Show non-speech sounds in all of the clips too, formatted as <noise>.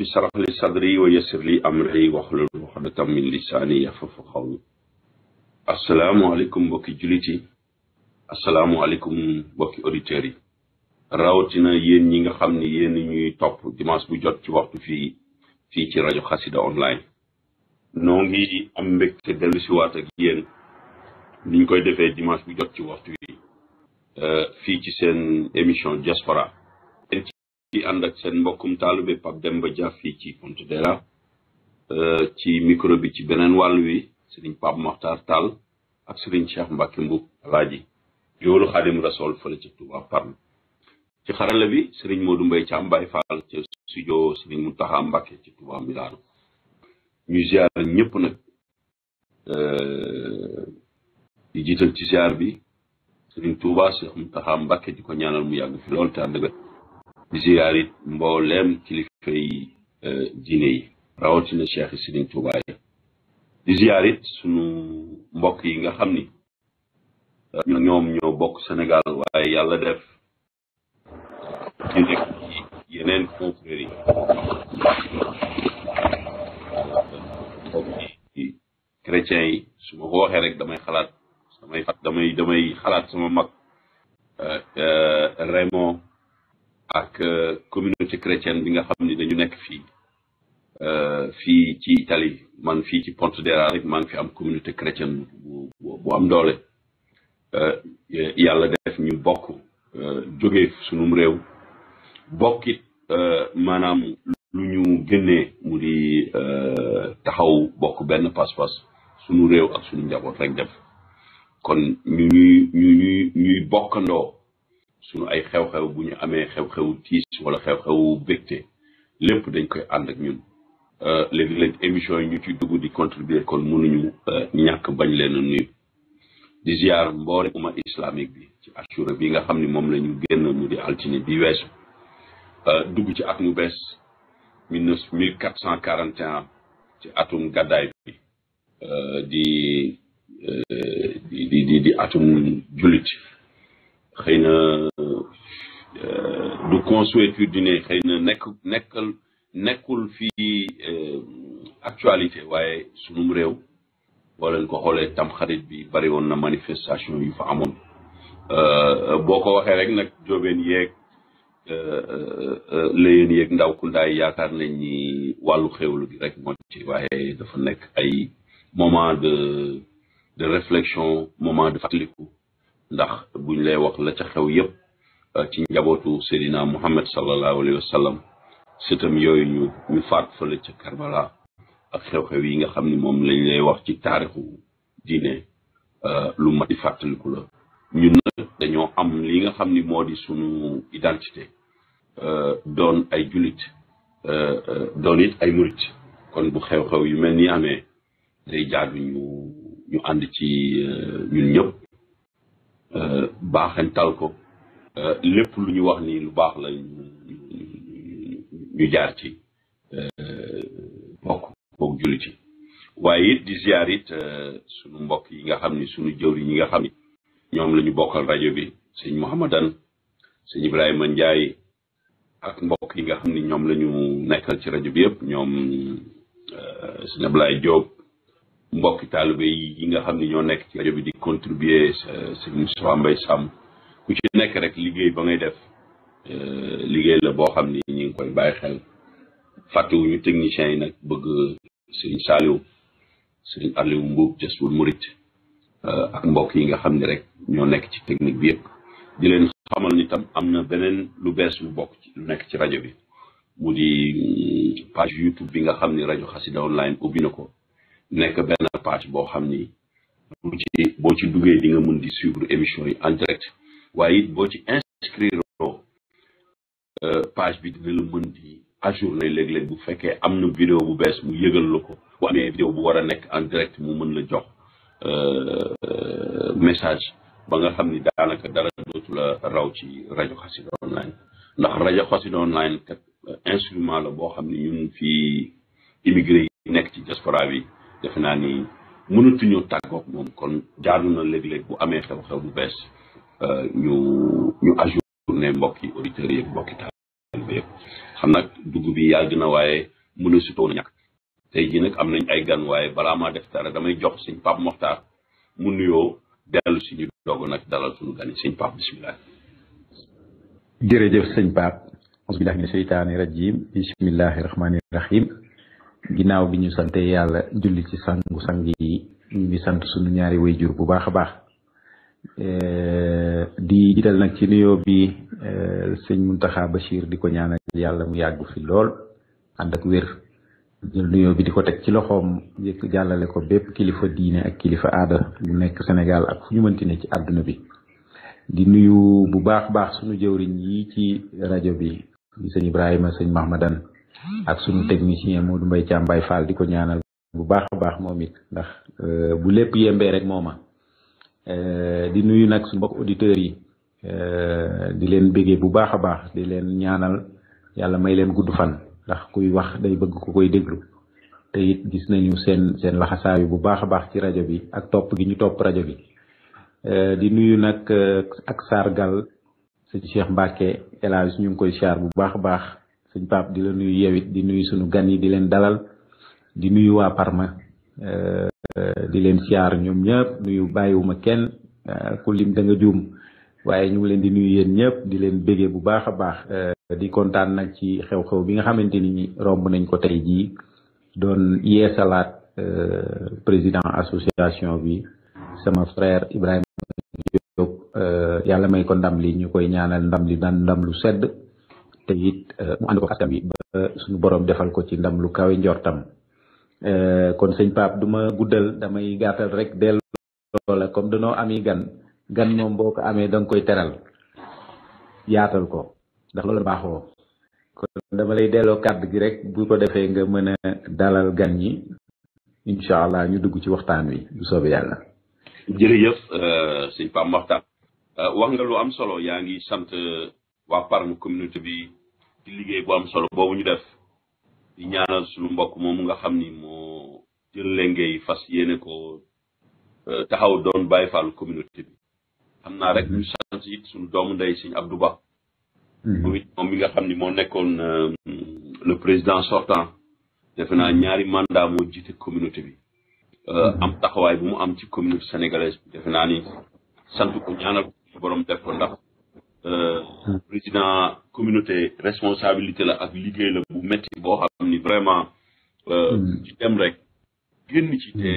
رب اشرح لي صدري ويسر لي امري واحلل عقدة من لساني يفقهوا قولي السلام عليكم بوكي جليتي السلام عليكم بوكي اوديتيري راوتينا يين نيغا خامني يين نيي توب ديماس بو جوت في وقت في في تي راديو خاصيدا اونلاين نونغي ام بكت دلوسي وات اك يين نينكوي ديفي ديماس بو جوت في وقت في آه، في تي سين ايميشن جاسبرا di ànd ak seen mbokkum taalibe Pape Demba Dia fii ci Pontedera euh, ci micro bi ci beneen wàll wi sëriñ Pape Mokhtar Tall ak sëriñ Cheikh Mbacke Mboub alaaji jóolu Xaadim Rasool fële ci Touba Parme ci xarala bi sëriñ Modou Mbaye Thiam Baye Fall ci studio mu Mountakha Mbacke ci Touba Milano ñu ziar ñëpp nag euh, di jiital ci ziar bi sëriñ Touba Cheikh Mountakha Mbacke di ko ñaanal mu yàgg fi lool te ànd زيارة مولم كليفي ديني راوتنا شيخ سيدين توباي زيارة سنو مبوك ييغا خامني نيوم نيو بوك سنغال واي يالا ديف ديك يينن كونفري كريتيان سما هوخي رك داماي خلات سماي فات داماي داماي خلات سما ماك ا ا ريمون ak euh, communauté chrétienne bi nga xam ni dañu nekk fii euh, fii ci Italie man fii ci Pontedera rek maa fi am communauté chrétienne bu bu am doole euh, yàlla def ñu bokk jógee sunum réew bokkit maanaam lu ñu génnee mu di taxaw bokk benn pas-pas sunu réew ak sunu njaboot rek def kon ñuy ñuy ñuy bokkandoo suñu ay xew-xew bu ñu amee xew xew tiis wala xew-xewu bégte lépp dañ koy ànd ak ñun euh, léegi-léeg émission yi ñu ci dugg di contribuer kon mënuñu euh, ñàkk bañ leen a nuyu di ziar mboole umma islamique bi ci assura bi nga xam ni moom lañu ñu génn mu di altine bi weesu euh, dugg ci at mu bees mille neuf mille quatre cent quarante et ci atum gàddaay bi di di di di atum jullit xëy na euh, du consuétude ne xëy na nekk nekkal nekkul fii euh, actualité waaye sunum réew boo leen ko xoolee tamxarit bi bari woon na manifestation yu fa amoon euh, boo ko waxee rek nag jóobeen yeeg layeen yeeg ndaw kundaay yaakaar nañ ni wàllu xéwlu gi rek moo waaye dafa nekk ay moment de de réflexion moment de fàttaliku ndax buñ lay wax la ca xew yépp ci njabootu sayidina Muhammad sallallahu alayhi wasallam sitam sëtam yooyu ñu ñu faat fële ca Karbala ak xew-xew yi nga xam ni moom lañ lay wax ci taarixu diine lu ma di fàttaliku la ñun nag dañoo am li nga xam ni moo di sunu identité doon ay julit doon it ay murit kon bu xew-xew yu mel ni amee day jaadu ñu ñu ànd ci ñun ñëpp baax euh, baaxantal ko euh, lépp lu ñu wax ni lu baax la ñu jaar ci euh, bokk bokk julli waaye it di ziar it sunu mbokk yi nga xam ni sunu yi ñi nga xam ni ñoom la ñu bokkal rajo bi sëñ Mouhamadan sëñ Ibrahima Ndiaye ak mbokk yi nga xam ni ñoom lañu ñu nekkal ci rajo bi yëpp ñoom sëñ Ablaye Diop mbokki taalibe yi nga xam ni ñoo nekk ci rajo bi di contribuer euh, sëñ Moustapha Mbaye Samb ku ci nekk rek liggéey ba ngay def euh, liggéey la boo xam ni ñu ngi koy bàyyi xel fàttewuñu techniciens yi nag bëgg sëñ Saliou sëñ Aliou Mbuub Jasbul Murit euh, ak mbokk yi nga xam ne rek ñoo nekk ci technique bi yëpp di leen xamal ni am na beneen lu bees lu mbokk ci lu nekk ci rajo bi mu di mm, page YouTube bi nga xam ni rajo Xassida online ubbi na ko nekk benn page boo xam ni bu ci boo ci duggee di nga mën di suivre émission yi en direct waaye it boo ci inscrire euh, page bi dina la mën di ajourné léeg-léeg bu fekkee am na vidéo bu bees mu yëgal la ko bu amee vidéo bu war a nekk en direct mu mën la jox euh, message ba nga xam ni daanaka dara dootu la raw ci rajo Xassida online ndax rajo Xassida online kat euh, instrument la boo xam ni ñun fii immigré yi nekk ci diaspora bi defe naa ni mënatuñu tàggoog moom kon jaadu na léeg-léeg bu amee xew-xew bu bees euh, ñu ñu ajourné mbokki auditeurs yëpp mbokki taalibe yëpp xam nag dugg bi yàgg na waaye mën a sutoon a ñàkk tey jii nag am nañ ay gan waaye balaa maa def dara damay jox sëñ Pape Moxtaar mu nuyoo dellu si ñu doog nag dalal suñu gan yi sëñ Pape bisimilah. jërëjëf sëñ Pape. bismillahi mina sheytaani rajim bismillahi rahmaani rahim. ginaaw bi ñu sante yàlla julli ci sangu sangi ñu ngi sant suñu ñaari wayjur bu baax euh di jital nak ci nuyo bi euh señ muntaha di ko ñaanal yalla mu yàggu fi lool and ak wër jël nuyo bi di tek ci loxom yek jallale ko bép kilifa diine ak kilifa aada bu nekk Sénégal ak fu ñu mënti ne ci aduna bi di nuyu bu baax baax sunu jëwriñ yi ci radio bi señ Ibrahima señ ak suñu technicien moo du Thiam Baye Fall di ko ñaanal bu baax a baax moom it ndax euh, bu lépp yembee rek mooma euh, di nuyu nag suñu mbokk auditeurs yi euh, di leen béggee bu baax a baax di leen ñaanal yàlla may leen gudd fan ndax kuy wax day bëgg ku koy déglu te it gis nañu seen seen laxasaayu bu baax a baax ci rajo bi ak topp gi ñu topp rajo bi di nuyu nag ak sargal sëñ Cheikh Mbacke El Hadj ñu ngi koy siyaar bu baax a baax sëñ pap di la nuyu yewit di nuyu suñu gan yi di leen dalal di nuyu wa Parma eh, di leen siyaar ñom ñepp nuyu bayiwuma kenn eh, ku lim da nga joom waye ñu leen di nuyu yeen ñepp di leen bege bu baax eh, di kontan nak ci xew-xew bi nga xamanteni ni romb nañ ko tey jii président association bi sama frère Ibrahim, Diop yalla may ko ndam li ñukoy ñaanal ndam li ndam lu sedd te it eh, mu ànd ko askan wi ba suñu borom defal ko ci ndam lu kawe njortam eh, kon señ pap duma guddal damay gatal rek del la comme dono ami gan gan mom boko amé dang koy teral yaatal ko ndax loolu baxo kon dama lay delloo kaddu gi rek bu ko defee nga mëna dalal gan ñi inshallah ñu dugg ci waxtaan wi bu soobee yàlla. jërëjëf eh, señ pap waxtaan wax nga lu am solo yaangi sante wa parmi communauté bi. liggéey bu am solo boobu ñu def di ñaanal suñu mbokk moomu nga xam ni moo jël lengey fas yéene ko euh, taxaw doon Baay Faal communauté bi xam naa rek ñu sant it suñu doomu ndey sëñ Abdou Ba mm-hmm. moom mi nga xam ni moo nekkoon euh, le président sortant defe naa mm-hmm. ñaari mandat moo jiite communauté bi mm-hmm. euh, am taxawaay bu mu am ci communauté sénégalaise bi defe naa ni sant ko ñaanal borom def ko ndax Euh, président communauté responsabilité la ak liggéey la bu metti boo xam ni vraiment euh, hmm. ci dem rek génn ci te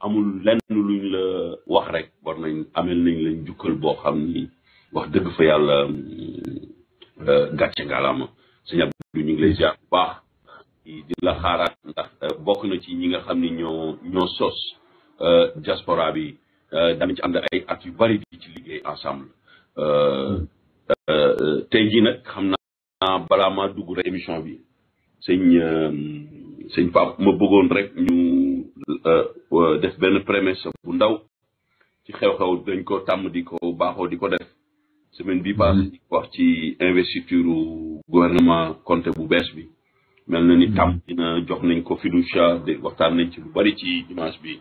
amul lenn luñ la wax rek war nañ amel nañ lañ jukkal boo xam ni wax dëgg fa yàlla euh, gàcce ngalaama sëñ Abdou ñu ngi lay ziar bu baax di la xaaraat ndax bokk na ci ñi nga xam ni ñoo ñoo sos diaspora bi daan ci ànd ay at yu bari di ci liggéey ensemble Euh, euh, euh, tey jii nag xam naa balaa maa dugg rek émission bi sëñ sëñ Pape ma bëggoon rek ñu def benn prémisse bu ndaw ci xew-xew dañ ko tàmm di ko baaxoo di ko def semaine bi passé mm-hmm. wax ci investiture gouvernement Conté bu bees bi mel na ni mm-hmm. tàmm dina jox nañ ko fiducia de waxtaan nañ ci lu bari ci dimanche bi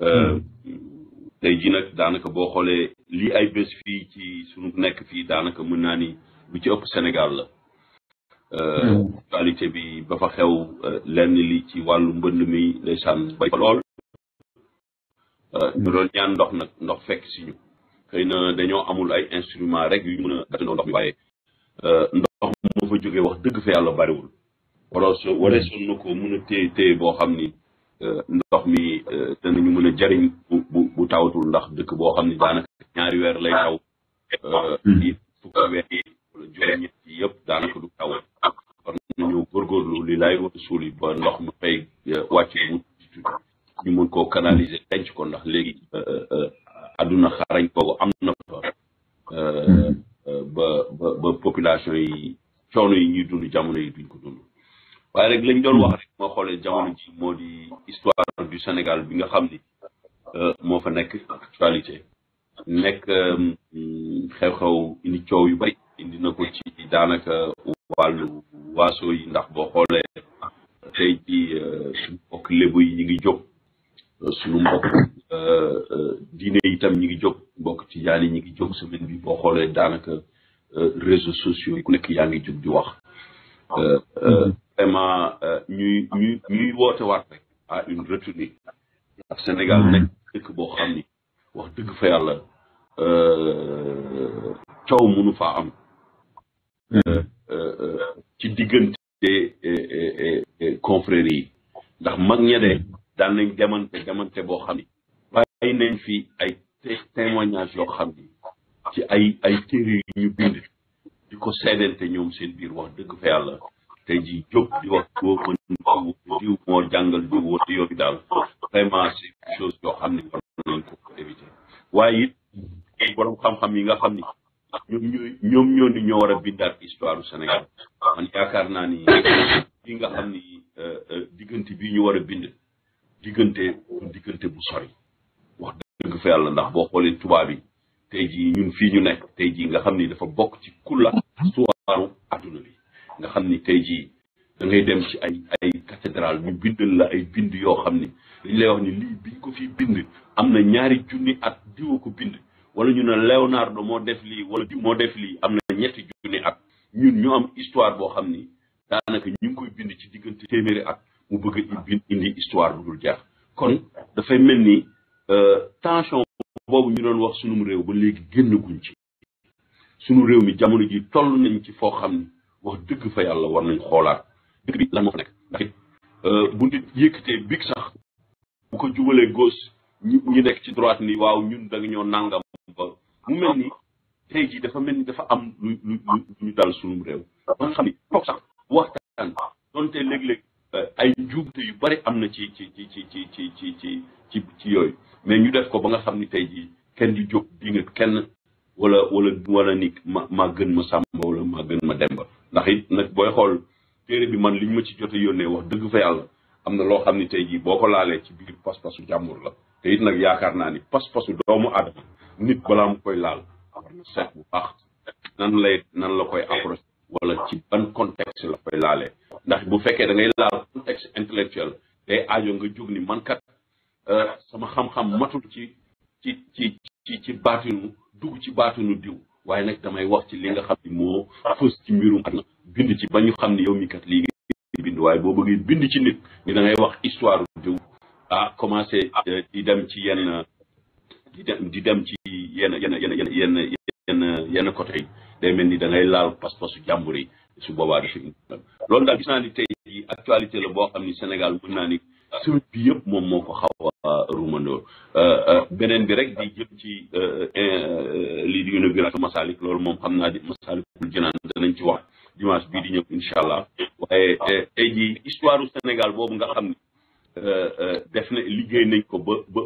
mm-hmm. tey ji nag daanaka boo xoolee lii ay bés fii ci sunu nekk fii daanaka mën naa ni lu ci ëpp Sénégal la. qualité euh, hmm. bi ba fa xew euh, lenn li ci wàllu mbënn mi ndeysaan bay lool. Euh, ñu ñaan ndox nag ndox fekk si ñu. xëy na dañoo amul ay instrument rek yu mën a gàttandoo ndox mi waaye fa jógee wax dëgg fa yàlla bariwul. wala soo waree sonn ko mën a téye téye boo xam ni. Euh, ndox mi euh, ñu mën a jariñ bu bu bu tawatul ndax dëkk boo xam ne daanaka ñaari weer lay taw. di hmm. euh, fukki weer yi taw. war nañoo góorgóorlu li laay wut suul yi mu ñu mën koo canaliser denc ko ndax léegi àdduna xarañ kooku am na fa. Hmm. ba ba ba yi coono yi ñuy dund jamono yi duñ ko dund. waaye rek lañ doon wax hmm. rek moo xoolee jamono ji moo di histoire du Sénégal bi nga xam ni euh, moo fa nekk actualité nekk euh, xew-xew indi coow yu bay indi na ko ci daanaka wàllu waaso yi ndax boo xoolee tey ji suñu euh, mbokk lébu yi ñu ngi jóg suñu mbokk diine yi tam ñu ngi jóg mbokk ci jaan yi ñu ngi jóg semaine bi boo xoolee daanaka réseaux sociaux yi ku nekk yaa ngi jóg di wax hmm. vraiment euh, ñuy ñuy ñuy woote waat rek à une retenue ndax Sénégal nekk dëkk boo xam ni wax dëgg fa yàlla euh, coow mënu faa am euh, ci diggante confrères yi ndax mag ña de daan nañ demante demante boo xam ni bàyyi nañ fi ay témoignage yoo xam ni ci ay ay téere yu ñu bind di ko seedante ñoom seen biir wax dëgg fa yàlla tey jii jóg di wax boo mën diw jàngal diw woote waaye it borom xam-xam yi nga xam ni ñoom ñooy ñoom ñoo ni ñoo war a bindaat histoire Sénégal man yaakaar naa ni li nga xam ni euh, euh, diggante bi ñu war a bind diggante diggante bu sori wax dëgg fa yàlla ndax boo xoolee tubaab yi tey jii ñun fii ñu nekk tey jii nga xam ni dafa bokk ci kulla suwaaru adduna bi nga xam ni tey jii da ngay dem ci ay ay cathédrale ñu bind la ay bind yoo xam ni li ñu lii biñ ko fi bind am na ñaari junni at diwa ko bind wala ñu ne Leonardo moo def lii wala di moo def lii am na ñetti junni at ñun ñu am histoire boo xam ni daanaka ñu ngi koy bind ci diggante téeméeri at mu bëgg a indi histoire bu dul jeex kon dafay mel ni euh, tension boobu ñu doon wax sunum réew ba léegi génn guñ ci sunu réew mi jamono ji toll nañ ci foo xam wax dëgg fa yàlla war nañ xoolaat dëkk bi lan moo fa nekk ndax it euh, bu nit yëkkatee big sax bu ko jubalee gauche ñu ñu nekk ci droite ni waaw ñun da nga ñoo nangam ba mu mel ni tey jii dafa mel ni dafa am lu lu ñu dal suñu réew ba nga xam ni toog sax waxtaan euh, yu bari am na ci ci ci ci ci ci ci ci ci ci yooyu mais ñu def ko ba nga xam ni tey jii kenn di jóg di kenn wala wala wala ni ma maa gën ma sàmba wala maa gën ma demba ndax it nag booy xool téere bi man liñ ma ci jot a yónnee wax dëgg fa yàlla am na loo xam ni te jii boo ko laalee ci biir pas-pasu jàmbur la te it nag yaakaar naa ni pas-pasu doomu aadama nit balaa mu koy laal war na nan la koy approché wala ci ban contexte la koy laalee ndax bu fekkee da ngay laal contexte intellectuel day aajo nga jóg ni man kat euh, sama xam-xam matul ci ci ci ci ci baatinu dugg ci baatinu diw waaye nag damay wax ci li nga xam ni moo fës ci bind ci ba ñu xam ne yow mi kat lii bind waaye boo bëggee bind ci nit ni da ngay wax histoire diw ah commencé di dem ci yenn di dem di dem ci yenn yenn yenn yenn yenn yenn côté yi day mel ni da ngay laal pas-pasu jàmbur yi su boobaa dafa loolu daal gis naa ni tey jii actualité la boo xam ni Sénégal mën naa ni semaine bi yëpp moom moo ko xaw a euh, rumandoo euh, euh, beneen bi rek di jëm ci lii di inauguration Masalik loolu moom xam naa di Masalikul Jinaan danañ ci wax dimanche bii di ñëw incha allah waaye tey jii histoire du Sénégal boobu nga xam ne def na liggéey nañ ko ba ba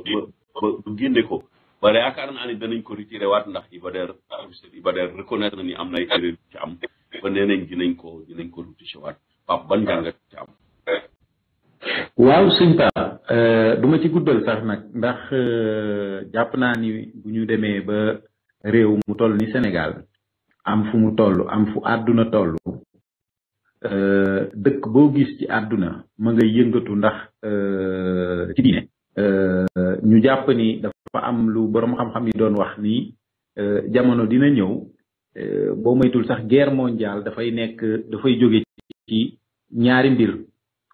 ba ba génne ko ba yaakaar naa ne danañ ko retiré waat ndax Ibader Ibader reconnaître na ni am na ay erreur ci am ba nee dinañ ko dinañ ko retouché ban jàngat ci am. waaw sëñ Pa euh, du ci guddal sax nag ndax euh, jàpp naa ni bu ñu demee ba réew mu toll ni senegal am fu mu toll am fu àdduna toll euh, dëkk boo gis ci àdduna ma ngay yëngatu ndax ci diine ñu jàpp ni dafa am lu boroom xam-xam yi doon wax ni jamono dina ñëw boo moytul sax guerre mondiale dafay nekk dafay jóge ci ñaari mbir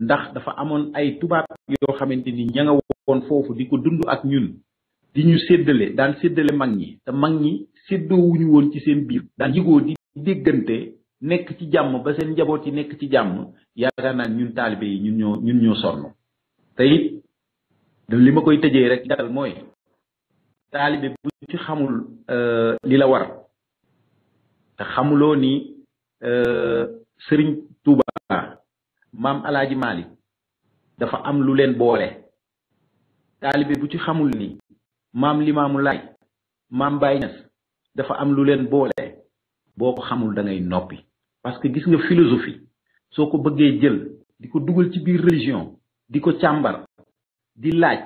ndax dafa amoon ay tubaab yoo xamante ni ña nga woon foofu di ko dund ak ñun di ñu séddale daan séddale mag ñi te mag ñi séddoowuñu woon ci seen biir daan yigoo di déggante nekk ci jàmm ba seen njaboot yi nekk ci jàmm yaakaar naa ñun taalibe yi ñun ñoo ñun ñoo sonn te it li ma koy tëjee rek jaral mooy taalibe bu ci xamul euh, li la war te xamuloo ni euh, sëriñ Tuuba maam alaaji Malick dafa am lu leen boole taalibe bu ci xamul nii maam limaamu laaj maam Baye Niass dafa am lu leen boole boo ko xamul da ngay noppi parce que gis nga philosophie soo ko bëggee jël di ko dugal ci biir religion di ko càmbar di laaj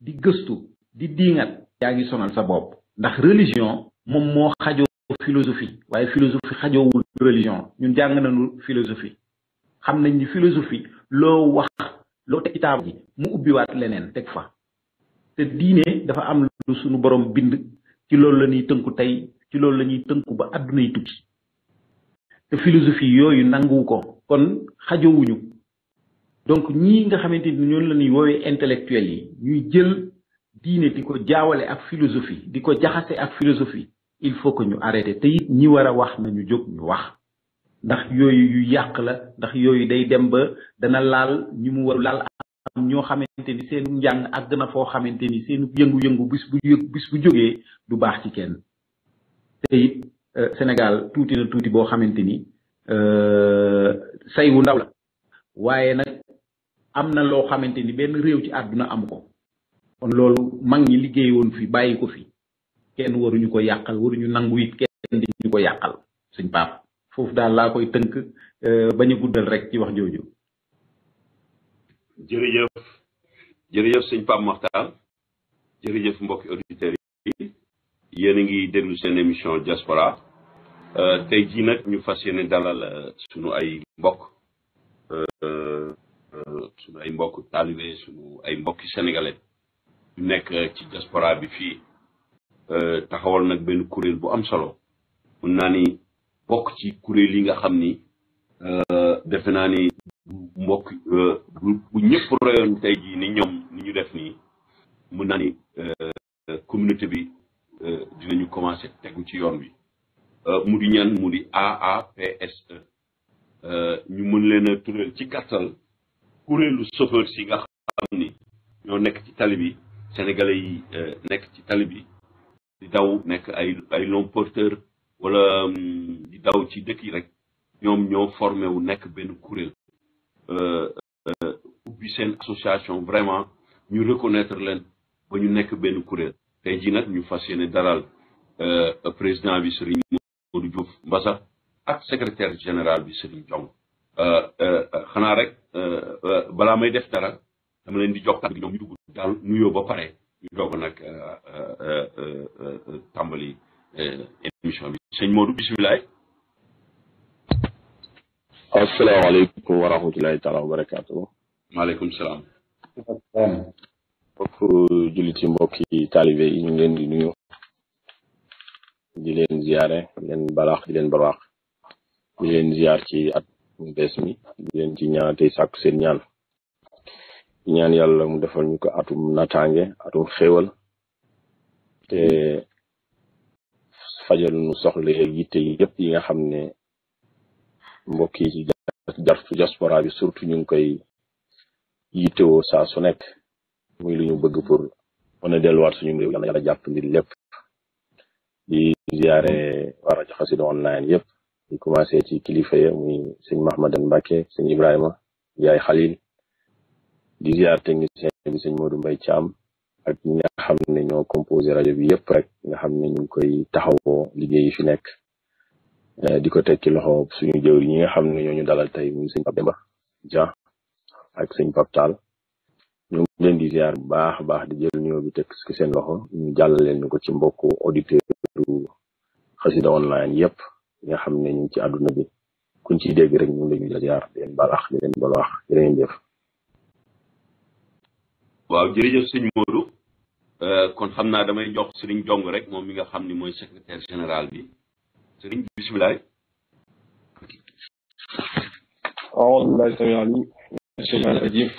di gëstu di diingat yaa ngi sonal sa bopp ndax religion moom moo xajoo philosophie waaye philosophie xajoowul religion ñun jàng nañu philosophie xam nañ ni philosophie loo wax loo teg ci ji mu ubbiwaat leneen teg fa te diine dafa am lu suñu borom bind ci loolu la ñuy tënku tey ci loolu la ñuy tënku ba àdduna yi tukki te philosophie yooyu nanguwu ko kon xajowuñu donc ñi nga xamante ni ñoonu la ñuy woowee intellectuel yi ñuy jël diine di ko jaawale ak philosophie di ko jaxase ak philosophie il faut que ñu arrêté te it ñi war a wax nañu jóg ñu wax ndax yooyu yu yàq la ndax yooyu day dem ba dana laal ñu mu waru laal am ñoo xamante ni seen njàng ak dana foo xamante ni seen yëngu-yëngu bis bu bis bu jógee du baax ci kenn te it euh, sénégal tuuti na tuuti boo xamante ni euh, say wu ndaw la waaye nag am na loo xamante ni benn réew ci àdduna am ko kon loolu mag ñi liggéey woon fi bàyyi ko fi kenn waruñu ko yàqal waruñu nangu it kenn di ko yàqal suñ foofu daal laa koy tënk euh, bañ a guddal rek ci wax jooju. jërëjëf jërëjëf sëñ Pape Makhtar jërëjëf mbokki auditeurs yi yéen a ngi deglu seen émission diaspora euh, tey jii nag ñu fas yéene dalal euh, sunu ay mbokk sunu ay mbokk taalibe sunu ay mbokki sénégalais yu nekk ci diaspora bi fii taxawal nag benn kuréel bu am solo mun naa ni. bokk ci kuréel yi nga xam ni euh, defe naa ni mbokk euh, bu ñëpp royoon tey jii ni ñoom ni ñu def nii mën naa ni euh, communauté bi dinañu commencé tegu ci yoon bi mu di ñaan mu di AAPSE ñu mën leen a turéel ci gàttal kuréelu chauffeur yi nga xam ni ñoo nekk ci tali bi sénégalais yi nekk ci tali bi di daw nekk ay ay long porteur wala mm, di daw ci dëkk yi rek ñoom ñoo formé wu nekk benn kuréel euh, euh, ubbi seen association vraiment ñu reconnaître leen ba ñu nekk benn kuréel tey jii nag ñu fas yéene dalal euh, président bi Serigne Modou Diouf Mbassa ak secretaire général bi Serigne Diong xanaa rek balaa may def dara dama leen di jox kàddu ñoom ñu daal nuyoo ba pare ñu doog nag tàmbali. Euh, émission bi sëñ Modou bisimilah. asalaamaaleykum wa rahmatulahi taala wa barakaatu. maaleykum salaam. mbokk jullit yi taalibe yi ñu ngi leen di nuyu. di leen ziare di leen balaax di leen baraax. di leen ziar ci at mu bees mi. di leen ci ñaan tey sàkku seen ñaan. di ñaan yàlla mu defal ñu ko atum nataange atum xéewal te. fajal nu soxla yitte yi yëpp yi nga xam ne mbokk yi surtout ñu ngi koy yittewoo saa su nekk muy lu ñu bëgg pour mën a delluwaat suñu réew yàlla yàlla jàpp ndir lépp di ziare waa rajo online yëpp di commencé ci kilifa ya muy sëñ Mahmadan Mbacke sëñ Ibrahima yaay Khalil di ziar technicien bi sëñ Modou ak ñi nga xam ne ñoo composé rajo bi yëpp rek nga xam ne ñu ngi koy taxawoo liggéey yi fi nekk eh, di ko teg ci loxo suñu jëwri ñi nga xam ne ñoo ñu dalal tey muy sëñ Pape Demba Dia ak sëñ Pape Tall ñu ngi leen di bu baax a baax di jël nuyoo bi seen loxo ñu leen ñu ko ci mbokku auditeur du xasida online yëpp nga xam ne ñu ci àdduna bi kuñ ciy dégg rek ñu ngi leen di ziar di leen baal ax wax jërë ngeen Euh, kon xam naa damay jox Serigne Jong rek moom mi nga xam ni mooy secrétaire général bi Serigne bisimilah. أعوذ بالله السميع العليم من الشيطان الرجيم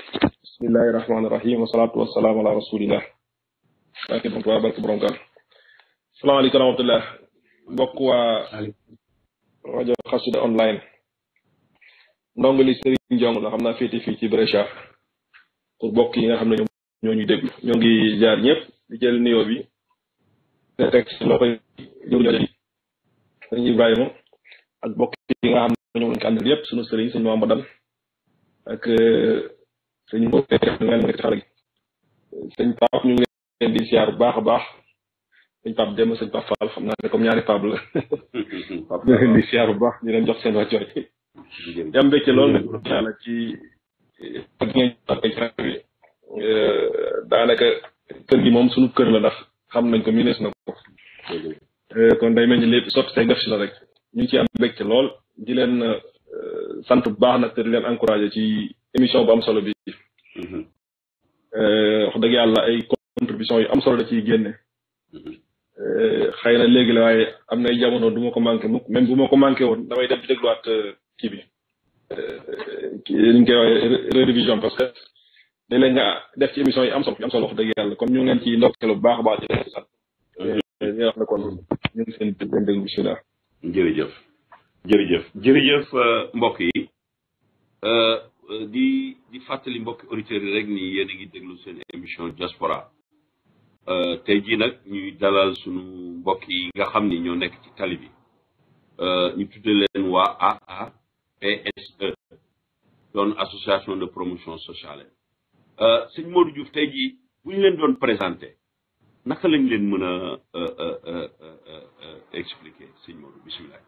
بسم الله الرحمن الرحيم والصلاة waa rajo Xassida online ndongo li Serigne Jong la xam naa féete fii ci Brescia pour mbokk nga xam ne ñoom ñoo ñu dégg ñoo ngi jaar ñëpp di jël nuyoo bi nga teg si loxo yi sëñ Ibrahima ak bokk yi nga xam ne ñoom lañ ko àndal yëpp suñu sëriñ sëñ dal ak euh, sëñ Mbodj nga nekk ci xale yi sëñ Pape ñu ngi leen di siyaar bu baax a baax sëñ Pape Demba sëñ Pape Fall xam naa ne comme ñaari Pape la <laughs> Pape ñu leen di siyaar bu baax ñu leen jox seen wàccuwaay. yam mbégte loolu nag ci ak ngeen jox ak Euh, daanaka kër gi moom sunu kër la ndax xam nañ ko miinees na ko euh, kon day mel ni lépp sotti tey def si la rek ñu ci am ci lool di leen euh, sant bu baax nag te leen encouragé ci émission bu am solo bi mm-hmm. wax dëgg yàlla ay contribution yu am solo da ci génne mm-hmm. xëy na léegi la waaye am na jamono duma ko manqué mukk même bu ma ko manqué woon damay dem di dégluwaat kii bi ki ñu koy waxee révision parce que léeg-léeg nga def ci émission yi am solo am solo wax dëgg yàlla kon ñu ngi ci ndokkeel bu baax a baax ci leen sax ñu wax jërëjëf jërëjëf jërëjëf euh, mbokk yi euh, euh, di di fàttali mbokki auditeurs yi rek ni yéen a ngi déglu seen émission diaspora tey jii nag ñuy dalal sunu mbokk yi nga xam ni ñoo nekk ci tali bi ñu tudde leen waa AAPSE doon association de promotion sociale Euh, sëñ Modou Diouf tey jii bu ñu leen doon présenté naka lañ leen mën a euh, euh, expliquer sëñ Modou bisimilah.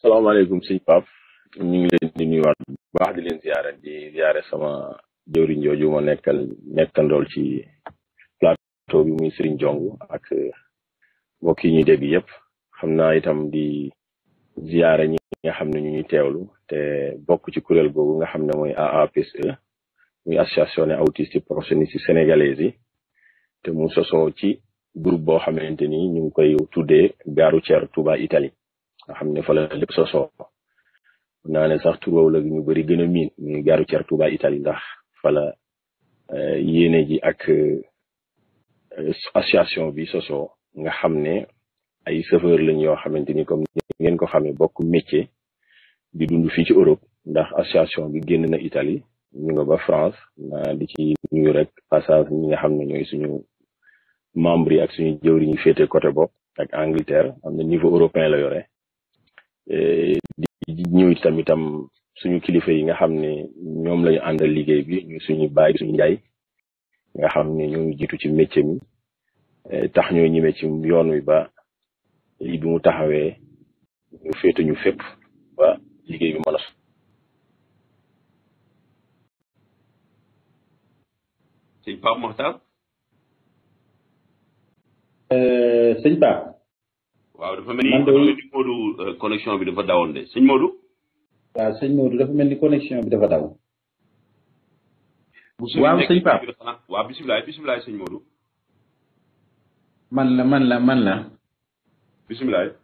salaamaaleykum sëñ Pape ñu ngi leen di nuyuwaat leen ziare di ziare sama jëwriñ jooju ma nekkal nekkandool ci plateau bi muy Serigne Jong ak mbokk yi ñuy dégg yëpp xam naa itam di. ziyaare ñi nga xam ne ñu ngi teewlu te bokk ci kuréel googu nga xam ne mooy AAPSE muy association des autistes professionnels sénégalais yi te mu sosoo ci groupe boo xamante ni ñu ngi koy tuddee gaaru ceer Touba Italie nga xam ne fa la lépp sosoo naa ne sax tur la ñu bari gën a miin muy gaaru ceer ndax fala la e, ji ak e, association bi sosoo nga xam ne ay chauffeur lañ yoo xamante ni ngeen ko xamee bokk métier di dund fii ci Europe ndax association bi génn na Italie ñu nga ba France di ci nuyu rek passage ñi nga xam ne ñooy suñu membre yi ak suñu jëwri ñu féete côté bopp ak Angleterre am na niveau européen la yore e, di ñëw tamitam suñu kilifa yi nga xam ne ñoom lañu àndal liggéey bi ñu suñu bàyyi suñu njaay nga xam ne ñoo jiitu ci métier mi e, tax ñoo ñime ci yoon wi ba li taxawee ñu féete ñu fépp ba liggéey bi mën a sëñ Pape Makhtar euh, sëñ waaw dafa mel ni Modou euh, connexion bi dafa dawoon de sëñ Modou waaw sëñ Modou dafa mel ni connexion bi dafa daw waaw sëñ Pape waaw bisimilah bisimilah sëñ Modou man la man la man la bisimilah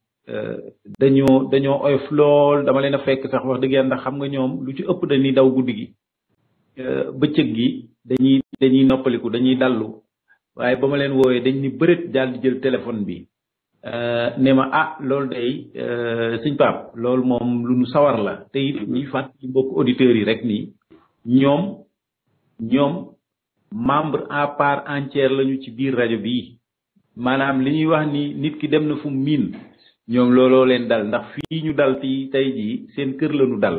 Euh, dañoo dañoo oyof lool dama leen a fekk sax wax dëgg yàlla ndax xam nga ñoom lu ci ëpp dañuy daw guddi gi euh, bëccëg gi dañuy dañuy noppaliku dañuy dallu waaye ba ma leen woowee dañ ni bëreet daal di jël téléphone bi euh, ne ma ah loolu day sëñ Pape loolu moom lu nu sawar la te it ñuy ci mbokk auditeurs yi rek ni ñoom ñoom membre à part entière lañu ci biir rajo bi maanaam li ñuy wax ni nit ki dem na fu miin ñoom looloo leen dal ndax fii ñu dal ci tey jii seen kër la ñu dal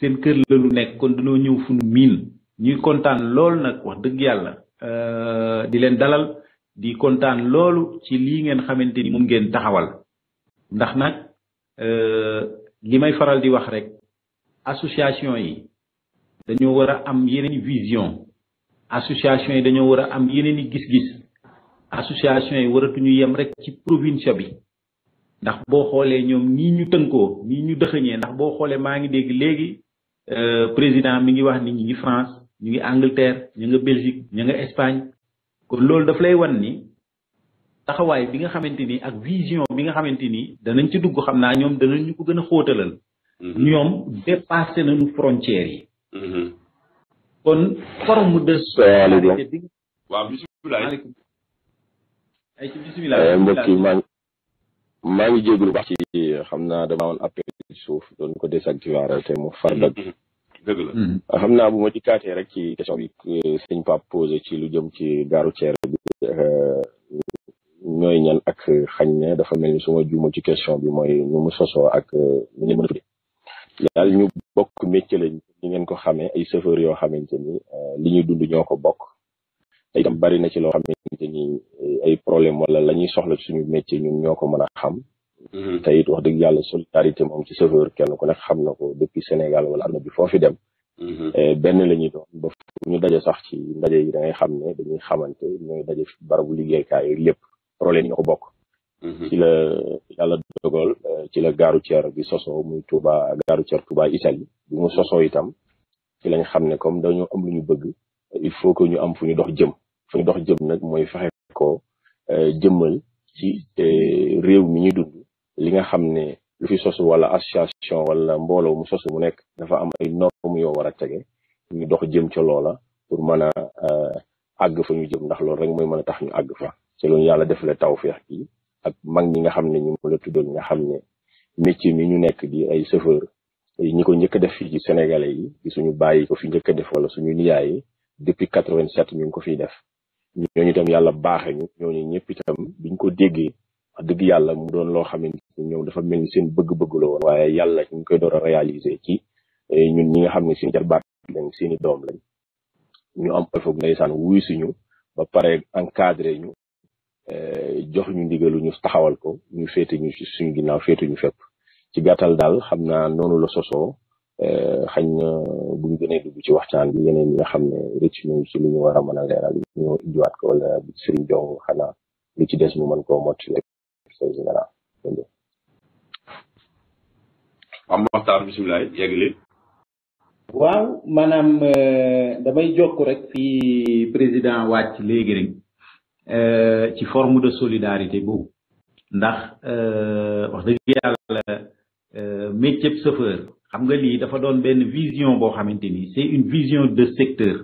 seen kër la ñu nekk kon dañoo ñëw fu nu miin ñuy kontaan lool nag wax dëgg yàlla euh, di leen dalal di kontaan loolu ci lii ngeen xamante ni moom ngeen taxawal ndax nag euh, li may faral di wax rek association yi dañoo war a am yeneen vision association yi dañoo war a am yeneen i gis-gis association yi waratuñu yem rek ci province bi ndax boo xoolee ñoom nii ñu tënkoo ni ñu dëxëñee ndax boo xoolee maa ngi dégg léegi euh, président mi ngi wax ni ñu ngi France ñu ngi Angleterre ñu nga Belgique ñu nga Espagne kon loolu daf lay wan ni taxawaay bi nga xamante ni ak vision bi nga xamante ni danañ ci dugg xam naa ñoom danañ ñu ko gën a xóotalal. Mm-hmm. ñoom dépassé nañu frontières yi. Mm-hmm. kon forme de. solidarité bi waaw bisimilah. maa ngi jégalu wax ci xam naa dama amoon appel suuf doon ko désactiver te mu far mm-hmm. dëgg mm-hmm. xam naa bu ma dikkaatee rek ci question bi euh, sëñ Pape posé ci lu jëm ci gaaru ceer bi euh, ñooy ñan ak xañ ne dafa mel ni su ma ci question bi mooy ñu mu sosoo ak ñu euh, ñu mën a tuddee daal ñu bokk métier lañ ngeen ko xame ay chauffeur yoo xamante ni li dund ñoo ko bokk te bari na ci loo xamante ni eh, ay problème wala la ñuy soxla suñu métier ñun ñoo ko mën a xam mm-hmm. te it wax dëgg yàlla solidarité moom ci chauffeur kenn ku nekk xam na ko depuis Sénégal wala am na bi foofu dem mm-hmm. eh, benn la ñuy doon ba ñu daje sax ci ndaje yi da ngay xam ne dañuy xamante ñooy daje barabu liggéeykaay yi lépp problème ñoo ko bokk mm-hmm. ci la yàlla dogal eh, ci la gaaru ceer bi sosoo muy Touba gaaru ceer Touba Italie bi mu sosoo itam ci lañ xam ne comme dañoo am lu ñu bëgg il faut que ñu am fu ñu dox jëm fi dox jëm nag mooy fexe ko euh, jëmmal ci euh, réew mi ñu dund li nga xam ne lu fi sosu wala association wala mbolo mu sosu mu nekk dafa am ay norme yoo war a tege ñu dox jëm ca loola pour mën a euh, àgg fa ñu jëm ndax loolu rek mooy mën a tax ñu àgg fa ci loolu yàlla def la tawfeex gi ak mag ñi nga xam ne ñu la tuddoon nga xam ne métier mi ñu nekk di ay chauffeur ñi ko njëkk def fii ci sénégalais yi ci suñu bàyyi ko fi njëkk def wala suñu niyaay yi depuis 87 ñu ngi ko fiy def ñooñu itam yàlla baaxe ñu ñooñu ñëpp itam biñ ko déggee wax dëgg yàlla mu doon loo xamante ni ñoom dafa mel ni seen bëgg-bëgg la waaye yàlla ñu ngi koy door a réaliser ci eh, ñun ñi nga xam ne seen jarbaat lañ seeni doom lañ ñu am foog ndeysaan wuy suñu ba pare encadré ñu eh, jox ñu ndigalu taxawal ko ñu féete ñu ci suñu ginnaaw féete ñu fépp ci gàttal daal xam naa noonu la sosoo Euh, xañ na buñ gënee dugg ci waxtaan bi yeneen ñi nga xam ne rëcc nañu ci li ñu war a mën a leeral ñu indiwaat ko wala bu Serigne xanaa li ci des mu mën koo mot say général am waxtaan waaw maanaam euh, damay jokk rek fi président wàcc léegi rek euh, ci forme de solidarité boobu ndax wax dëgg yàlla métier chauffeur xam nga lii dafa doon vision boo xamante c'est une vision de secteur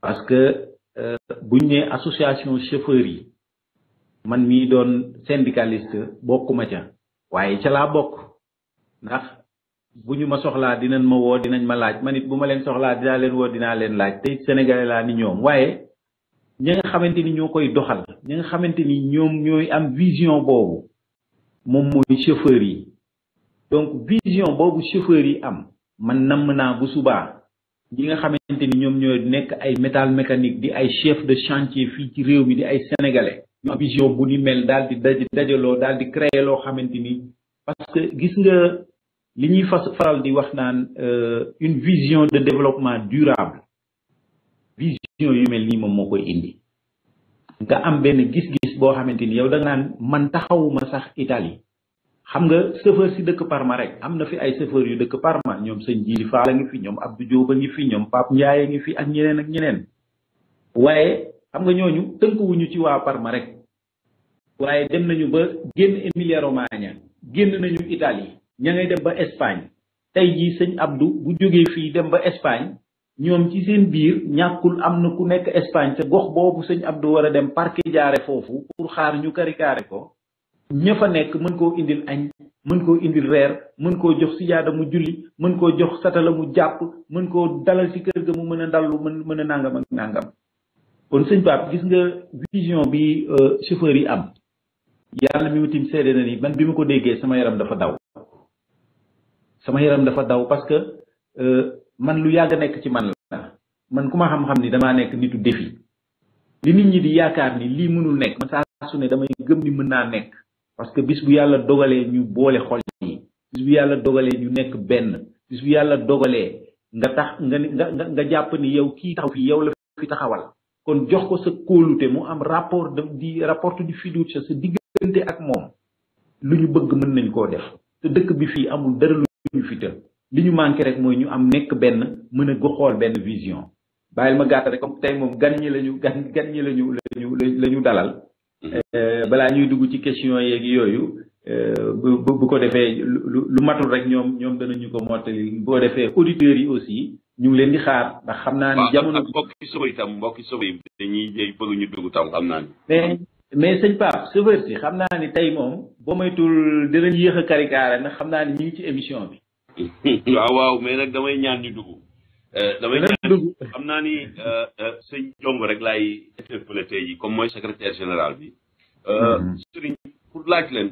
parce que euh, buñ ne association chauffeurs yi man mi don syndicaliste bokkuma ca waye ca la bok ndax bu ñu ma soxlaa dinañ ma wo dinañ ma laaj man it bu ma dina soxlaa dinaa dina woo dinaa laaj te sénégalais la ni ñoom waye ñi nga xamante ni doxal ñi nga xamante ñoom am vision bobu mom moy chauffeur yi donc vision boobu chauffeur yi am man namm naa bu subaa ñi nga xamante ni ñoom ñooy nekk ay métal mécanique di ay chef de chantier fii ci réew mi di ay sénégalais ñu am vision bu ni mel daal di daj dajaloo daal di créer loo xamante ni parce que gis nga li ñuy fas faral di wax naan euh, une vision de développement durable vision yu mel nii moom moo koy indi nga am benn gis-gis boo xamante ni yow da nga naan man taxawuma sax Italie xam nga chauffeur si dëkk Parma rek am na fi ay chauffeur yu dëkk Parma ñoom sëñ Jili Faal a ngi fi ñoom Abdou Diop a ngi fi ñoom Pape Ndiaye ngi fi ak ñeneen ak ñeneen waaye xam nga ñooñu tënkuwuñu ci waa Parma rek waaye dem nañu ba génn Emilia Romagna génn nañu Italie ña ngay dem ba Espagne tey jii sëñ Abdou bu jógee fii dem ba Espagne ñoom ci seen biir ñàkkul am na ku nekk Espagne te gox boobu sëñ abdu war a dem parqué jaare foofu pour xaar ñu karikaare ko ña fa nekk mën ko indil añ mën ko indil reer mën ko jox sijaada mu julli mën ko jox satala mu japp mën ko dalal ci kër ga mu mëna dalu mëna nangam ak nangam kon señ gis nga vision bi euh, chauffeur yi am yalla mi wutim sédé na ni man bi ko déggé sama yaram dafa daw sama yaram dafa daw parce que euh, man lu yag nek ci man la man kuma xam-xam ni dama nek nitu défi li nit ñi di yaakaar ni li mënul nek man sa su ne damay gëm ni mëna nek parce que bis bu yàlla dogalee ñu boole xol yi bis bu yàlla dogalee ñu nekk benn bis bu yàlla dogalee nga tax nga nga nga jàpp ni yow kii taxaw fi yow la fi taxawal kon jox ko sa kóolute mu am rapport di rapport du fiducia sa diggante ak moom lu ñu bëgg mën nañ koo def te dëkk bi fii amul dara lu ñu fi li ñu manqué rek mooy ñu am nekk benn mën a xool benn vision bàyyil ma gàtt rek comme tey moom gan ñi lañu gan gan ñi lañu lañu la ñu dalal Euh, balaa ñuy dugg ci question yeeg yooyu euh, bu bu ko defee lu lu matul rek ñoom ñoom ñu ko mottali bu ko defee auditeurs yi aussi ñu ngi leen di xaar ndax xam naa ni jamono mbokki sëba itam mbokki sëba yi dañuy day bëgg ñu dugg tam xam naa ni mais mais sëñ Pape sëvër si xam naa ni tey moom boo moytul dinañ yéex a karikaara ndax xam naa ni ñu ci émission bi <laughs> waaw waaw mais nag damay ñaan ñu dugg damay ñaan xam naa ni euh, euh, sëñ Jong rek laay interpellé tey yi comme mooy secretaire général bi. Euh, mm-hmm. sëriñ pour laaj leen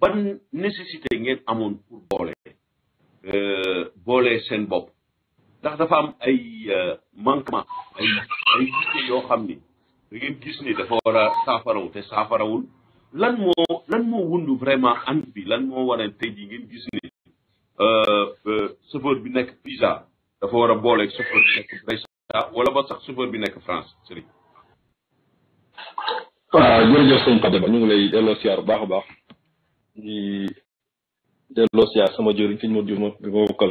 ban nécessité ngeen amoon pour boole. boole seen bopp ndax dafa am ay manquement ay ay gis yoo xam ni da ngeen ni dafa war a saafarawu te saafarawul lan moo lan moo wund vraiment ànd bi lan moo war te tey ngeen gis ni chauffeur bi nekk Pisa. dafa war a booleeg chauffeur bi nekk wala ba bi nekk France sëriñ. Euh, waaw ñu ngi lay bu baax a baax di sama jëriñ sëñ Modou Diouf bi ma bokkal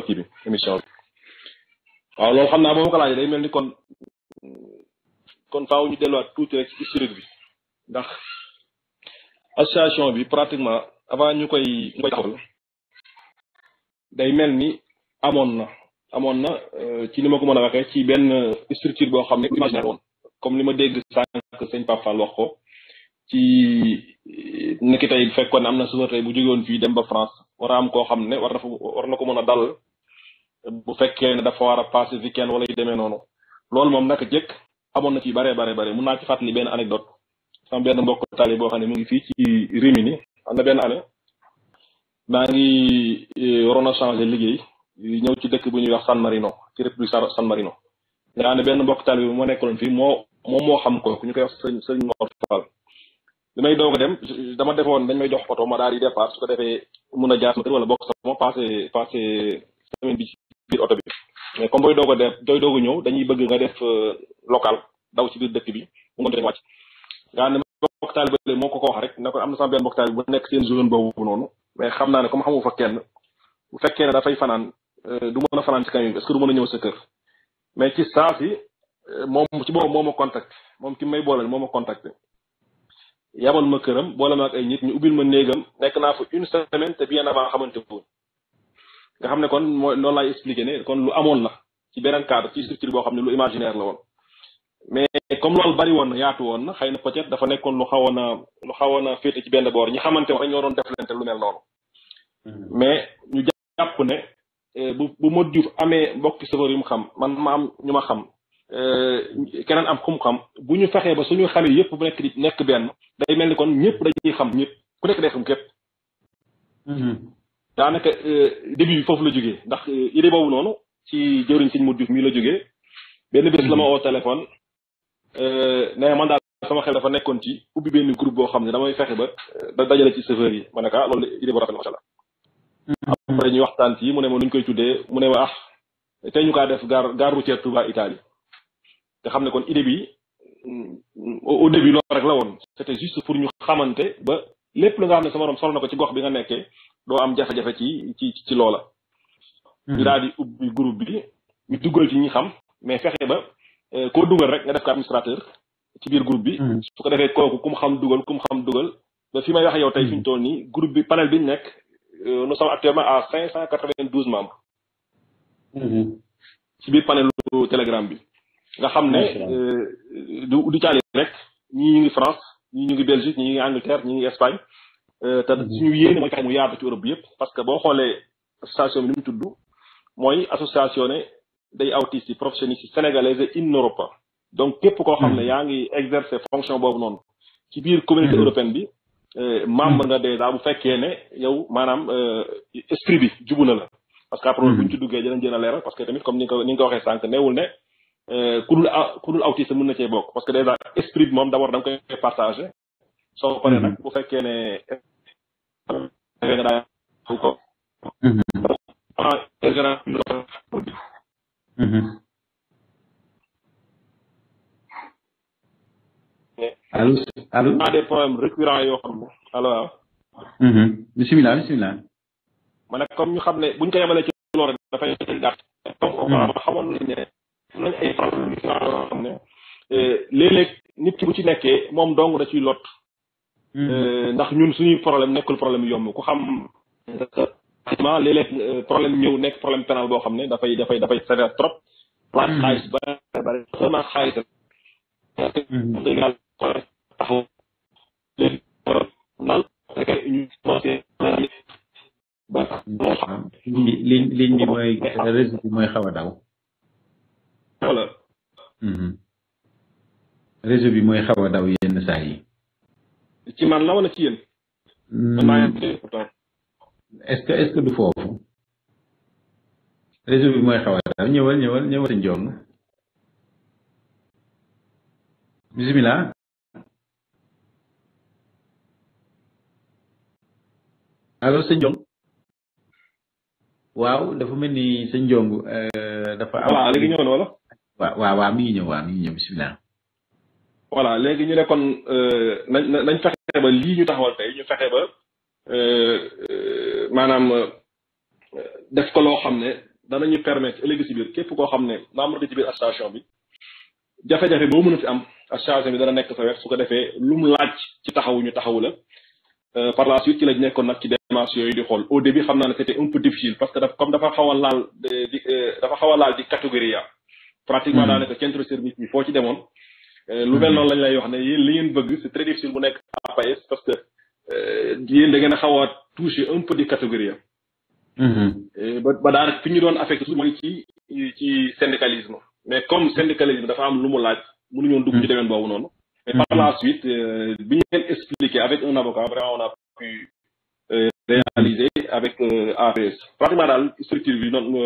loolu xam naa boo ma ko laajee day mel ni kon kon faaw ñu delluwaat tuuti rek ci historique bi ndax association bi pratiquement avant ñu koy ñu koy taxawal day mel ni amoon na amoon na euh, ci ni ma ko mën a waxee ci benn structure boo xam ne imaginaire woon comme li ma dégg sànq sëñ Pape Fall wax ko ci euh, niki tey bu fekkoon ne am na souveraineté bu jógewoon fii dem ba France war am koo xam ne war na war na ko mën a dal bu fekkee ne dafa war a passé weekend wala yu demee noonu loolu moom naka jëkk amoon na ci bare bare bare mun naa ci fàttali benn anecdote sama benn mbokk taali boo xam ne mu ngi fii ci Rimini am na benn année maa ngi euh, waroon a changé liggéey ñëw ci dëkk bu ñuy wax San Marino ci république San Marino nga moo moom moo xam ko ñu koy wax sëñ sëñ Mor Fall bi dama defoon dañ may jox oto ma daal di départ su ko defee a jaar sama kër wala bokk sama passé passé semaine bi bi mais comme booy doog a def doy doog a dañuy bëgg nga def euh, local daw ci biir dëkk bi mu ngontee wàcc nga xam ne mbokk taal bi ko ko wax am na sama benn mbokk taal bi bu nekk seen zone boobu noonu mais xam naa ne comme xamu fa kenn bu fekkee ne dafay fanaan Euh, du mën a fanaan ci camion bi est-ce que du mën a ñëw sa kër mais ci saa si euh, moom ci boobu moo ma contacté moom ki may booleel moo ma contacté yabal ma këram boole ma nit ñu ubbil ma néegam nekk naa fa une semaine te bien avant xamante woon nga xam ne kon mooy loolu laay expliqué ne kon lu amoon la ci beneen cadre ci structure boo xam ne lu imaginaire la woon mais comme loolu bari woon na yaatu woon na xëy na peut-être dafa nekkoon lu xawoon a lu xawoon a féete ci benn boor ñi xamante woon dañoo doon deflante lu mel noonu hmm. mais ñu jàpp ne Euh, bu bu mot Diouf amee mbokki safar yu mu xam man ma am ñu ma xam euh, keneen am xum xam bu ñu fexee ba suñu xamee yëpp bu nekk di nekk benn day mel ni kon ñëpp dañuy xam ñëpp ku nekk day xam mm-hmm. euh, début bi foofu la jógee ndax idée boobu noonu ci jëwriñ sëñ Modou Diouf mii la jógee benn bés la ma mm-hmm. woo téléphone ne man daal sama xel dafa nekkoon ci ubbi benn groupe boo xam ne damay fexe ba da dajale ci safar yi ma ne ah loolu idée bu rafet Mm-hmm. après ñu waxtaan ci mu ne ma nuñ koy tuddee mu ne ma ah tey ñu kaa def gare gare routière Touba Italie te xam ne kon idée bi mm, au rek la woon c'était juste pour ñu xamante ba lépp lu nga xam ne sama moroom sol na ko ci gox bi nga nekkee doo am jafe-jafe ci ci ci loola. ñu mm-hmm. daal ubbi groupe bi ñu duggal ci ñi xam mais fexe ba euh, koo dugal rek nga def ko administrateur ci biir groupe bi. Mm-hmm. su ko defee kooku ku mu xam dugal ku mu xam dugal ba fi may wax yow tey fi ñu toll nii groupe bi panel bi ñu nekk. Euh, nous sommes actuellement à 592 membres. Mm-hmm. ci biir panelu Telegram bi. nga xam ne euh, du du caali rek ni ñu France ni ñu Belgique ni ñu Angleterre ñii en Espagne. Nous euh, mm-hmm. sommes yéene mu ci Europe parce que nous xoolee association bi ni mu tudd association des day autistes yi professionnels yi sénégalais in Europe. donc képp koo xam ne mm-hmm. yaa fonctions, exercer fonction boobu noonu. ci communauté européenne bi. Euh, membre hmm. nga dèjà bu fekkee ne yow maanaam euh, esprit bi jubu na la. parce que après loolu bu ñu ci duggee dinañ gën a leeral parce que tamit comme ni nga ko ni nga ko waxee sànq neewul ne euh, ku dul ku dul autiste mën na cee bokk parce que dèjà esprit bi moom d' abord da nga koy partagé. soo paree hmm. nag bu fekkee ne. Hmm. en général. allo allo on a des problèmes récurrents yoo xam ne allo waaw. Mm-hmm. bisimilah bisimilah. ma ne comme ñu xam ne buñ ko yemalee ci loolu rek dafay gàtt. donc on mm-hmm. xamoon euh, nit ki bu ci nekkee moom dong da ciy lot. Mm-hmm. Euh, ndax ñun suñuy problème nekkul problème yomb ku xam. effectivement léeg-léeg euh, problème ñëw nekk problème pénal boo xam ne dafay dafay dafay sévère trop. xaalis ba bari xaalis. ligne ligne bi mooy réseau bi mooy xaw a daw. réseau bi mooy xaw daw yenn saa yi. ci man la wala ci yéen. est-ce du foofu. réseau bi mooy xaw a daw ñëwal ñëwal ñëwal sa njoom. bisimilah. alors sëñ Njong waaw dafa mel ni sëñ Njong euh, dafa am voilà léegi waaw mi ngi ñëw waaw mi ngi ñëw bisimilah voilà léegi ñu ne kon euh, nañ nañ fexe ba lii ñu taxawal tey ñu fexe ba euh, maanaam def ko loo xam ne danañu permettre ëllëg si biir képp koo xam ne membre nga ci biir association bi jafe-jafe boo mën a fi am association bi dana nekk sa wet su defee lu mu laaj ci taxawu ñu Euh, par la suite ci lañ nekkoon nak ci démarche yooyu di xol au début xamna naa ne un peu difficile parce que daf comme dafa xaw laal di euh, dafa xaw laal di catégorie ya pratiquement dans hmm. daanaka centre service yi foo ci démon euh, lu mel hmm. non lañ lay wax né li ngeen bëgg c'est très difficile bu nekk APS parce que di yéen da ngeen a xaw touché un peu di catégorie ya hmm. ba ba daanaka fi ñu doon affecté su mooy ci ci syndicalisme mais comme syndicalisme dafa am lu mu laaj ñu dugg ci demeen boobu noonu et par la mhm. suite, euh, bien expliqué avec un avocat, on a pu euh, réaliser avec euh, APS. structure la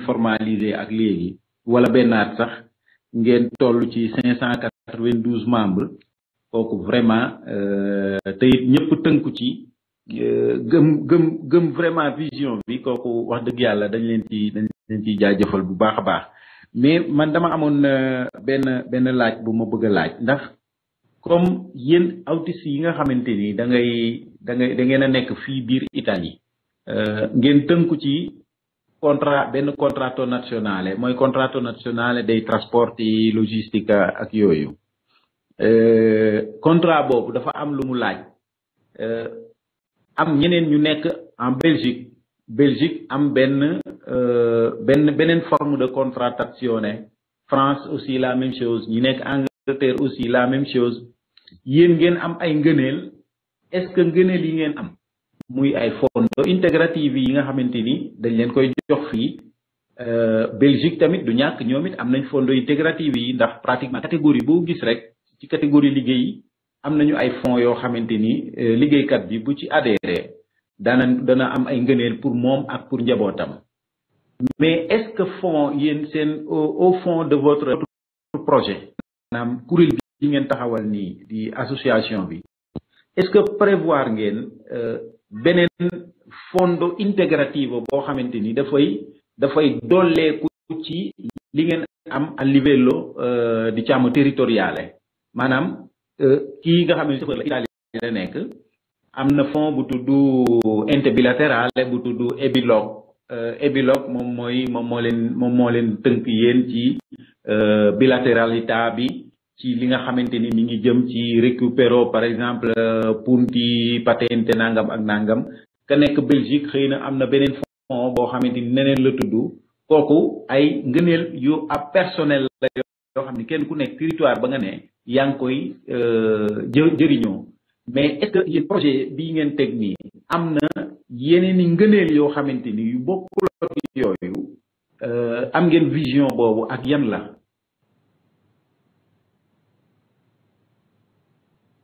un wala bennaat sax ngeen tollu ci 592 membres kooku vraiment euh teyit ñepp teunku ci euh, gëm gëm gëm vraiment vision bi kooku wax deug yalla dañ leen ci dañ leen ciy jaajëfal bu baax baax mais man dama amone euh, ben ben laaj bu ma bëgg laaj ndax comme yeen autis yi nga xamanteni da ngay da ngay da ngay na nek fi biir italie euh, ngeen teunku ci contrat benn contratto nazionale mooy contratto nazionale dei trasporti logistica ak yooyu eh, contrat boobu dafa am lu eh, am ñeneen ñu nekk Belgique Belgique am benn eh, benn beneen forme de contrattazione France aussi la même chose ñu Angleterre aussi la même chose yéen ngeen am ay ngëneel est-ce que ngëneel yi am muy ay fonds intégrative yi nga xamante ni dañ leen koy jox fii euh, Belgique tamit du ñàkk ñoom it am nañ fonds intégrative yi ndax pratiquement catégorie boo gis rek ci catégorie liggéey am nañu ay fonds yoo xamante ni euh, liggéeykat bi bu ci adhéré dana dana am ay ngëneel pour moom ak pour njabootam mais est-ce que fonds yéen seen au fond de votre projet maanaam kuréel gi ngeen taxawal nii di association bi est-ce que prévoir ngeen euh, beneen fondo integrativo boo xamante ni dafay dafay dolleeku ci li ngeen am a livello euh, diciamo territoriale maanaam euh, kii nga xam ne chauffeur la Italie la nekk am na fond bu tudd interbilatérale bu tudd EBILOG EBILOG euh, moom mooy moom moo leen moom moo leen tënk yéen ci bilatéralité bi ci li nga xamante ni mi ngi jëm ci récupéro par exemple euh, punti patente nangam ak nangam ka nekk Belgique xëy na am na beneen fond boo xamante ni neneen la tudd kooku ay ngëneel yu ab personnel la yoo xam ni kenn ku nekk territoire ba nga ne yaa ngi koy euh, jë jëriñoo mais est-ce projet bii ngeen teg nii am na yeneen i ngëneel yoo xamante ni yu bokkul ak yooyu euh, am ngeen vision boobu ak yan la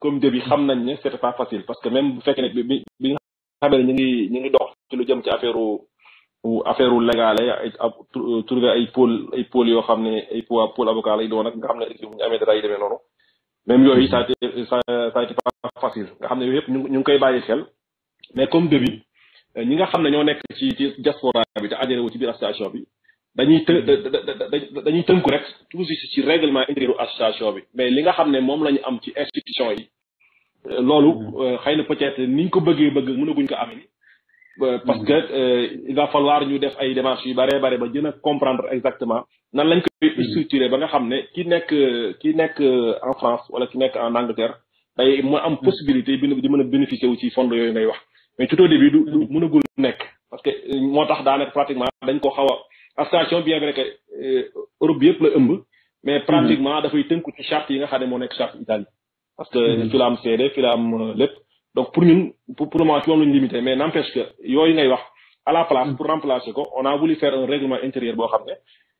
comme bi xam nañ ne c'était pas facile parce que même bu fekkee ne bi bi nga xamee ne ñu ngi ñu ngi dox ci lu jëm ci affaire u affaire u légale ay tur ay pôle ay pôle yoo xam ne ay pôle pôle avocat lay doon ak nga xam ne bu ñu amee dara yi demee noonu même yooyu ça a ça a été pas facile nga xam ne yooyu yëpp ñu ñu ngi koy bàyyi xel mais comme bi ñi nga xam ne ñoo nekk ci ci diaspora bi te adhéré wu ci biir association bi dañuy të dañuy tënku rek toujours ci règlement intérieur association bi mais li nga xam ne moom la ñu am ci institution yi euh, loolu mm-hmm. euh, xëy na peut-être ni ñu ko bëggee bëgg mënaguñ ko am ni euh, parce mm-hmm. que il va falloir ñu def ay démarches yu bare bare ba gën a comprendre exactement nan lañ koy mm-hmm. structurer ba nga xam ne ki nekk ki nekk en France wala ki nekk en Angleterre day mu am possibilité di mën a bénéficier wu ci fonds yooyu ngay wax mais tout au début du du mënagul nekk parce que moo tax daanaka pratiquement dañ ko xaw a abstention bien vrai que euh, Europe bi yëpp la mais mhm. pratiquement dafay tënku ci charte yi nga xam mo nek charte Italie. parce que mhm. fi la am cédé fi la am euh, lepp donc pour ñun pour pour le moment ci moom limiter mais n'empêche que yoy ngay wax à la place mhm. pour remplacer ko on a voulu faire un règlement intérieur bo xamné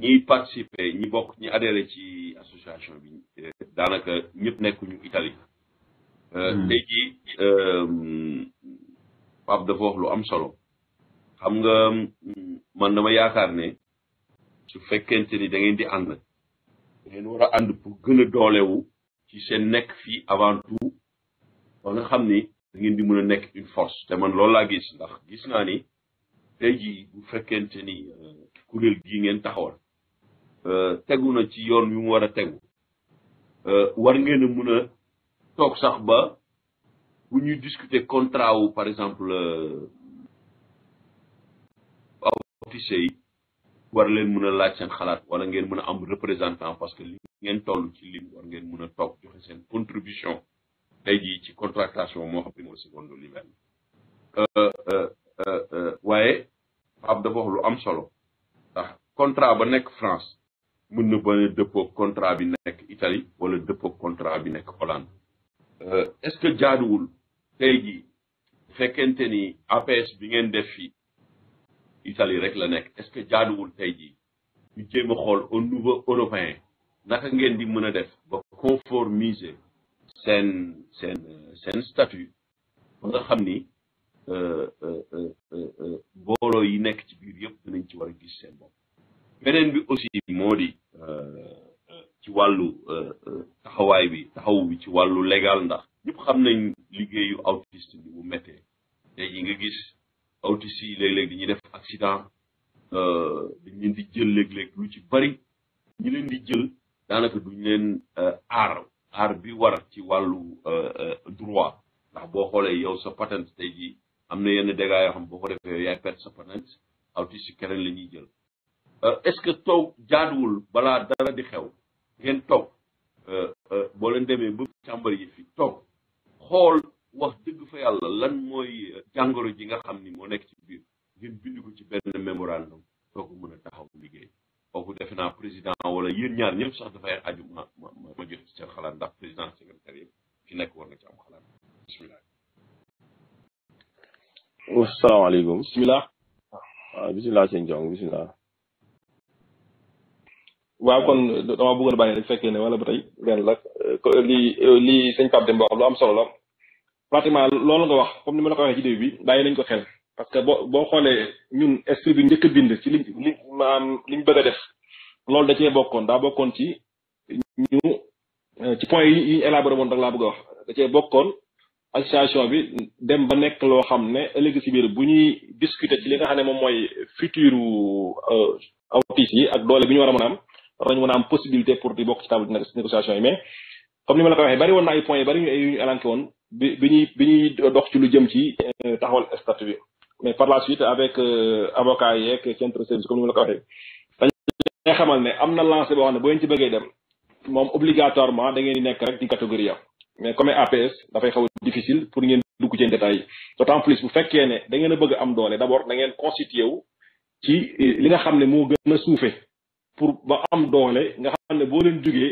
ñiy participer ñi bokk ñi adhéré ci association bi daanaka ñëpp nekkuñu Italie. léegi euh, hmm. euh, Pape dafa wax lu am solo. xam nga man dama yaakaar ne su fekkente ni dangeen di ànd. da ngeen war a ànd pour gën doolewu ci seen nekk fii avant tout ba nga xam ni da ngeen di mën a nekk une force te man loolu laa gis ndax gis naa ni tey jii bu fekkente ni euh, kuréel gi ngeen taxawal. Euh, tegu na ci yoon wi mu war a tegu euh, war ngeen a mun a toog sax ba bu ñuy discuter contrat wu par exemple euh, officier yi war leen mën a laaj seen xalaat wala ngeen mën a am représentant parce que li ngeen toll ci lim war ngeen mën a toog joxe seen contribution tey jii ci contractation moo xam ne mooy seconde libelle waaye Pape dafa wax lu am solo ndax contrat ba nekk France mën na bañ a contrat bi nekk Italie wala dëppoo contrat bi nekk Hollande euh, est-ce que jaaduwul tey ji fekkente ni APS bi ngeen def fii Italie rek la nekk est-ce que jaaduwul tey ji ñu jéem a xool au niveau européen naka ngeen di mën a def ba conformiser seen seen seen statut ba nga xam ni euh, euh, mbooloo yi nekk ci biir yëpp dinañ ci war gis seen bopp beneen bi aussi moo di euh, ci wàllu euh, euh, taxawaay bi taxaw bi ci wàllu legal ndax ñëpp xam nañ liggéeyu autiste bi bu méttee tey ji nga gis autiste yi léeg-léeg dañuy def accident dañ leen di jël léeg-léeg lu ci bari ñu leen di jël daanaka duñ leen aar aar bi war ci wàllu droit ndax boo xoolee yow sa patente tey ji am na yenn dégâts yoo xam boo ko defee yow yaay perte sa patente autiste keneen la ñuy jël Euh, est-ce que toog jaanwul balaa dara di xew ngeen toog euh, euh, boo leen demee ba càmbar yi fi toog xool wax dëgg fa yàlla lan mooy jàngoro ji nga xam ni moo nekk ci biir ngeen bind ko ci benn mémorandum doo ko mën a taxaw liggéey kooku defe naa président wala yéen ñaar ñëpp sax dafay aju ma ma ma jox ci seen xalaat ndax président secrétaire yëpp nekk war na ci am xalaat bisimilah. asalaamaaleykum bisimilah. waaw ah, bisimilah sëñ Diong bisimilah. waaw kon dama bëggoon a bàyyi rek fekkee ne wala ba tey benn la lii lii sëñ Pape Demba wax lu am solo la pratiquement loolu nga wax comme ni ma la ko waxee ci début bi bàyyi nañ ko xel parce que boo boo xoolee ñun esprit bi njëkk bind ci li li maanaam li a def loolu da cee bokkoon daa bokkoon ci euh, point yi ñu woon rek laa bëgg a wax da cee bokkoon association bi dem ba nekk loo xam ne ëllëg si biir bu ñuy discuter ci li nga xam ne moom mooy futur euh, autiste yi ak doole bi ñu war a mën am war nañu mën a am possibilité pour di bokk ci table négociation yi mais comme ni ma la ko waxee bari woon na ay points bari yu ñu élanqué woon bi bi ñuy bi dox ci lu jëm ci euh, taxawal statut bi mais par la suite avec euh, avocat yeeg centre service comme ni ma la ko waxee dañuy xamal ne am na lancé boo xam ne boo leen ci bëggee dem moom obligatoirement da ngeen di nekk rek di catégorie am mais comme APS dafay xaw a difficile pour ngeen dugg ci détails yi d'autant bu fekkee ne da ngeen a bëgg am doole d'abord da euh, li nga xam ne moo gën a suufee pour ba am doole nga xam ne boo leen jugee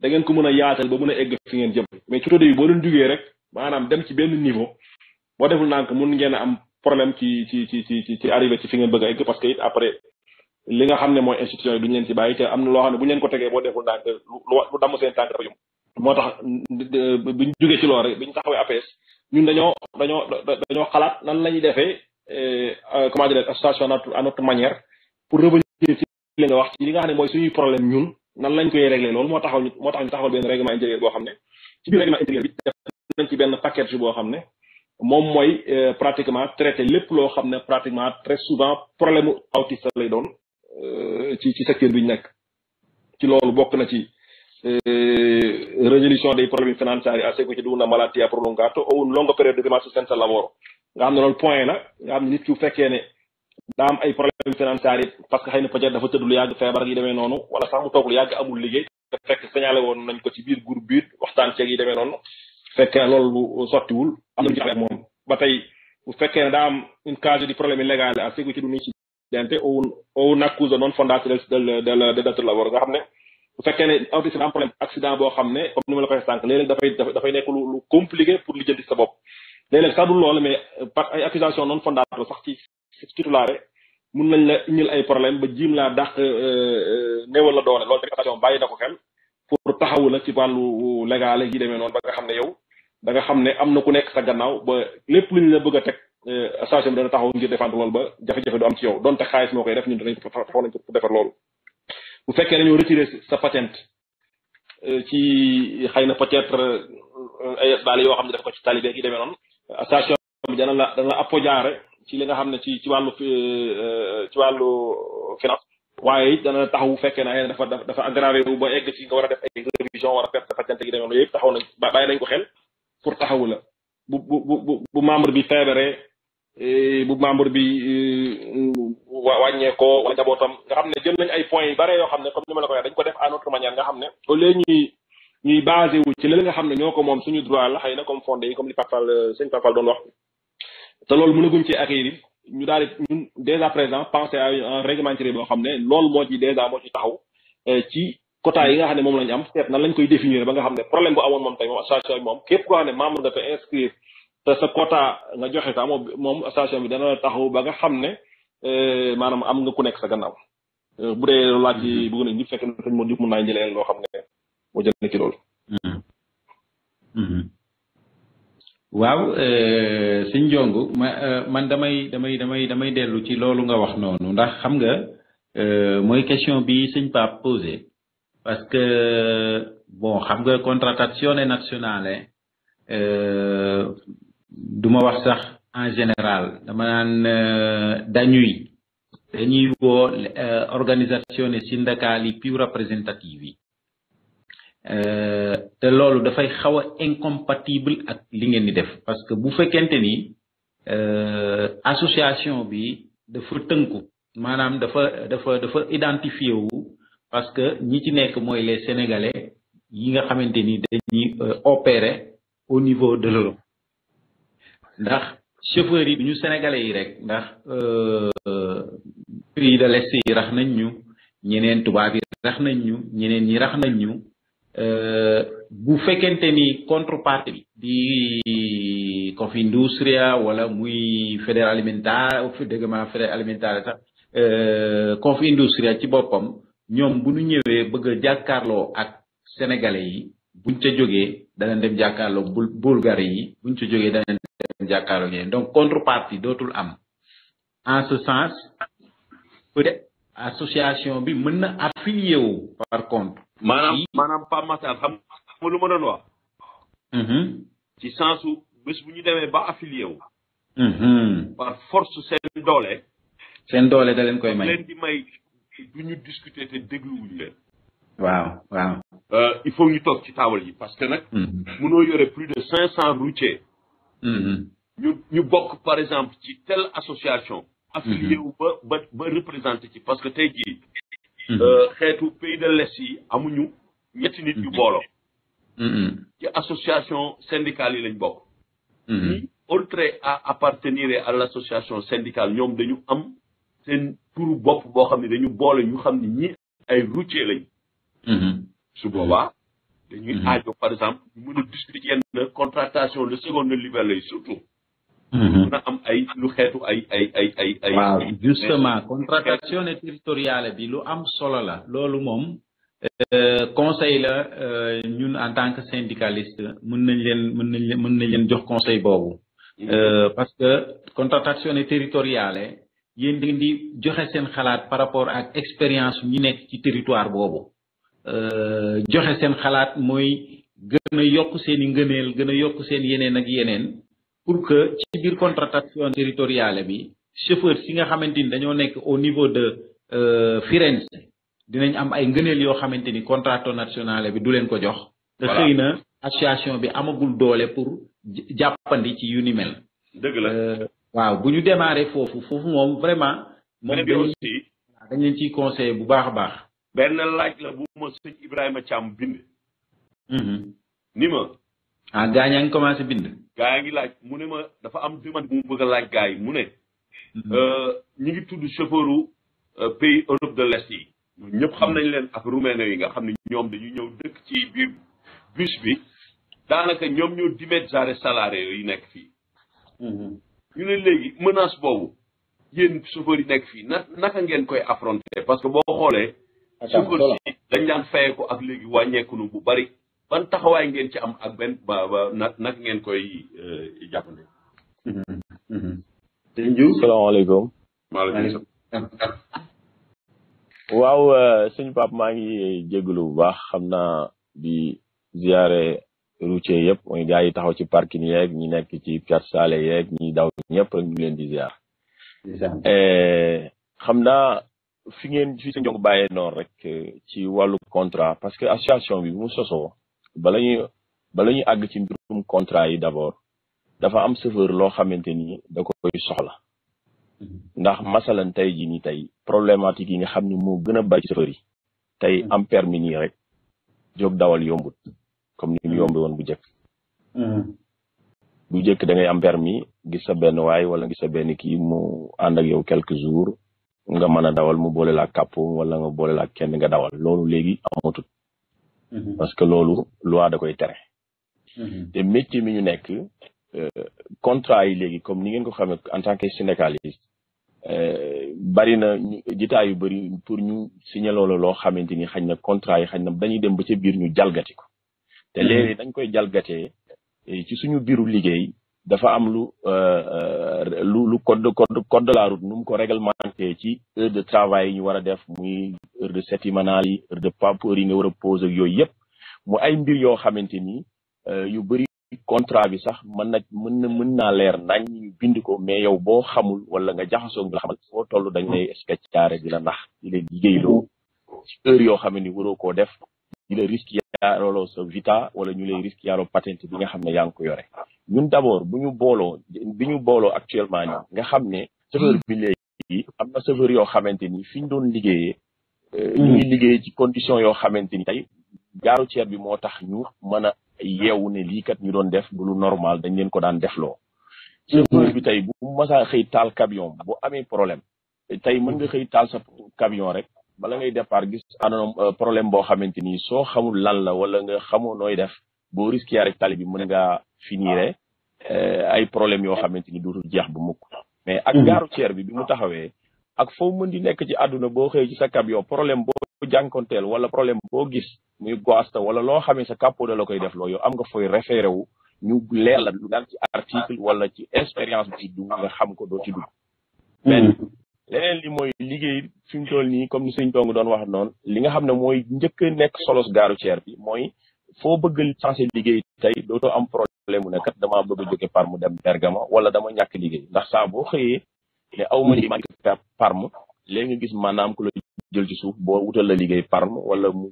da ngeen ko mën a yaatal ba mën a egg fi ngeen jëm mais ci côté bi boo leen jugee rek maanaam dem ci benn niveau boo deful ndànk mun ngeen a am problème ci ci ci ci ci fi ngeen bëgg a egg parce que it après li nga xam ne mooy institution yi duñ leen ci bàyyi te am na loo xam ne bu ñu leen ko tegee boo deful ndànk lu damm seen tànk dafa yomb. moo tax euh, biñ jugee ci loolu rek biñ taxawee APS ñun dañoo dañoo dañoo xalaat nan la ñuy defee euh, euh, comment dire station à notre li nga wax ci li nga xam ne mooy suñuy problème ñun nan lañ koy réglé loolu moo taxaw ñu moo tax ñu taxawal benn règlement intérieur boo xam ne ci benn package boo xam ne moom mooy euh, pratiquement traité lép loo xam ne pratiquement très souvent problème autiste lay doon euh, ci ci secteur bi nekk ci loolu bokk na ci euh, résolution dei problemi finanziari a seguito di una malattia prolungata o un lungo periodo di rimasto senza lavoro nga xam ne loolu point la daa am ay problème financier yi parce que xëy na peut dafa tëdd lu feebar yi demee noonu wala sax mu toog lu yàgg amul liggéey te fekk signalé ko ci biir groupe waxtaan ceeg yi noonu fekkee loolu sottiwul am na ba tey fekkee ne daa am un casier non fondata del del del lavoro nga xam ne fekkee ne autiste daa problème accident boo xam ne comme ni koy sànq léeg dafay dafay nekk lu lu compliqué pour lijjanti sa bopp léeg-léeg titulaire mun nañ la indil ay problème ba jiim laa dàq euh, euh, néewal la doole loolu tamit bàyyi na ko xel pour taxawu ci wàllu légal yi demee noonu ba nga xam ne yow nga xam ne am na ku nekk a gannaaw ba lépp lu ñu la teg association euh, bi dana taxaw ngir défendre loolu ba jafe-jafe du am ci yow donte xaalis moo koy def ñun danañ taxaw nañ pour defar loolu bu fekkee dañoo retiré sa patente ci xëy na peut a ay daal yoo xam ne def ko ci talibe yi demee a association bi dana la dana ci li nga xam ne ci ci wàllu euh, ci wàllu finance waaye it dana taxaw fekkee na dafa dafa aggravé wu ba egg ci nga war a def ay révision war a perte patente gi demee yëpp taxaw ko xel pour taxawu la bu bu bu bu membre bi feebaree eh, bu membre bi euh, wàññeekoo wala njabootam nga xam ne jël nañ ay points yu bare yoo xam ne comme ni ma la ko waxee dañ ko def à notre manière nga xam ne au lieu ñuy ñuy ci li nga xam ne ñoo ko moom suñu droit la xëy na comme fondé yi comme li Papal euh, sëñ Papal wax te loolu mënaguñ ci acquérir ñu daal di ñun dès à présent penser à un réglementaire boo xam ne loolu moo ci dèjà moo ci taxaw euh, ci quota yi nga xam ne moom lañu am seet nan lañ koy définir ba nga xam ne problème bu amoon moom tey moom association bi moom képp koo xam ne membre nga joxe ko amoo moom association bi dana taxaw ba nga xam ne euh, maanaam am nga ku nekk sa gannaaw euh, bu dee loolu laaj yi mm-hmm. bëgg nañ ñu fekk na sëñ Modou Diouf mën naa jëlee loo xam ne moo jël na ci loolu mm-hmm. Mm-hmm. waaw euh, sëñ jongu ma euh, man damay damay damay damay dellu ci loolu nga wax noonu ndax xam nga euh, mooy question bi sëñ Pape posé parce que bon xam nga contrattazione nazionale du ma wax sax en général dama naan dañuy dañuy woo organizzazioni sindacali più rappresentativi Euh, te lolou da fay xawa incompatible ak li ngeen ni def parce que bu fekkente ni euh, association bi dafa tënku maanaam dafa dafa dafa identifié wu parce que ñi ci nek moy les sénégalais yi nga xamanteni ni dañuy euh, opérer au niveau de l'Europe ndax chauffeurs yi du ñu sénégalais yi rek ndax pays de l'Est yi rax nañ ñu ñeneen tubaab yi rax nañ ñu ñeneen yi rax nañ ñu. Euh, bu fekkente ni contrepartie bi di Confindustria wala muy Federalimentare dégg ma Federalimentare sax euh, Confindustria ci boppam ñoom bu ñu ñëwee bëgg a jàkkaarloo ak sénégalais yi buñ ca jógee danañ dem jàkkaarloo bul bulgarie yi buñ ca jógee danañ dem jàkkaarloo ñeneen donc contrepartie dootul am en ce sens peut-être association bi mën na affilié wu par contre. Manan pa matan, ta mounou mounan wap. Mm-hmm. Ti sansou, bes mouni deme ba afilye wap. Mm-hmm. Par forse sen dole. Sen dole de len koy mani. Len di may, mouni diskute te deglou wile. Waou, waou. Euh, I founi tok ki tawali. Paske nek, mouno mm-hmm. yore pli de 500 route. Nyou bok par exemple, ti tel asosyasyon, afilye wap, bat be represente ki. Paske te di... Mm-hmm. Euh, xeetu pays de l'Est yi amuñu ñetti nit yu mm-hmm. booloo. Mm-hmm. ci association syndicale yi lañ bokk. ñi autre à appartenir à l' association syndicale ñoom dañu am seen pour bopp boo xam ne dañu boole ñu xam ne ñi ay routier lañ. su boobaa dañuy aajo par exemple ñu mën a discuter yenn contractation de seconde niveau lay surtout. nga xam ay lu xeetu ay ay ay ay ay waaw justement contratation territoriale bi lu am solo la loolu moom eh, conseil la eh, ñun en tant que syndicaliste mën nañ leen mën nañ leen mën nañ leen jox conseil boobu euh, parce que contratation territoriale yéen da di joxe seen xalaat par rapport ak expérience ñu nekk ci territoire boobu euh, joxe seen xalaat mooy gën a yokk seen i ngëneel gën a yokk seen yeneen ak yeneen pour que ci biir contratation territoriale bi chauffeur si nga xamante ni dañoo nekk au niveau de euh, Firenze dinañ am ay ngëneel yoo xamante ni contrato nationale bi du leen ko jox. te xëy na association bi amagul doole pour jàppandi ci yu ni mel. Euh, waaw bu ñu démarré foofu foofu moom vraiment. moom bi aussi dañ ciy conseillé bu baax a baax. benn laaj la bu ma sëñ Ibrahima Thiam bind. Mhm. ni ma. ah gaañ ngi commencé bind. gaa yaa ngi laaj mu ne ma dafa am demande bu mu bëgg laaj gaa yi mu ne. Mm-hmm. Euh, ñu ngi tudd chauffeuru euh, pays Europe de l'Est yi. ñëpp xam mm-hmm. nañ leen ak roumains yi nga xam ne ñoom dañuy ñëw dëkk ci biir bus bi daanaka ñoom ñoo diméjare salarié yi nekk fii. Mm-hmm. ñu ne léegi menace boobu yéen chauffeurs yi nekk fii na naka ngeen koy affronter parce que boo xoolee. chauffeur si dañ daan fayee ko ak léegi wàññeeku nu bu bari. ban taxawaay ngeen ci am ak benn ba ba nag ngeen koy euh, jàppande. <laughs> sëñ Diouf salaamaaleykum. waaw euh, sëñ Pape maa ngi jégalu bu baax xam naa di ziare routier yëpp mooy gars yi taxaw ci parking yeeg nekk ci Pierre Sallé yeeg ñi daw ñëpp rek ñu leen di ziar. Euh, naa fi ngeen fi sëñ Jonk bàyyee noonu rek ci wàllu contrat parce que association bi bu mu sosoo. bala ñuy ñuy àgg ci mbirum contrat yi d'abord dafa am chauffeur loo xamante ni da koy soxla mm-hmm. ndax masalan tey ji ni tey problématique yi nga xam ni moo gën a bari tey mm-hmm. am permis nii rek jóg dawal yombut comme ni mm-hmm. yombe woon bu jëkk bu jëkk da ngay am permis gis sa benn waay wala gis sa benn kii mu ànd ak yow quelques jours nga mën a dawal mu boole laa kàpp wala nga boole laa kenn nga dawal loolu léegi amatul Mm-hmm. parce que loolu loi da koy tere. Mm-hmm. te métier mi ñu nekk euh, contrat yi léegi comme ni ngeen ko xamee en tant que syndicaliste euh, bari na jitaay yu bëri pour ñu signé loolu loo xamante ni xañ na contrat yi xañ na dañuy dem ba ca biir ñu jalgati ko. te mm-hmm. léegi dañ koy jalgatee ci suñu biiru liggéey. dafa am lu euh, euh, lu lu code code code de la route nu mu ko réglementé ci heure de travail yi ñu war a def muy heure de septimanal yi heure de pampeur yi nga war a pause yooyu yëpp mu ay mbir yoo xamante ni euh, yu bëri contrat bi sax mën na mën na mën naa leer nañ ñu bind ko mais yow boo xamul wala nga jaxasoo ñu la xamal foo toll dañ lay spectaare di la nax di leen liggéeyloo ci heure yoo xam ne ni waroo koo def di la risque yaaroloo sa vita wala ñu lay risque yaaroo patente bi nga xam ne yaa ngi ko yore ñun d' abord bu ñu booloo bi ñu booloo actuellement nii nga xam ne serveur bi léegi am na serveur yoo xamante ni fi ñu doon liggéeyee euh, ñu ngi mm. liggéey ci condition yoo xamante ni tey gaaru ceer bi moo tax ñu mën a yeewu ne lii kat ñu doon def du lu normal dañ leen ko daan defloo mm. serveur bi tey bu masaa xëy taal camion bu amee problème tey mën nga xëy taal sa cabion rek bala ngay départ gis anoon euh, problème boo xamante ni soo xamul lan la wala nga xamoo nooy def boo risqué rek tali bi mën ngaa finire ah. euh, ay problème yoo xamante ni dootul jeex bu mukk mais ak mm-hmm. gaaru ceer bi bi mu taxawee ak foo mën di nekk ci àdduna boo xëy ci sa camion problème boo jànkonteel wala problème boo gis muy goasta wala loo xamee sa capot da la koy def loo yow am nga fooy référé wu ñu leer la lu daan ci article ah. wala ci expérience bi du nga xam ko doo ci leneen li mooy liggéey fi mu toll nii comme ni suñ tong doon wax noon li nga xam ne mooy njëkk a nekk solos gaaru ceer bi mooy foo bëgg censé liggéey tey dootoo am problème mu ne kat damaa bëgg a jóge Parme dem Bergama wala dama ñàkk liggéey ndax saabo boo xëyee ne aw ma liggéey Parme léegi nga gis maanaam ku la jël ci suuf boo wutal la liggéey Parme wala mu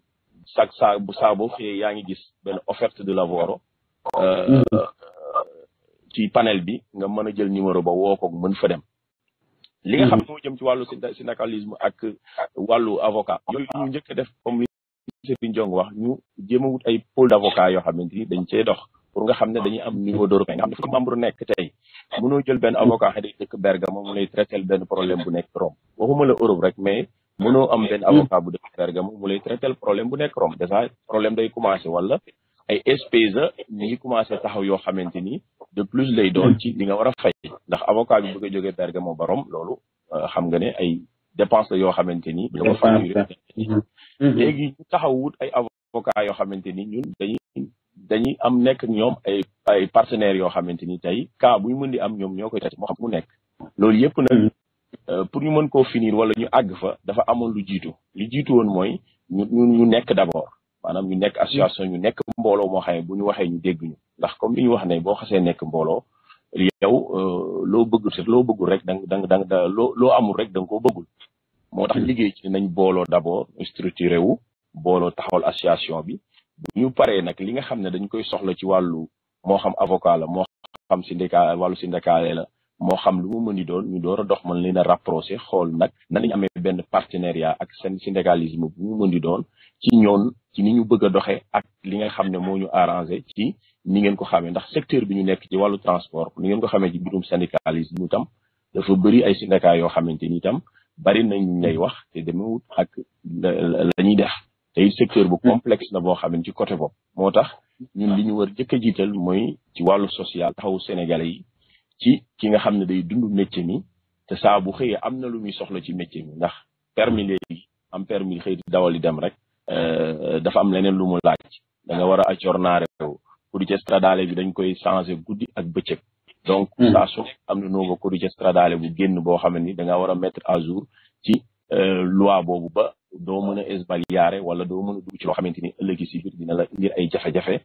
sag saa bu saa boo xëyee yaa ngi gis benn offerte de lavoro euh, mm-hmm. ci panel bi nga mën a jël numéro ba woo ko mën fa dem li nga xam mhm. moo jëm ci wàllu syndicalisme ak wàllu avocat yooyu ñu njëkk def comme li wax ñu jéem a wut ay pôle d' avocat yoo xamante ni dañ cee dox pour nga xam ne dañuy am niveau d' européen nga xam ne fu membre nekk tey mënoo jël benn avocat xëy day dëkk Bergamo mu lay traité benn problème bu nekk Rome waxuma la Europe rek mais mënoo am benn mhm. avocat bu dëkk Bergamo mu lay traité problème bu nekk Rome dèjà problème day commencé wala ay espèces ñu ngi commencé taxaw yoo xamante ni de plus lay doon hmm. ci li nga war a fay ndax avocat bi bëgg a jógee Bergamo ba Rome loolu euh, xam nga ne ay dépense la yoo xamante ni da ko hmm. Hmm. léegi ñu taxaw wut ay avocat yoo xamante ni ñun dañuy am nekk ñoom ay ay partenaires yoo xamante ni tey cas buñ mën di am ñoom ñoo koy tati moo xam mu nekk loolu yëpp nag euh, pour ñu mën koo finir wala ñu àgg fa dafa amoon lu jiitu lu jiitu woon mooy ñu ñu nekk d'abord maanaam ñu nekk association ñu nekk mbooloo moo xam ne bu ñu waxee ñu dégg ñu ndax comme li ñu wax ne boo xasee nekk mbooloo yow euh, loo bëggul sax loo bëggul rek dang dang dang da loo loo amul rek da nga koo bëggul moo tax hmm. liggéey ci nañ booloo d'abord structuré wu booloo taxawal association bi bu ñu paree nag li nga xam ne dañ koy soxla ci wàllu moo xam avocat la moo xam syndicat wàllu syndicale la moo xam lu mu mën di doon ñu door a dox mën leen a rapproché xool nag na lañ amee benn partenariat ak seen syndicalisme bu mu mën di doon ci ñoon ci ni ñu bëgg a doxee ak li nga xam ne moo ñu arrangé ci ni ngeen ko xamee ndax secteur bi ñu nekk ci wàllu transport ni ngeen ko xamee ci biirum syndicalisme itam dafa bëri ay syndicat yoo xamante ni itam bari nañ ñu wax te demewut ak la ñuy def te secteur bu complexe na boo xam ci côté bopp moo tax ñun li ñu war jëkk a jiital mooy ci wàllu social taxawu sénégalais yi ci ki nga xam ne day dund métier mi te saa bu xëyee am na lu muy soxla ci métier mi ndax permis léegi am permis xëy di dem rek Euh, dafa am leneen lu mu laaj da nga war a aggiornare wu codice stradale bi dañ koy changer guddi ak bëccëg donc hmm. saa su am na nouveau codice stradale bu génn boo xam ne ni da war a mettre à jour ci euh, loi boobu ba doo mën a esbaliyaare wala doo mën dugg ci loo xamante ni ëllëgi si biir dina la ngir ay jafe-jafe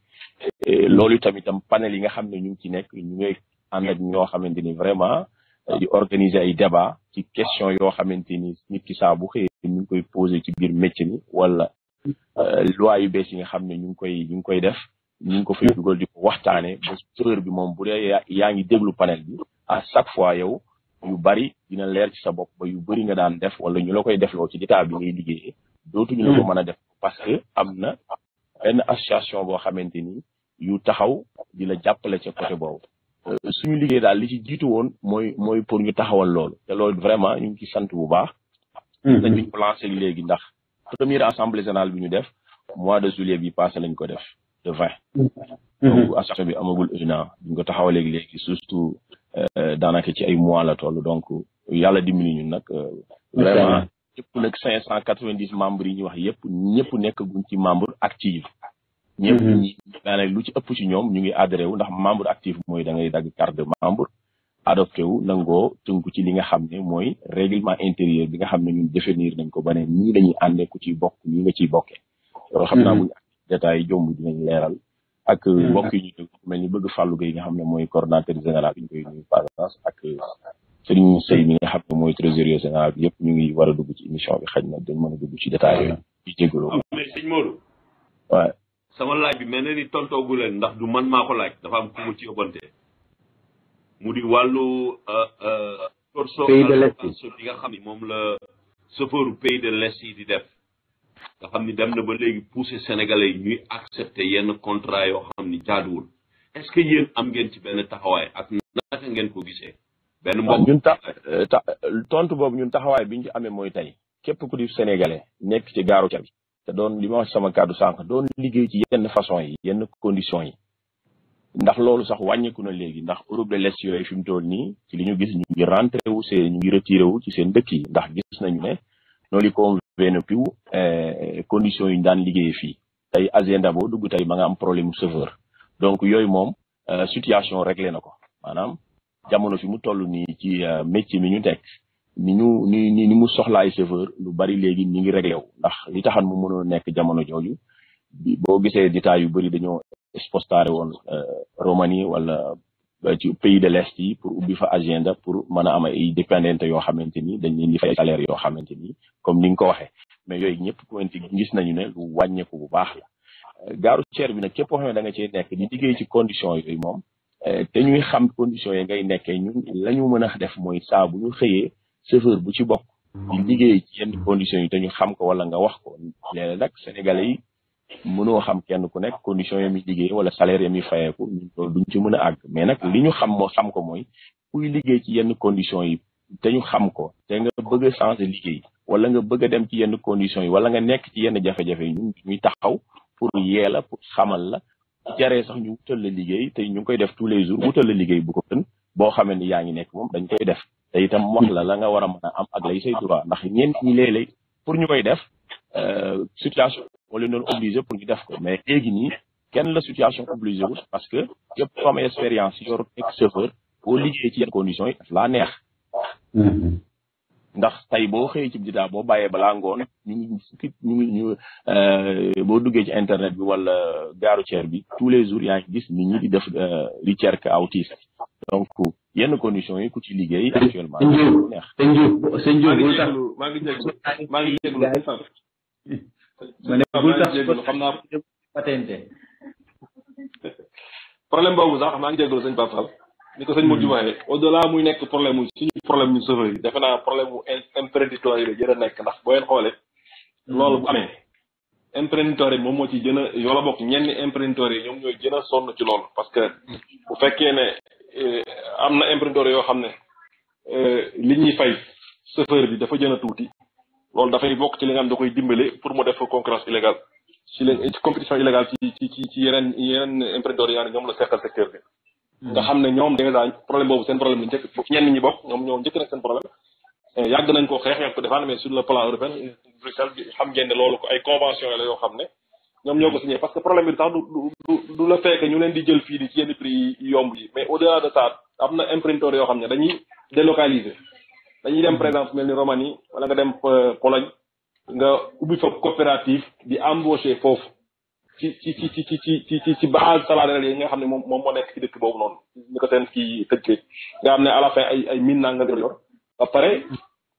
loolu tamitam panel yi nga xam ne ñu ngi ci nekk ñu ngay ànd ak ñoo xamante ni vraiment euh, di organiser ay débat ci question yoo xamante ni nit ki saa bu xëyee ñu ngi koy posé ci biir métier mi wala Euh, loi yu bees yi nga xam ne ñu ngi koy ñu ngi koy def ñu ngi ko fay dugal di ko waxtaane ba heure bi moom bu dee yaa ngi déglu panel bi à chaque fois yow yu bari dina leer ci sa bopp ba yu bari nga daan def wala ñu la koy defloo ci état bi ngay liggéeyee dootuñu la ko hmm. mën a def parce que am na benn association boo xamante ni yu taxaw di la jàppale ca côté boobu euh, suñu liggéey daal li ci jiitu woon mooy mooy pour ñu taxawal loolu te loolu vraiment ñu ngi ci sant bu baax dañu hmm. ko lancé léegi ndax première assemblée générale bi ñu def mois de juillet bi passé lañ ko def de vingt mm-hmm. donc bi amagul un an ko taxaw léegi léegi surtout euh, daanaka ci ay mois la tool donc yàlla dimbali ñu nag euh, vraiment ñëpp nag cinq cent quatre-vingt-dix membres yi ñuy wax yëpp ñëpp nekk guñ ci membre actif ñëpp mm-hmm. ñi daanaka lu ci ëpp ci ñoom ñu ngi adhéré wu ndax membre actif mooy da ngay dagg carte membre adopté wu nangoo tënku ci li nga xam ne mooy règlement intérieur bi nga xam ne ñun définir nañ ko ba ne nii la ñuy ku ciy bokk nii nga ciy bokke loolu naa mhm. bu ñu détail jomb dinañ leeral. ak euh, mhm. mbokk yi ñu déglu mel ni bëgg nga xam ne mooy coordonnateur général bi ñu koy nuyu passage ak euh, Serigne Seye mi nga xam ne mooy trésorier général bi yëpp ñu ngi war a dugg ci émission bi xañ na dañ mën a dugg ci détail yooyu. ci jégalu ah, mais sëñ Modou. sama laaj bi mel na ni tontoogu leen ndax du man maa ko laaj dafa am ku mu ci yóbbante mu di wàllu corso euh, euh, corso bi nga xam ni moom la chauffeuru pays de l'est yi di def nga xam ni dem na ba léegi poussé sénégalais yi ñuy accepter yenn contrat yoo xam ni jaaduwul est-ce que yéen am ngeen ci benn taxawaay ak naka ngeen ko gisee benn ah, mbokk ñun tax euh, tontu boobu ñun taxawaay bi ñu ci amee mooy tey képp ku di sénégalais nekk ci gaaru ca bi te doon li ma wax sama kàddu sànq doon liggéey ci yenn façon yi yenn condition yi ndax loolu sax wàññeeku na léegi ndax Europe de yooyu fi mu toll nii ci li ñu gis ñu ngi rentré wu see ñu ngi retiré wu ci seen dëkk yi ndax gis nañu ne noonu li convenu piw eh, conditions yi ñu daan liggéeyee fii tey agenda bo dugg tey ma nga am problème mu serveur donc yooyu moom eh, situation réglé na ko maanaam jamono fi mu toll nii ci eh, métier mi ñu teg ni ñu ni ni mu soxla ay serveur lu bari léegi ñu ngi réglé wu ndax li taxan mu mënoon nekk jamono jooju boo gisee détails yu bëri dañoo spostare woon euh, Roumanie wala euh, ci pays de l'Est yi pour ubbi fa agenda pour mën a am ay dépendante yoo xamante ni dañ leen di fay salaire yoo xamante ni comme ni nga ko waxee mais yooyu ñëpp kumanti gis nañu ne lu wàññeeku bu baax la gaaru ceer bi nag képp koo xam ne da nga cee nekk di liggéey ci condition yooyu moom euh, te ñuy xam condition yi ngay nekkee ñun la ñu mën a def mooy saa bu ñu xëyee chauffeur bu ci bokk mm-hmm. di liggéey ci yenn conditions yi te ñu xam ko wala nga wax ko léeg-léeg nag yi mënoo xam kenn ku nekk condition yi muy liggéey wala salaire yi muy fayeeku loolu duñ ci mën a àgg mais nag li ñu xam moo xam ko mooy kuy liggéey ci yenn condition yi te ñu xam ko te nga bëgg a changer liggéey wala nga bëgg a dem ci yenn condition yi wala nga nekk ci yenn jafe-jafe yi ñun ñuy taxaw pour yee la pour xamal la jaree sax ñu wutal la liggéey te ñu ngi koy def tous les jours wutal la liggéey bu ko gën boo xamee ni yaa ngi nekk moom dañ koy def te itam wax la la nga war a mën a am ak lay say droit ndax ñeent ñi léeg-léeg pour ñu koy def euh, wala leen obligé pour ñu def ko mais léegi nii la situation obligé parce que képp ku am expérience yor nekk chauffeur boo liggéey ci yenn conditions yi daf laa mm-hmm. ndax tay bo xëyee ci bidaa bo bàyyee bala ngone ñu ngi fukki ñu ngi ñu euh, boo ci internet bi wala garu ceer bi tous les jours ya ngi gis nit ñi di def recherche euh, autiste donc yenn condition yi ku ci liggéey actuellement. neex sëñ Diop sëñ Diop maa ngi jégalu maa ngi jégalu ma ne bul tax xam naa patente boobu sax maa ngi jégalu sëñ Pape Fall ni ko sëñ Modou hmm. waxee au delà muy nekk problème mu suñu problème ñu sofër yi defe naa problème mu imprenditoire yi la jërë nekk ndax boo leen xoole hmm. loolu bu amee imprenditoire yi moom moo ci gën a yoo la bokk ñenn yi ñoom ñooy gën a ci loolu parce que bu fekkee ne eh, am na imprenditoire yoo xam ne eh, li ñuy fay chauffeur bi dafa gën a tuuti loolu dafay bokk ci li nga xam da koy dimbale pour mu def concurrence illégale ci la ci ci yeneen yeneen yaa ne ñoom la seqal secteur bi. Hmm. nga xam ne ñoom dèjà problème boobu seen problème la njëkk ñenn ñi bokk ñoom ñoo njëkk nag seen problème. Eh, yàgg nañ ko xeex yàgg ko defaan mais sur le plan européen Bruxelles xam ngeen loolu ay convention la yoo xam ne ñoom ñoo ko signé parce que problème bi tax du du la fekk ñu leen di jël fii di ci yenn prix yi yomb yi mais dañuy dem mhm. par exemple mel ni Roumanie wala nga dem euh, Pologne nga ubbi fa coopérative di embaucher foofu ci ci ci ci ci ci ci ci base salariale yi nga xam ne moom moom moo nekk ci dëkk boobu noonu ñu ko seen kii tëjkee nga xam ne à ay ay mine naa nga yor pare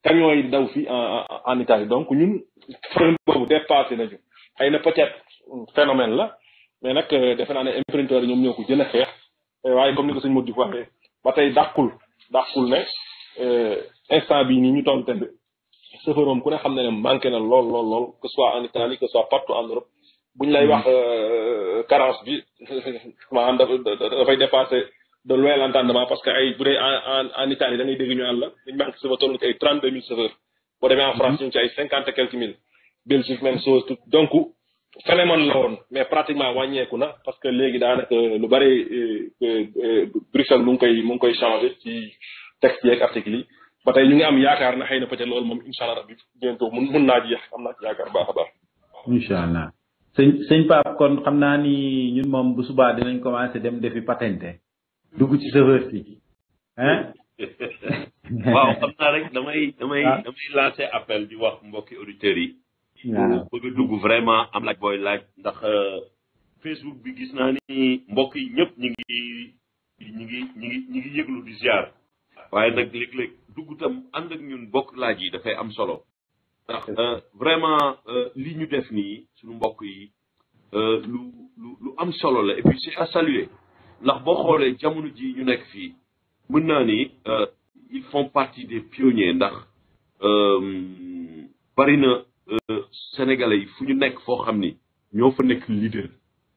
camion yi daw fii en Italie donc ñun problème boobu dépassé nañu xëy na peut-être phénomène la mais nag euh, defe naa ne imprimeur ñoom ñoo ko jën a xeex waaye comme ni ko suñ mot di waxee ba tey dàqul dàqul ne euh, instant bii nii ñu toll ku ne que soit en Italie que soit partout en Europe bu lay wax mm-hmm. euh, carence bi <laughs> maanaam dafay dépasser de loin l'entendement parce que en Italie ñu en France 50 mm-hmm. cinquante mille. Belgique même chose donc phénomène la mais pratiquement wàññeeku parce que léegi daanaka lu euh, euh, Bruxelles mu ngi mu ba tey ñu ngi am yaakaar na xëy na peut-être moom incha allah rabbi bientôt mun mun naa jeex am naa ci yaakaar baax baax. incha allah sëñ sëñ Pape kon xam naa ni ñun moom bu subaa dinañ commencé dem defi patente. dugg ci serveur si. <laughs> waaw xam naa rek damay damay ah. damay lancer appel di wax mbokki auditeurs yi. waaw ah. bëgg dugg vraiment am laaj booy laaj ndax euh, Facebook bi gis naa ni mbokk yi ñëpp ñi ngi ñi ngi ñi ngi ñi yëglu di ziar. waaye nag léeg-léeg dugg tam ànd ak ñun bokk laaj yi dafay am solo. ndax euh, vraiment euh, lii ñu def nii suñu mbokk yi euh, lu lu lu am solo la et puis c'est à saluer ndax boo xoolee jamono ji ñu nekk fii mën naa ni il font partie des pionniers ndax bari na sénégalais yi fu ñu nekk foo xam ni ñoo fa nekk leader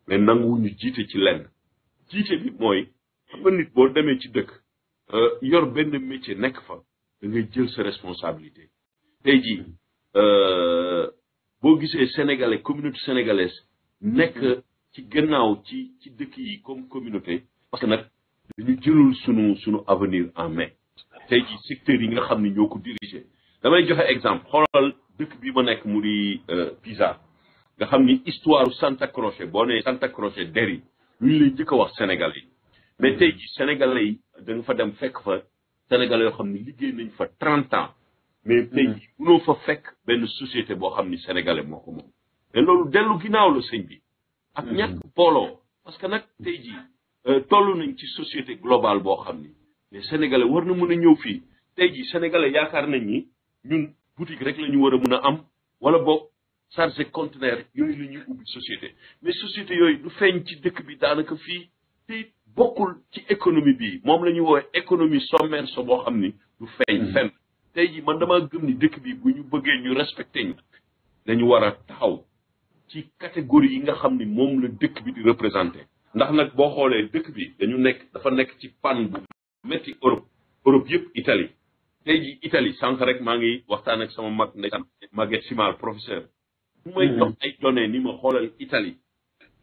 mais nanguwuñu jiite ci lenn jiite bi mooy xam nit boo demee ci dëkk. Euh, yor benn métier nekk fa da jël sa responsabilité tey jii euh, boo gisee sénégalais communauté sénégalaise nekk mm-hmm. ci gannaaw ci ci dëkk yi comme communauté parce que nag dañu jëlul sunu sunu avenir en main tey jii secteur yi nga xam ne ñoo ko dirigé damay joxe exemple xoolal dëkk bi ma nekk mu di euh, Pisa nga xam ni histoire Santa Croce boo nee Santa Croce deri lu ñu lay njëkk a wax sénégalais yi mais tey jii sénégalais yi da fa dem fekk fa Sénégal yoo xam ne liggéey nañ fa trente ans mais mm-hmm. tey munoo fa fekk benn société boo xam ni sénégalais moo ko moom te loolu dellu ginnaaw la sëñ bi ak mm-hmm. ñàkk booloo parce que nag tey jii euh, toll nañ ci société globale boo xam ni mais sénégalais war na mën a ñëw fii tey jii sénégalais yaakaar nañ ni ñun boutique rek la ñu war a mën a am wala boog chargé conteneur yooyu la ñuy ubbi société mais société yooyu du feeñ ci dëkk bi daanaka fii te bokkul ci économie bi moom la ñuy woowee économie sommaire so boo xam ni du feeñ mhm. fenn tey ji man damaa gëm ni dëkk bi bu ñu bëggee ñu respecté ñu dañu war a taxaw ci catégorie yi nga xam ni moom la dëkk bi di représenter ndax nag boo xoolee dëkk bi dañu nekk dafa nekk ci pan bu métti Europe Europe yëpp Italie tey ji Italie sànq rek maa ngi waxtaan ak sama mag ndeysaan Maguette Simal professeur bu mhm. may jox ay données ni ma xoolal Italie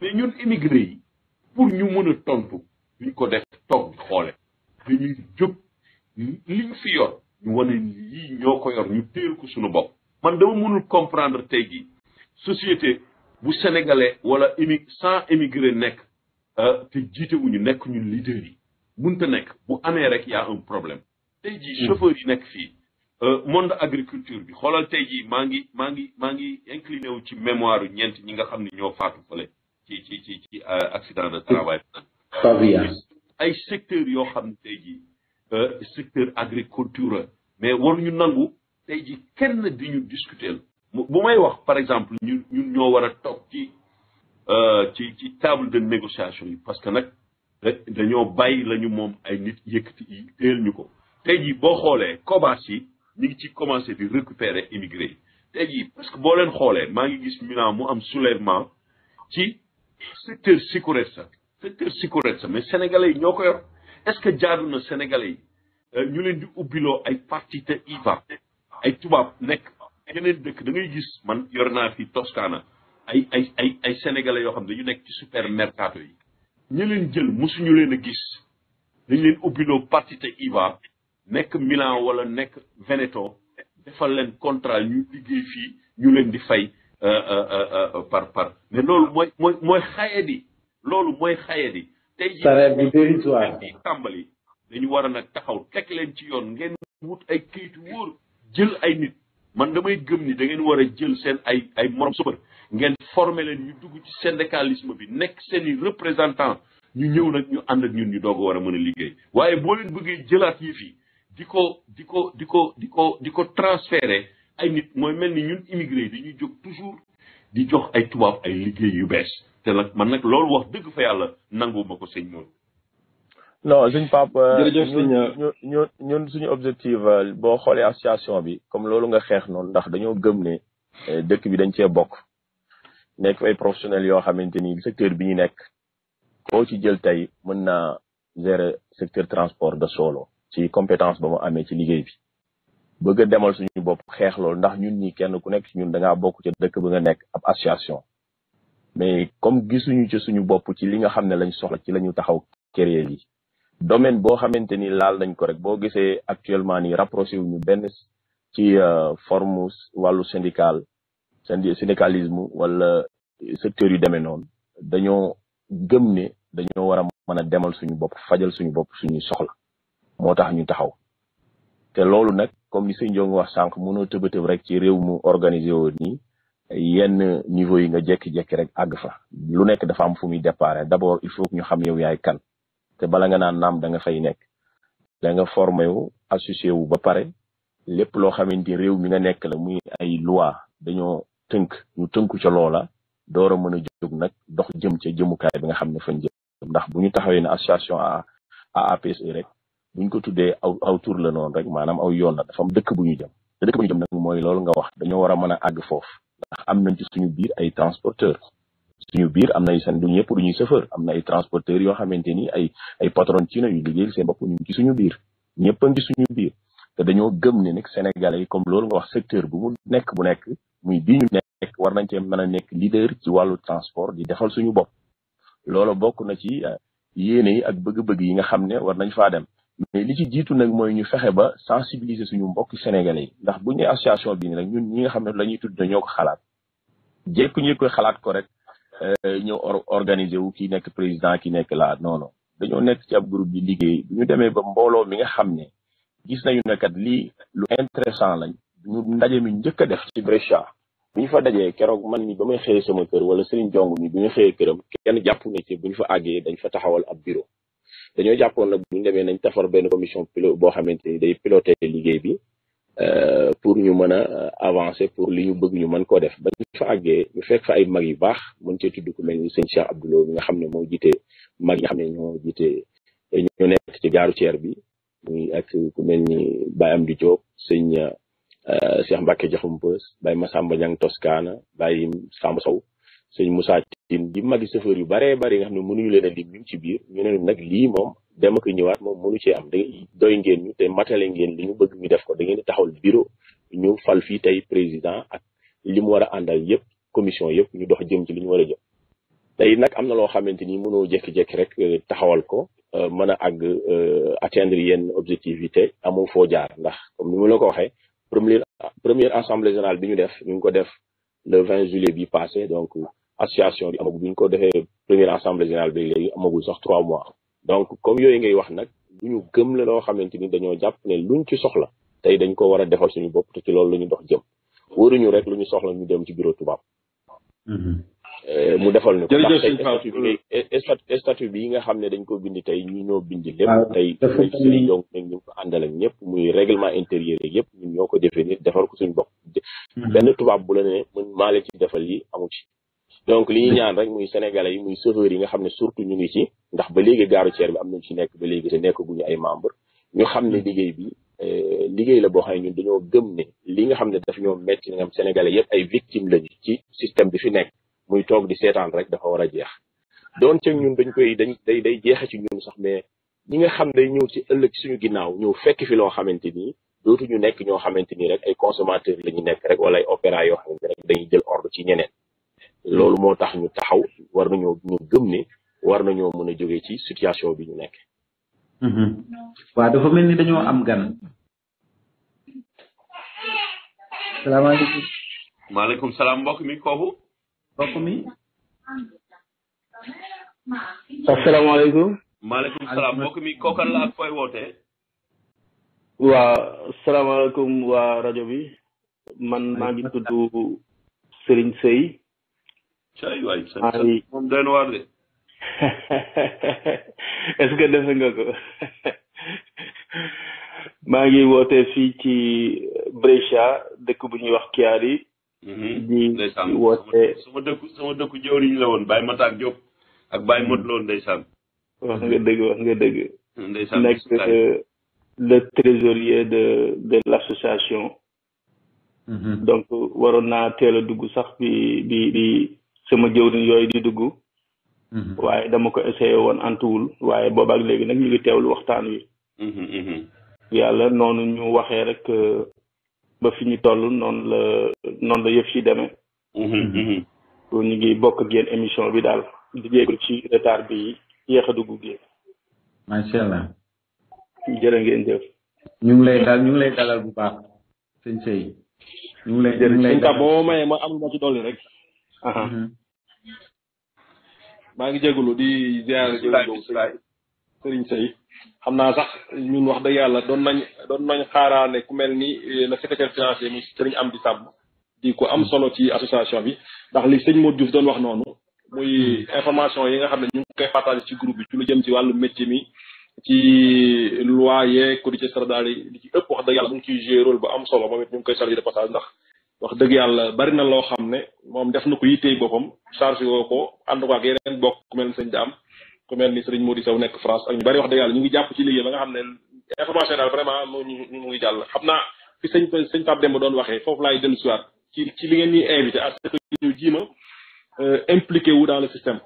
mais ñun immigré yi pour ñu mën a tontu liñ ko def toog xoole dañuy jóg liñ fi yor ñu wane lii ñoo ko yor ñu téel ko suñu bopp man dama mënul comprendre tey jii société bu sénégalais wala émi sans émigré nekk euh, te jiite ñu nekk ñu leaders yi mënta nekk bu amee rek y un problème te ji hmm. chauffeurs yi nekk fii euh, monde agriculture bi xoolal tey jii maa ngi maa ngi maa ngi incliné wu ci mémoire ñeent ñi nga xam ni ñoo faatu fële ci ci ci ci accident de travail. ay secteurs yoo xam ne tey jii euh, secteur agriculture mais war waruñu nangu teji, jii kenn di ñu discuter bu may wax par exemple ñu ñun ñoo war a toog ci euh, ci ci table de négociation parce que nag dañoo bàyyi la ñu moom ay nit yëkkati yi teel ko Teji jii boo xoolee COBAS yi ci commencé di récupérer immigré yi parce que boo leen xoolee maa ngi gis Milan mu am soulèvement ci secteur sécurité sa secteur mais sénégalais yi ñoo ko yor est-ce que jaadu na yi euh, ñu leen di ubbiloo ay parti te IVA ay tubaab nekk yeneen dëkk da gis man yor naa fi Toscana ay ay ay ay sénégalais yoo xam ne dañu nekk ci supermercato yi ñu leen jël mosuñu leen a gis dañ leen ubbiloo parti te IVA nekk Milan wala nekk Veneto defal leen contrat ñu liggéey fii ñu leen di fay Euh, euh, euh, par par mais loolu mooy mooy mooy xayadi loolu mooy xayadi tey ji di tàmbali dañu war a nag taxaw teg leen ci yoon ngeen wut ay kayitu wóor jël ay nit man damay gëm ni da ngeen war a jël seen ay ay morom sëbër ngeen former leen ñu dugg ci syndicalisme bi nekk seen i représentant ñu ñëw nag ñu ànd ak ñun ñu doog ko war a mën a liggéey waaye boo leen bëggee jëlaat yi fi di ko di ko di ko di ko di ko transféré ay nit mooy mel ni ñun immigré yi dañuy jóg toujours di jox ay tubaab ay liggéey yu bees te nag man nag loolu wax dëgg fa yàlla nangu ba ko sëñ moom non suñ euh, euh, suñu objectif euh, boo xoolee association bi comme loolu nga xeex noonu ndax dañoo gëm ne dëkk bi dañ cee bokk nekk ay professionnels yoo xamante ni secteur bi ñu nekk koo ci jël tey mën naa gérer secteur transport de solo ci compétence ba mu amee ci liggéey bi bëgg a demal suñu bopp xeex loolu ndax ñun ñi kenn ku nekk ci ñun da bokk ca dëkk ba nga nekk ab association mais comme gisuñu ci suñu bopp ci li nga xam ne lañ soxla ci la ñu taxaw créer yi domaine boo xamante ni laal nañ ko rek boo gisee actuellement ni rapproché benn ci euh, forme wàllu syndical syndicalisme wala secteur yu demee noonu dañoo gëm ne dañoo war a mën a demal suñu bopp fajal suñu bopp suñuy soxla moo tax ñu taxaw te loolu nag comme ni sëñ Ndiongo wax sànq mënoo tëbatëb rek ci réew mu organisé woon nii yenn niveau yi nga jékki-jékki rek àgg fa lu nekk dafa am fu muy départ d' abord il faut que ñu xam yow yaay kan te bala nga naan naam da nga fay nekk da nga formé wu associé wu ba pare lépp loo xamante ni réew mi nga nekk la muy ay loi dañoo tënk ñu tënku ca loola door a mën a jóg nag dox jëm ca jëmukaay bi nga xam ne fañ jëm ndax bu ñu taxawee ne association à à APSE rek buñ ko tuddee aw aw tour la noonu rek maanaam aw yoon la dafa am dëkk bu ñu jëm te dëkk bu ñu jëm nag mooy loolu nga wax dañoo war a mën a àgg foofu ndax am nañ ci suñu biir ay transporteur suñu biir am na seen du ñëpp du chauffeur am na ay transporteur yoo xamante ni ay ay patron ci na yu liggéeyal seen bopp ñu ci suñu biir ñëpp a ngi suñu biir te dañoo gëm ne nag sénégalais yi comme loolu nga wax secteur bu mu nekk bu nekk muy bii nekk war nañ cee mën a nekk leader ci wàllu transport di defal suñu bopp loolu bokk na ci ah, yéene yi ak bëgg-bëgg yi nga xam ne war nañ faa dem mais li ci jiitu nag mooy ñu fexe ba sensibiliser suñu mbokki sénégalais yi ndax bu ñu association bi nii rek ñun ñi nga xam ne la ñuy tudd dañoo ko xalaat jékku ñu koy xalaat ko rek euh, ñëw organiser wu kii nekk président ki nekk laa non dañoo nekk ci ab bi liggéey ñu demee ba mbooloo mi nga xam ne gis nañu ne kat lii lu intéressant lañ ñu ndaje mi njëkk a def ci Brescia bu ñu fa dajee keroog man mi ba may xëyee sama kër wala Serigne Jong mi bu ñu xëyee këram kenn jàpp ne ci bu ñu fa àggee dañ fa taxawal ab bureau dañoo jàppoon nag bu demee nañ tafar benn commission pilo boo xamante ni day piloté liggéey bi euh, pour ñu mën a euh, avancer pour li ñu bëgg ñu mën koo def ba ñu àggee ñu fekk fa ay mag yu baax mën cee tudd ku mel ni sëñ Cheikh Abdoulaye mi nga xam ne moo jiite mag yi ne ñoo jiite ñoo nekk ci gaaru ceer bi muy ak ku mel ni Baye Amdi Diop sëñ euh, Cheikh Mbacke Diakhoumpa Baye Massamba Niang Toscana Baye Samba Sow sëñ Moussa lim bi magi chauffeur yu baree bari nga xam ne mënuñu leen a lim ñu ci biir ñu ne nag lii moom dem ak ñëwaat moom mënu cee am da doy ngeen ñu te matale ngeen li ñu bëgg ñu def ko da taxawal bureau ñu fal fii tey président ak li mu war a àndal yëpp commission yëpp ñu dox jëm li ñu war a jëm tey nag am na loo xamante ni mënoo jékki-jékki rek euh, taxawal ko euh, mën a àgg euh, atteindre yenn objectivité amul foo jaar ndax comme ni la ko waxee première première assemblée générale bi ñu def ñu ngi ko def le 20 juillet bi passé donc association bi amagul bu ñu ko defee première assemblée générale bi léegi amagul sox trois mois donc comme yooyu ngay wax nag lu ñu gëm la loo xamante ni dañoo jàpp ne luñ ci soxla tey dañ ko war a defal suñu bopp te ci loolu la ñu dox jëm wóoruñu rek lu ñu soxla ñu dem ci bureau tubaab mm-hmm. euh, mu defal ñu ko ndax tey statut bi nga xam ne dañ ko bind tey ñu ñoo bind lépp ah, tey sëriñ donc nag ñu ko àndal ak muy règlement intérieur yëpp ñu ñoo ko définir defal ko suñu bopp mm-hmm. benn tubaab bu la ne mën ci defal yi amu ci donc li ñaan rek muy sénégalais yi muy chauffeur yi nga xamné surtout ñu ngi ci ndax ba légui gaaru ceer bi am nañ ci nek ba légui te nekk ñu ay membre ñu xamné liggéey bi euh liggéey la bo xay ñun dañoo gëm ne li nga xamné daf ñoo metti nga am sénégalais yëpp ay victime lañu ci système bi fi nek muy tok di seetaan rek dafa wara a jeex doon ca ñun dañ koy dañ day day jeexe ci ñun sax mais ñi nga xam day ñëw ci ëllëg suñu ginnaaw ñëw fekk fi loo xamante dootu ñu nekk ñoo xamante nii rek ay consommateur la ñu nekk rek wala ay opéra yoo xamante rek dañuy jël ordre ci ñeneen loolu moo tax ñu taxaw war nañoo ñu gëm ne war nañoo mën a jógee ci situation bi ñu nekk. Mm-hmm. waaw dafa mel ni dañoo am gan. salaamaaleykum. maaleykum salaam mbokk mi kooku. mbokk mi. asalaamaaleykum. maaleykum salaam waa rajo bi man maa ngi tudd Serigne Seye. cay waay sa moom de est-ce defe nga ko maa ngi woote fii ci Brescia dëkk bu ñuy wax Chiari mhm. di woote sama dëkku sama dëkku jëwriñ la woon Baye Matar Diop ak Baye Modou loolu ndeysaan wax nga dëgg wax nga dëgg nekk euh, le trésorier de de l'association mhm. donc waroon naa teel a dugg sax bi bi bi sama jëwriñ yooyu di dugg. Mhm. waaye dama ko essayé woon antuwul waaye boobaak léegi nag ñu ngi teewlu waxtaan wi. Mhm, mhm. yàlla noonu ñu waxee rek euh, ba fi ñu toll noonu la noonu la yëf si demee. ñu ngi bokk ak yéen émission bi daal di ci retard bi yéex a dugg gi. macha allah. jërë ngeen jëf. ñu ngi lay dal ñu ngi lay dalal bu baax. sëñ Seye. ñu ñu ngi lay dalal boo mayee ma am lu ci dolli rek. maa ngi jégalu di ziar sëriñ Sey xam naa sax ñun wax dëgg yàlla doon mañ doon nañ xaaraane ku mel ni eh, le secrétaire financier mu sëriñ am di sàmm di ko am solo ci association bi ndax li sëñ moo Diouf doon wax noonu muy information yi nga xam ne ñu ngi koy partage ci groupe bi ci lu jëm ci wàllu métier mi ci loi yeeg codice stradale yi li ci ëpp wax dëgg yàlla mu ngi ciy joué rôle bu am solo moom it ñu koy salué de passage ndax wax deug yalla bari na lo xamne mom def nako yité bopam charge woko and ko ak yeneen bok ku mel seigne dam ku mel ni seigne modi saw nek france ak ñu bari wax deug yalla ñu ngi japp ci liggéey ba nga xamne information dal vraiment mo ñu ngi jall xamna fi seigne seigne tab dem doon waxe fofu lay dem soir ci ci li ngeen ni invité ak ce ñu jima euh impliqué wu dans le système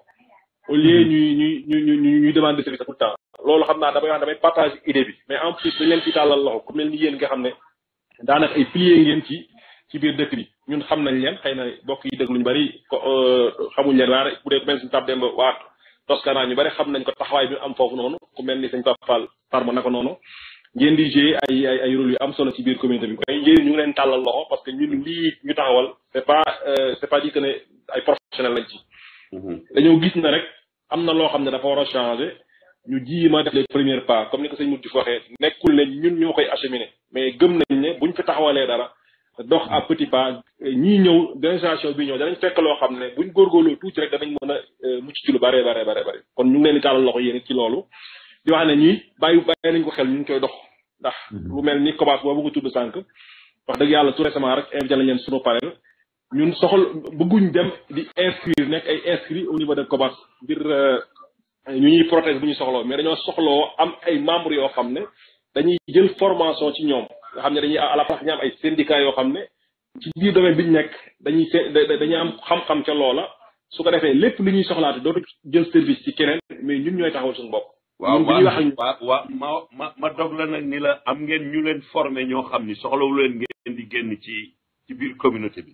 au lieu ñu ñu ñu ñu ñu demander service pourtant loolu xam naa damay wax damay partager idée bi mais en plus dañ leen ci talal loxo ku mel ni yeen nga xamne danaka ay pilier ngeen ci ci biir dëkk bi ñun xam nañ leen xëy na bokk yi déglu ñu bari euh, xamuñ leen waaye bu dee ku mel ni suñu Pape Demba waa Toscana ñu bari xam nañ ko taxawaay bi am foofu noonu ku mel ni sëñ Pape Fall Parma naka noonu ngeen di jouer ay ay ay rôle yu am solo ci biir communauté bi koy njëriñ leen tàllal loxo parce que ñu lii ñu taxawal c'est pas euh, c'est pas dit que ne ay professionnel lañ ci mhm. dañoo gis na rek am na loo xam ne dafa war a changer ñu jiima def les premiers pas comme ni ko sëñ Mourdi waxee nekkul ne ñun ñoo koy acheminer mais gëm nañ ne buñ fi taxawalee dara dox à petit pas ñii ñëw délégation bi ñëw danañ fekk loo xam ne buñ góorgóorloo tuuti rek danañ mën a euh, mucc ci lu bare bare bare bare kon ñu ngi leen di tàllal loxo yéen ci loolu di wax ne ñii bàyyi bàyyi nañ ko xel ñu ngi koy dox ndax mhm. lu mel ni kobaas boobu ko tudd sànq wax dëgg yàlla tout récemment rek invité lañ leen sunu panel ñun soxal bëgguñ dem di inscrire nekk ay inscrit au niveau de kobaas ngir euh, ñu ñuy protège bu ñu soxloo mais dañoo soxloo am ay membres yoo xam ne dañuy jël formation ci ñoom nga xam ne dañuy la place ñu am ay syndicats yoo xam ne ci biir domaine bi ñu nekk dañuy dañuy am xam-xam ca loola su ko defee lépp lu ñuy soxlaate dootu jël service ci keneen mais ñun ñooy taxawal suñu bopp. waaw waaw waaw ma ma ma dog la nag ni la am ngeen ñu leen formé ñoo xam ni soxlawu leen ngeen di génn ci ci biir communauté bi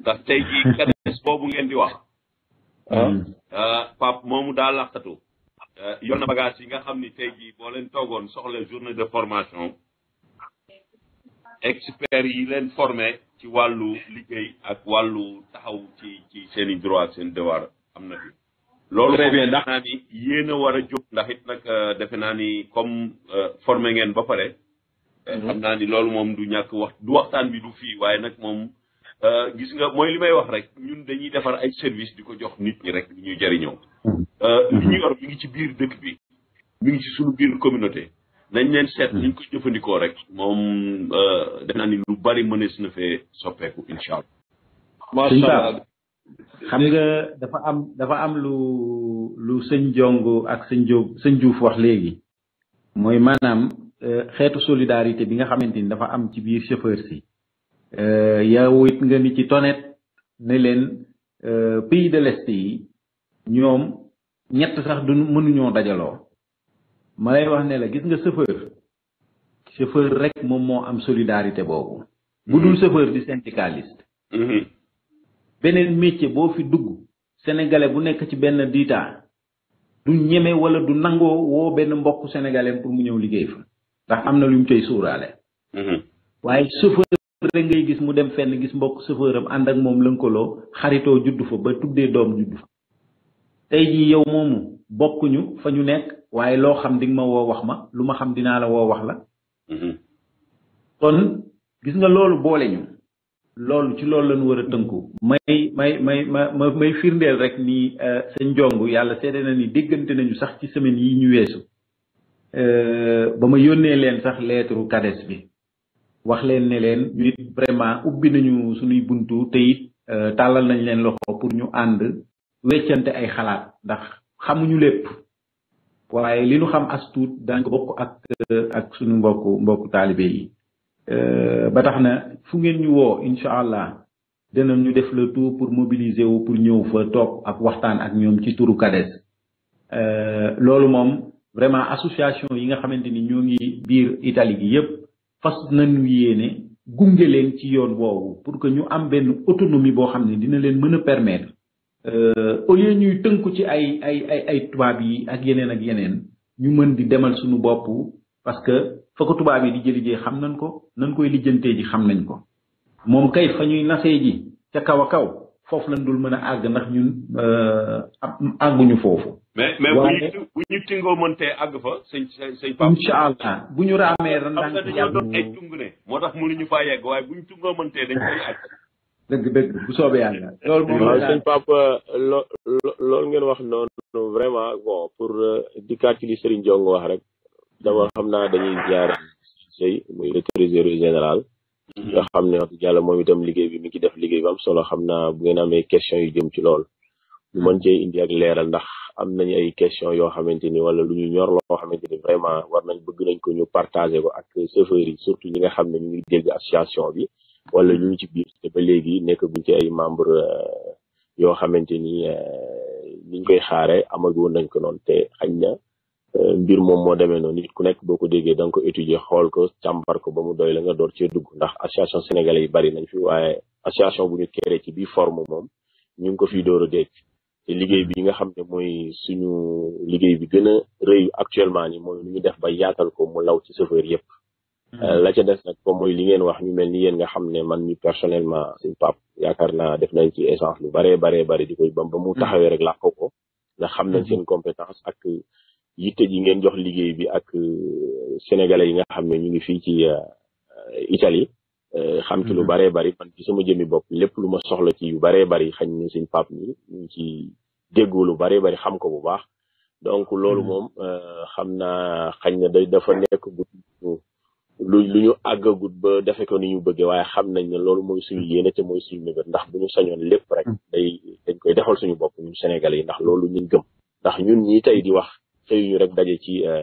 ndax tey jii <laughs> boobu ngeen di wax. Ah. Ah, Pape moomu daal laxtatu. Ah, yoon na bagage yi nga xam ni tey jii boo leen toogoon soxla journée de formation. expert yi formé ci walu liggéey ak walu taxaw ci ci seen droit seen devoir amna na fi loolu moom ndax ni yéen wara war ndax it nak euh, defe naa ni comme euh, formé ngén ba paré euh, mhm. xam ni lolou mom du ñak wax du waxtan bi du waye nak mom euh gis nga moy limay wax rek ñun dañuy défar ay service di jox nit ñi rek ñuy jëriñoo mhm. li ñu mhm. yor mi ngi ci biir dëkk bi mi ngi ci suñu biir communauté nañ leen seet hmm. ñu koy jëfandikoo rek moom euh, danaa ni lu bari mënees na fee soppeeku incha allah. xam nga dafa am dafa am lu lu sëñ Jongo ak sëñ sëñ Juuf wax léegi. mooy maanaam euh, xeetu solidarité bi nga xamante ni dafa am ci biir chauffeur si. Euh, yow it nga ni ci tonet ne leen pays de l'Est yi ñoom ñett sax du mënuñoo dajaloo. ma lay wax ne la gis nga chauffeur chauffeur rek moom moo am solidarité boobu bu dul mm-hmm. chauffeur di syndicaliste mm-hmm. beneen métier boo fi dugg sénégalais bu nekk ci benn diitaa du ñeme wala du nangoo woo benn mbokk sénégalais pour mu ñëw liggéey fa ndax am na lu mu cay suuraale mm-hmm. waaye chauffeur ngay gis mu dem fenn gis mbokk chauffeur ànd ak moom lënkaloo xaritoo juddu fa ba tuddee doom judd fa tey jii yow moomu bokkuñu fa ñu nekk waaye loo xam di ma woo wax ma lu ma xam dinaa la woo wax la mm-hmm. kon gis nga loolu boole ñu loolu ci loolu lañu war a tënku may may may ma ma may firndeel rek nii euh, seen jong yàlla seede na ni déggante nañu sax ci semaine yi ñu weesu euh, ba ma yónnee leen sax lettre CADES bi wax leen ne leen ñu nit vraiment ubbi nañu suñuy buntu te it euh, tàllal nañ leen loxo pour ñu ànd weccante ay xalaat ndax xamuñu lépp waaye li nu xam as tuut daañu ko bokk ak euh, ak suñu mbokku mbokku taalibe yi euh, ba tax na fu ngeen ñu woo incha allah dana ñu def le tout pour mobiliser wu pour ñëw fa toog ak waxtaan ak ñoom ci turu CADES euh, loolu moom vraiment association yi nga xamante ni ñoo ngi biir Italie gi yépp fas nañu yéene gunge leen ci yoon woowu pour que ñu am benn autonomie boo xam ne dina leen mën a permettre Euh, au lieu ñuy tënku ci ay ay ay ay tubaab yi ak yeneen ak yeneen ñu mën di demal suñu bopp parce que fa ko tubaab yi di jëlijee xam nañ ko nañ koy lijjantee ji xam nañ ko moom kayit fa ñuy nasee ji ca kaw a kaw foofu lañ dul mën a àgg ndax ñun euh, àgguñu foofu. mais mais bu ñu tingoo mëntee àgg fa sëñ sëñ Pape. incha allah bu ñu raamee ren. xam nga dañoo doon ay tung ne. moo tax mënuñu faa yegg waaye bu ñu tingoo mëntee dañ koy àgg. dëgg dëgg bu soobee yàlla loolu moom waaw loolu ngeen wax noonu vraiment boo pour euh, dikkaat ci li sëriñ Jong wax rek dama xam naa dañuy jaar sëy muy le trésorier général nga xam ne wax jàlla moom itam liggéey bi mi def liggéey am solo xam naa bu ngeen amee question yu jëm ci lool ñu mën cee indi ak leeral ndax am nañu ay question yoo xamante ni wala lu ñu ñor loo xamante ni vraiment war nañ bëgg nañ ko ñu partager ko ak chauffeurs yi ñi nga xam ne ñu ngi dégg association bi wala ñu ci biir te ba léegi nekkaguñ ci ay membre euh, yoo xamante ni euh, niñ koy xaare amagoon nañ ko noon te xañ na euh, mbir moom moo demee noonu nit ku nekk boo ko déggee da nga ko étudier xool ko càmbar ko ba mu doy la nga door cee dugg ndax association sénégalais yi bari nañ fi waaye association bu ñu créé ci bii forme moom ñu ngi ko fi door a dégg te liggéey bi nga xam ne mooy suñu liggéey bi gën a rëy actuellement ni mooy lu ñu def ba yaatal ko mu law ci chauffeur yëpp Euh, la ca des nag comme mooy li ngeen wax ñu mel ni yéen nga xam ne man mi personnellement suñ pap yaakaar na def nañ ci essence lu baree baree bari di koy bam ba mu mm. taxawee rek làq ko nga xam nañ mm-hmm. seen compétence ak yitte yi ngeen jox liggéey bi ak euh, sénégalais yi nga xam ne ñu ngi fii ci euh, Italie xam ci lu mm-hmm. baree bari man ci suma jëmi bopp lépp lu ma soxla ci yu baree bari xañ na suñ pap mi ñu ci déggoo lu baree bari xam ko bu baax donc loolu mm-hmm. moom xam na xañ na day dafa nekk lu lu ñu àggagut ba defe ko ni ñu bëggee waaye xam nañ ne loolu mooy suñu yéene te mooy suñu mébét ndax bu ñu sañoon lépp rek hmm. dañ koy defal suñu bopp ñun Sénégalais yi ndax loolu ñu gëm ndax ñun ñi tey di wax xëyuñu rek daje ci euh,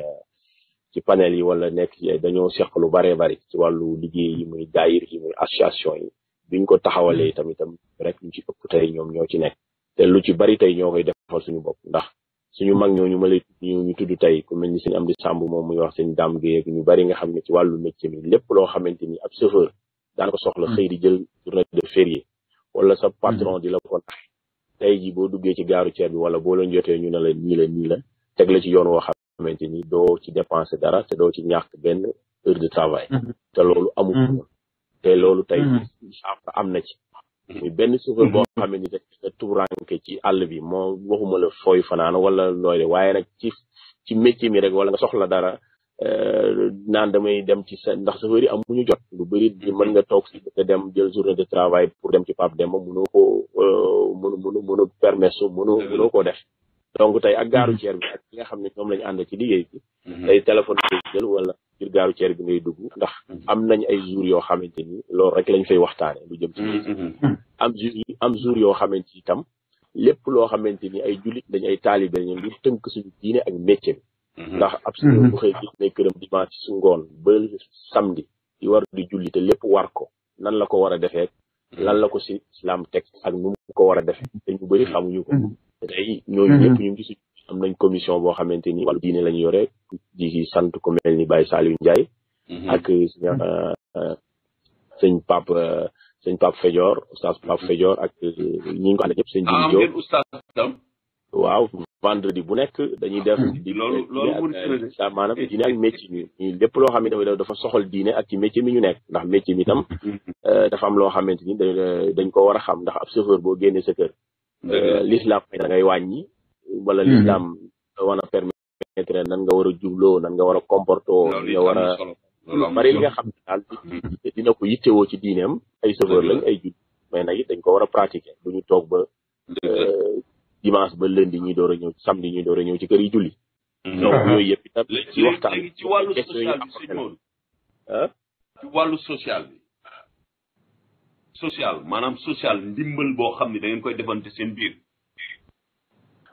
ci panel yi wala nekk dañoo seq lu baree bari ci wàllu liggéey yi muy daayir yi muy association yi biñ ko taxawalee hmm. tamit tam rek ñu ci ëpp tey ñoom ñoo ci nekk te lu ci bari tey ñoo koy defal suñu bopp ndax suñu mag ñooñu ma lay ñu ñu tudd tey ku mel ni suñu am di sàmb moom muy wax seen daam géey ak ñu bari nga xam ne ci wàllu métier mi lépp loo xamante ni ab chauffeur daana soxla hmm. xëy di jël journée de férié wala sa hmm. patron di la ko tey ji boo duggee ci gaaru ceer bi wala boo leen jotee ñu ne la nii la nii la teg la ci yoon woo xamante ni doo ci dépenser dara te doo ci ñàkk benn heure de travail hmm. te loolu amu te loolu tey am na ci muy benn chauffeur mhm. boo xam ni dafa tuuranke ci àll bi moo waxuma la fooy fanaan wala looy waaye nag ci ci métier mi rek wala nga soxla dara euh, naan damay dem ci sa ndax chauffeur yi amuñu jot lu bëri mën nga toog si nga dem jël journée de travail pour dem ci Pape Demba mënoo koo euh, mënu mënu mënu permettre su mënu mënoo koo def donc tey ak gaaru mhm. ceer bi ki nga xam ne ñoom lañu ànd ci liggéey bi mhm. tey téléphone jël wala biir gaaru ceer bi ngay dugg ndax mhm. am nañ ay jour yoo xamante ni loolu rek lañ fay waxtaane lu jëm ci mhm, mhm. am am jour yoo xamante itam lépp loo xamante ni ay jullit dañ ay taalibe lañ lu tënk suñu diine ak métier ndax ab bu xëy gis ne këram dimanche su ngoon ba samedi di war di julli lépp war ko nan la ko war a defee lan la ko si islam teg ak nu mu ko war a defee te ñu bëri xamuñu ko tey ñooñu ñëpp ñu ngi si am nañ commission boo xamante ni wàllu diine lañu yore di sant ku mel ni Baye Saliou Ndiaye mhm. ak sëñ Pape mhm. euh, sëñ Pape euh, Fejoor oustaz Pape mhm. ak euh, ñi nga ko ànd ñëpp sëñ Jili ah, Diop bu nekk dañuy def di loolu loolu sa maanaam diine ak métier mi ñu lépp loo xam ne dafa soxal diine ak ci métier mi ñu nekk ndax métier mi tam dafa am loo xamante ni dañ ko war a xam ndax ab chauffeur boo génnee sa kër l'islam da ngay wàññi wala li dam war a permettre nan nga wara djublo nan nga wara comporto nga wara bari li nga xam dal dina ko wo ci dinem ay sauveur lañ ay djub mais nak dañ ko wara pratiquer bu tok ba dimanche ba lundi ñi doora ñew samedi ñi doora ñew ci kër yi julli donc yoy yep itam ci waxtan ci walu social ci walu social social manam social ndimbal bo xamni da ngeen koy defante seen bir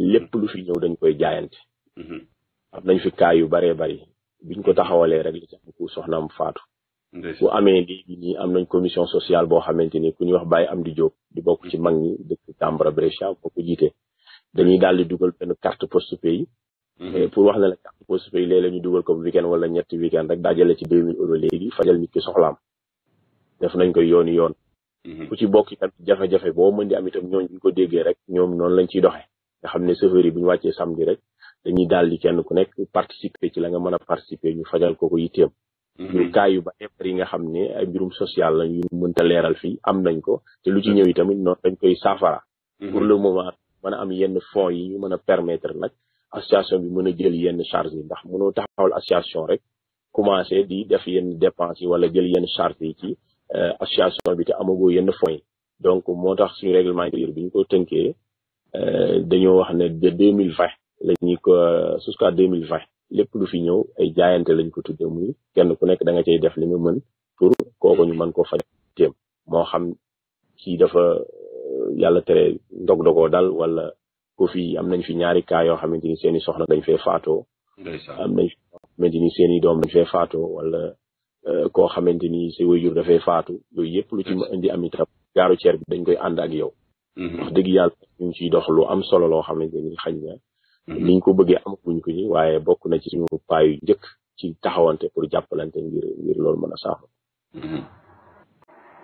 lépp lu fi ñëw dañ koy jaayante mm-hmm. am nañ fi kaay yu baree bari biñ ko taxawalee rek soxna ci am faatu bu amee lii bi nii am nañ commission sociale boo xamante ni ku ñuy wax am Amdi Diop di bokk ci mm-hmm. mag ñi dëkk Tambra Brescia boo dañuy daal di dugal benn carte poste pays mm-hmm. eh, pour wax ne la carte poste pays léeg la ñu dugal ko bu weekend wala ñetti weekend rek daajale ci deux mille euros léegi fajal nit ki soxlaam def nañ koy yooni yoon ku ci bokk itam jafe-jafe boo mën di am itam ñooñ ko déggee rek ñoom noonu lañ ciy doxee nga xam ne chauffeur yi bu ñu wàccee samedi rek dañuy daal di kenn ku nekk participer ci la nga mën a participer ñu fajal ko ko yitteem. Mhm. ñu yu ba yi nga xam ne ay mbirum social la ñu ta leeral fii am nañ ko te lu ci mhm. ñëw yi tamit noonu dañ koy saafara. Mhm. pour le moment mën a am yenn fonds yi ñu mën a permettre nag association bi mën a jël yenn charge yi ndax mënoo taxawal association rek commencé di def yenn dépenses yi wala jël yenn charge yi ci euh, association bi te amagoo yenn fonds yi donc moo tax suñu règlement intérieur bi ñu ko tënkee. Euh, dañoo wax ne de deux mille vingt la ñu ko euh, jusqu'à deux mille vingt lépp lu fi ñëw ay jaayante lañ ko tudde muy kenn ku nekk da nga cay def li nga mën pour kooku ñu mën ko faj téem moo xam kii dafa euh, yàlla tere ndog-dogoo dal wala ko fi am nañ fi ñaari cas yoo xamante ni seen soxna dañ fee faatoo am nañ fi xamante ni seen i doom dañ fee faatoo wala koo xamante ni sa waajur dafay faatu yooyu yëpp lu ci ma indi am itam gaaru ceer bi dañ koy ànd ak yow Mhm. wax dëgg yàlla ñu ngi ciy dox lu am solo loo xamante ni xañ na. niñ mhm. ko bëggee amaguñ ko ni waaye bokk na ci suñu paa yu njëkk ci taxawante pour jàppalante ngir ngir loolu mën a saafara. Mhm.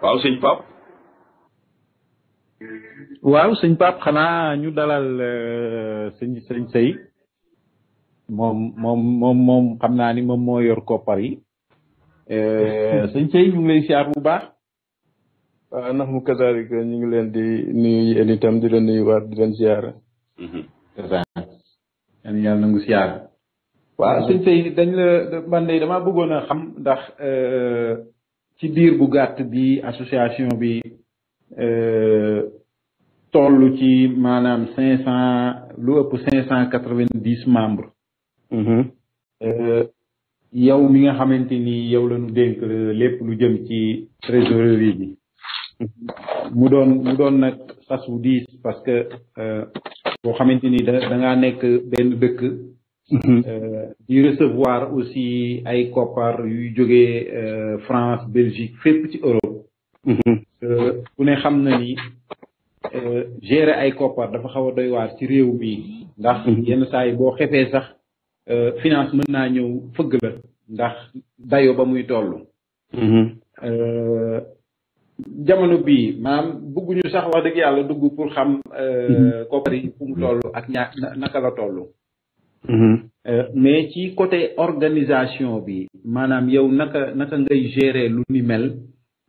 waaw sëñ Pape. waaw sëñ Pape xanaa ñu dalal euh, sëñ sëñ Sey moom moom xam naa ni moom moo yor koppar yi. Euh, sëñ Sey ñu ngi lay waaw ndax mu kazaalika ñu ngi leen di nuyu yéen itam di leen nuyuwaat di leen ziara. Mhm. yéen yàlla nangu ziara. waaw sëñ Seydi dañ la man damaa bëggoon a xam ndax euh, ci biir bu gàtt bi association bi euh, toll ci maanaam cinq cent lu ëpp cinq cent quatre vingt dix membres. Mhm. Euh, yow mi nga xamante ni yow la ñu dénk lépp lu jëm ci trésorerie bi. mu doon mu doon nag sas wu diis parce que euh, boo xamante ni da da nekk benn dëkk. Mm-hmm. Euh, di recevoir aussi ay koppar yuy jógee euh, France Belgique fép ci Europe. Mm-hmm. ku ne xam na ni gérer ay koppar dafa xaw a doy waar ci réew mi ndax mm-hmm. yenn saay yi boo xefee sax finance mën naa ñëw fëgg la ndax dayo ba muy toll. jamono bi, manam bugguñu sax wax faire, yalla dugg pour xam. Euh, mhm. ak mhm. euh, mais côté organisation bi manam yow naka naka ngay gérer mel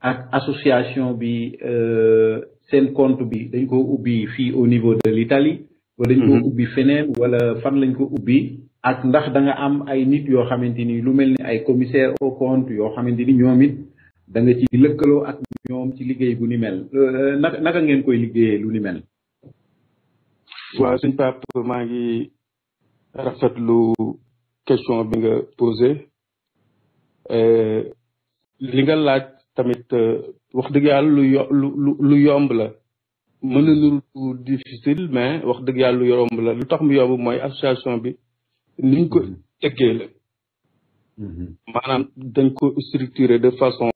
ak association bi euh, sen compte bi dañ au niveau de l'Italie. wala dañ ko mhm. ubbi wala fan lañ ko ak am ay nit yo commissaire au compte danga ci lëkkaloo ak ñoom ci liggéey bu ni mel euh, naka ngeen koy liggéeyee lu ni mel. waaw suñ Pape maa ngi rafetlu question bi nga posé euh, li nga laaj tamit euh, wax dëgg yàlla lu yomb la mën na nuru difficile mais wax dëgg yàlla lu yomb la lu tax mu yomb mooy association bi niñ ko mm-hmm. tëggee la. Mm-hmm. maanaam dañ ko structurer de façon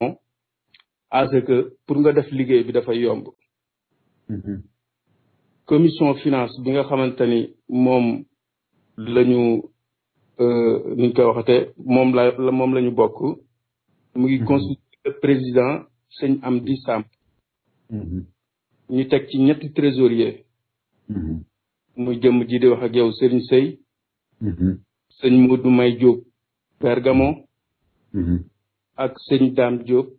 à ce que pour nga def liggéey bi dafa yomb mm-hmm. commission finance bi nga xamante ni moom lañu ñu euh, nuñ koy moom la moom la ñu bokk mu ngi mm-hmm. constitué président sëñ Amdi Samb ñu teg ci ñetti trésorier muy jëmm ji di wax ak yow Serigne Sey sëñ Modou May Diop Bergamo, mm-hmm. ak Seigne Dame Diop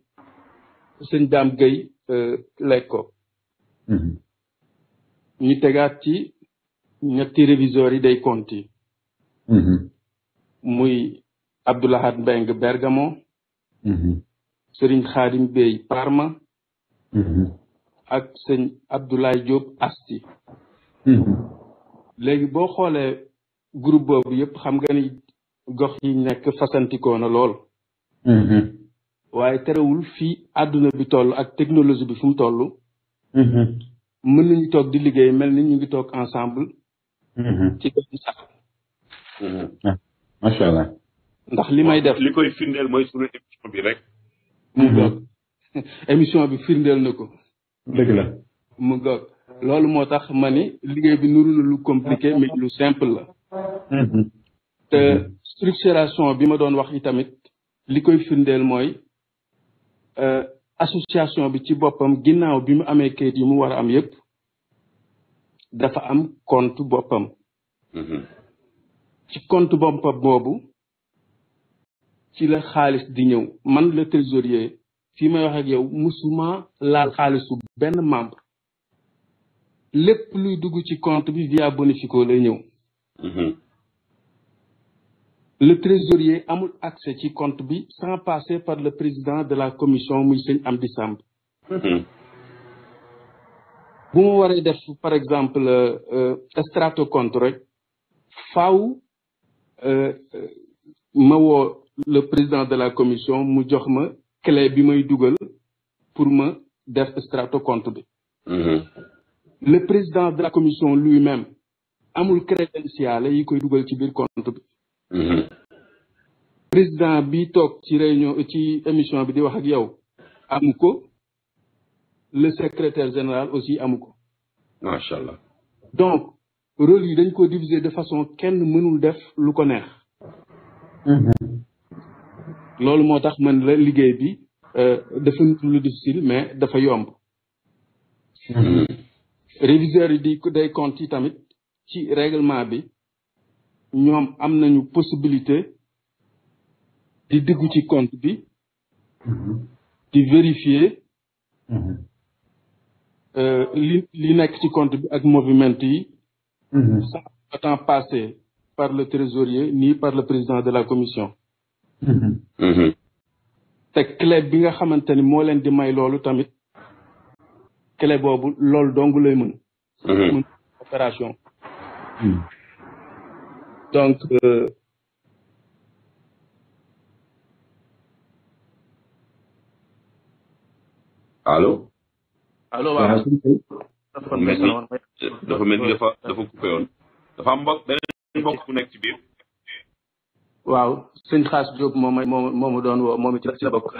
Seigne Dame Gueye euh, Lekko mm-hmm. ñu ci ñetti réviseur yi day compte mm-hmm. muy Abdoulahad Bergamo sëriñ Khadim Bey Parma ak Diop Asti groupe gox yi nekk fasantikoo na lool mm-hmm. waaye terewul fii àdduna bi toll ak technologie bi fu mu toll mm-hmm. mën nañu toog di liggéey mel ni ñu ngi toog ensemble mm-hmm. ci benn sax ah, allah ndax li may def li koy firndeel mooy sunu émission bi rek mu goog <laughs> émission bi firndeel na ko loolu moo tax ma ni liggéey bi nuru na lu compliqué mais lu simple la Te struksyrasyon bi madon wak itamit, likoy fundel mwoy, euh, asosyasyon bi ti bopam, gina w bi mi ameke di mwara amyep, dafa am kontu bopam. Ti mm-hmm. kontu bopam pa mwabou, ki le khalis di nyon. Man le trezorye, ki mwen yon yon, mousouman lal khalis ou ben mamb. Le plou dougou ti kontu bi via bonifiko de nyon. Mm-hmm. le trésorier amul accès ci compte sans passer par le président de la commission muy Amdissam. Amdi Samb hmm. par exemple euh, strato compte il faut euh, euh, ma le président de la commission dise jox ma clé bi may pour ma def strato compte -hmm. le président de la commission lui-même amul crédentiale crédit koy ci biir compte bi hmm président bi tok ci réunion ci émission bi di wax ak yow amuko le secrétaire général aussi amuko machallah donc rôle yi dañ ko diviser de façon kenn mënul def lu ko neex. Mm-hmm. loolu moo tax man la liggéey bi euh, dafa lu difficile mais dafa yomb. Mm-hmm. réviseur yi di day compte tamit ci règlement bi ñoom am nañu possibilité di dugg ci compte bi mhm. di vérifier mhm. euh, li li nekk ci compte bi ak mouvement yi sans mhm. temps passé par le trésorier ni par le président de la commission te clé bi nga xamante ni moo leen di may loolu tamit clé boobu loolu dong lay mën mën opération donc euh, allo. allo waaw. dafa mel ni dafa mel ni dafa dafa woon. dafa am mbokk beneen mbokk nekk ci biir. waaw sëñ Xaas Diop moom moo moomu doon woo moom ci la bokk.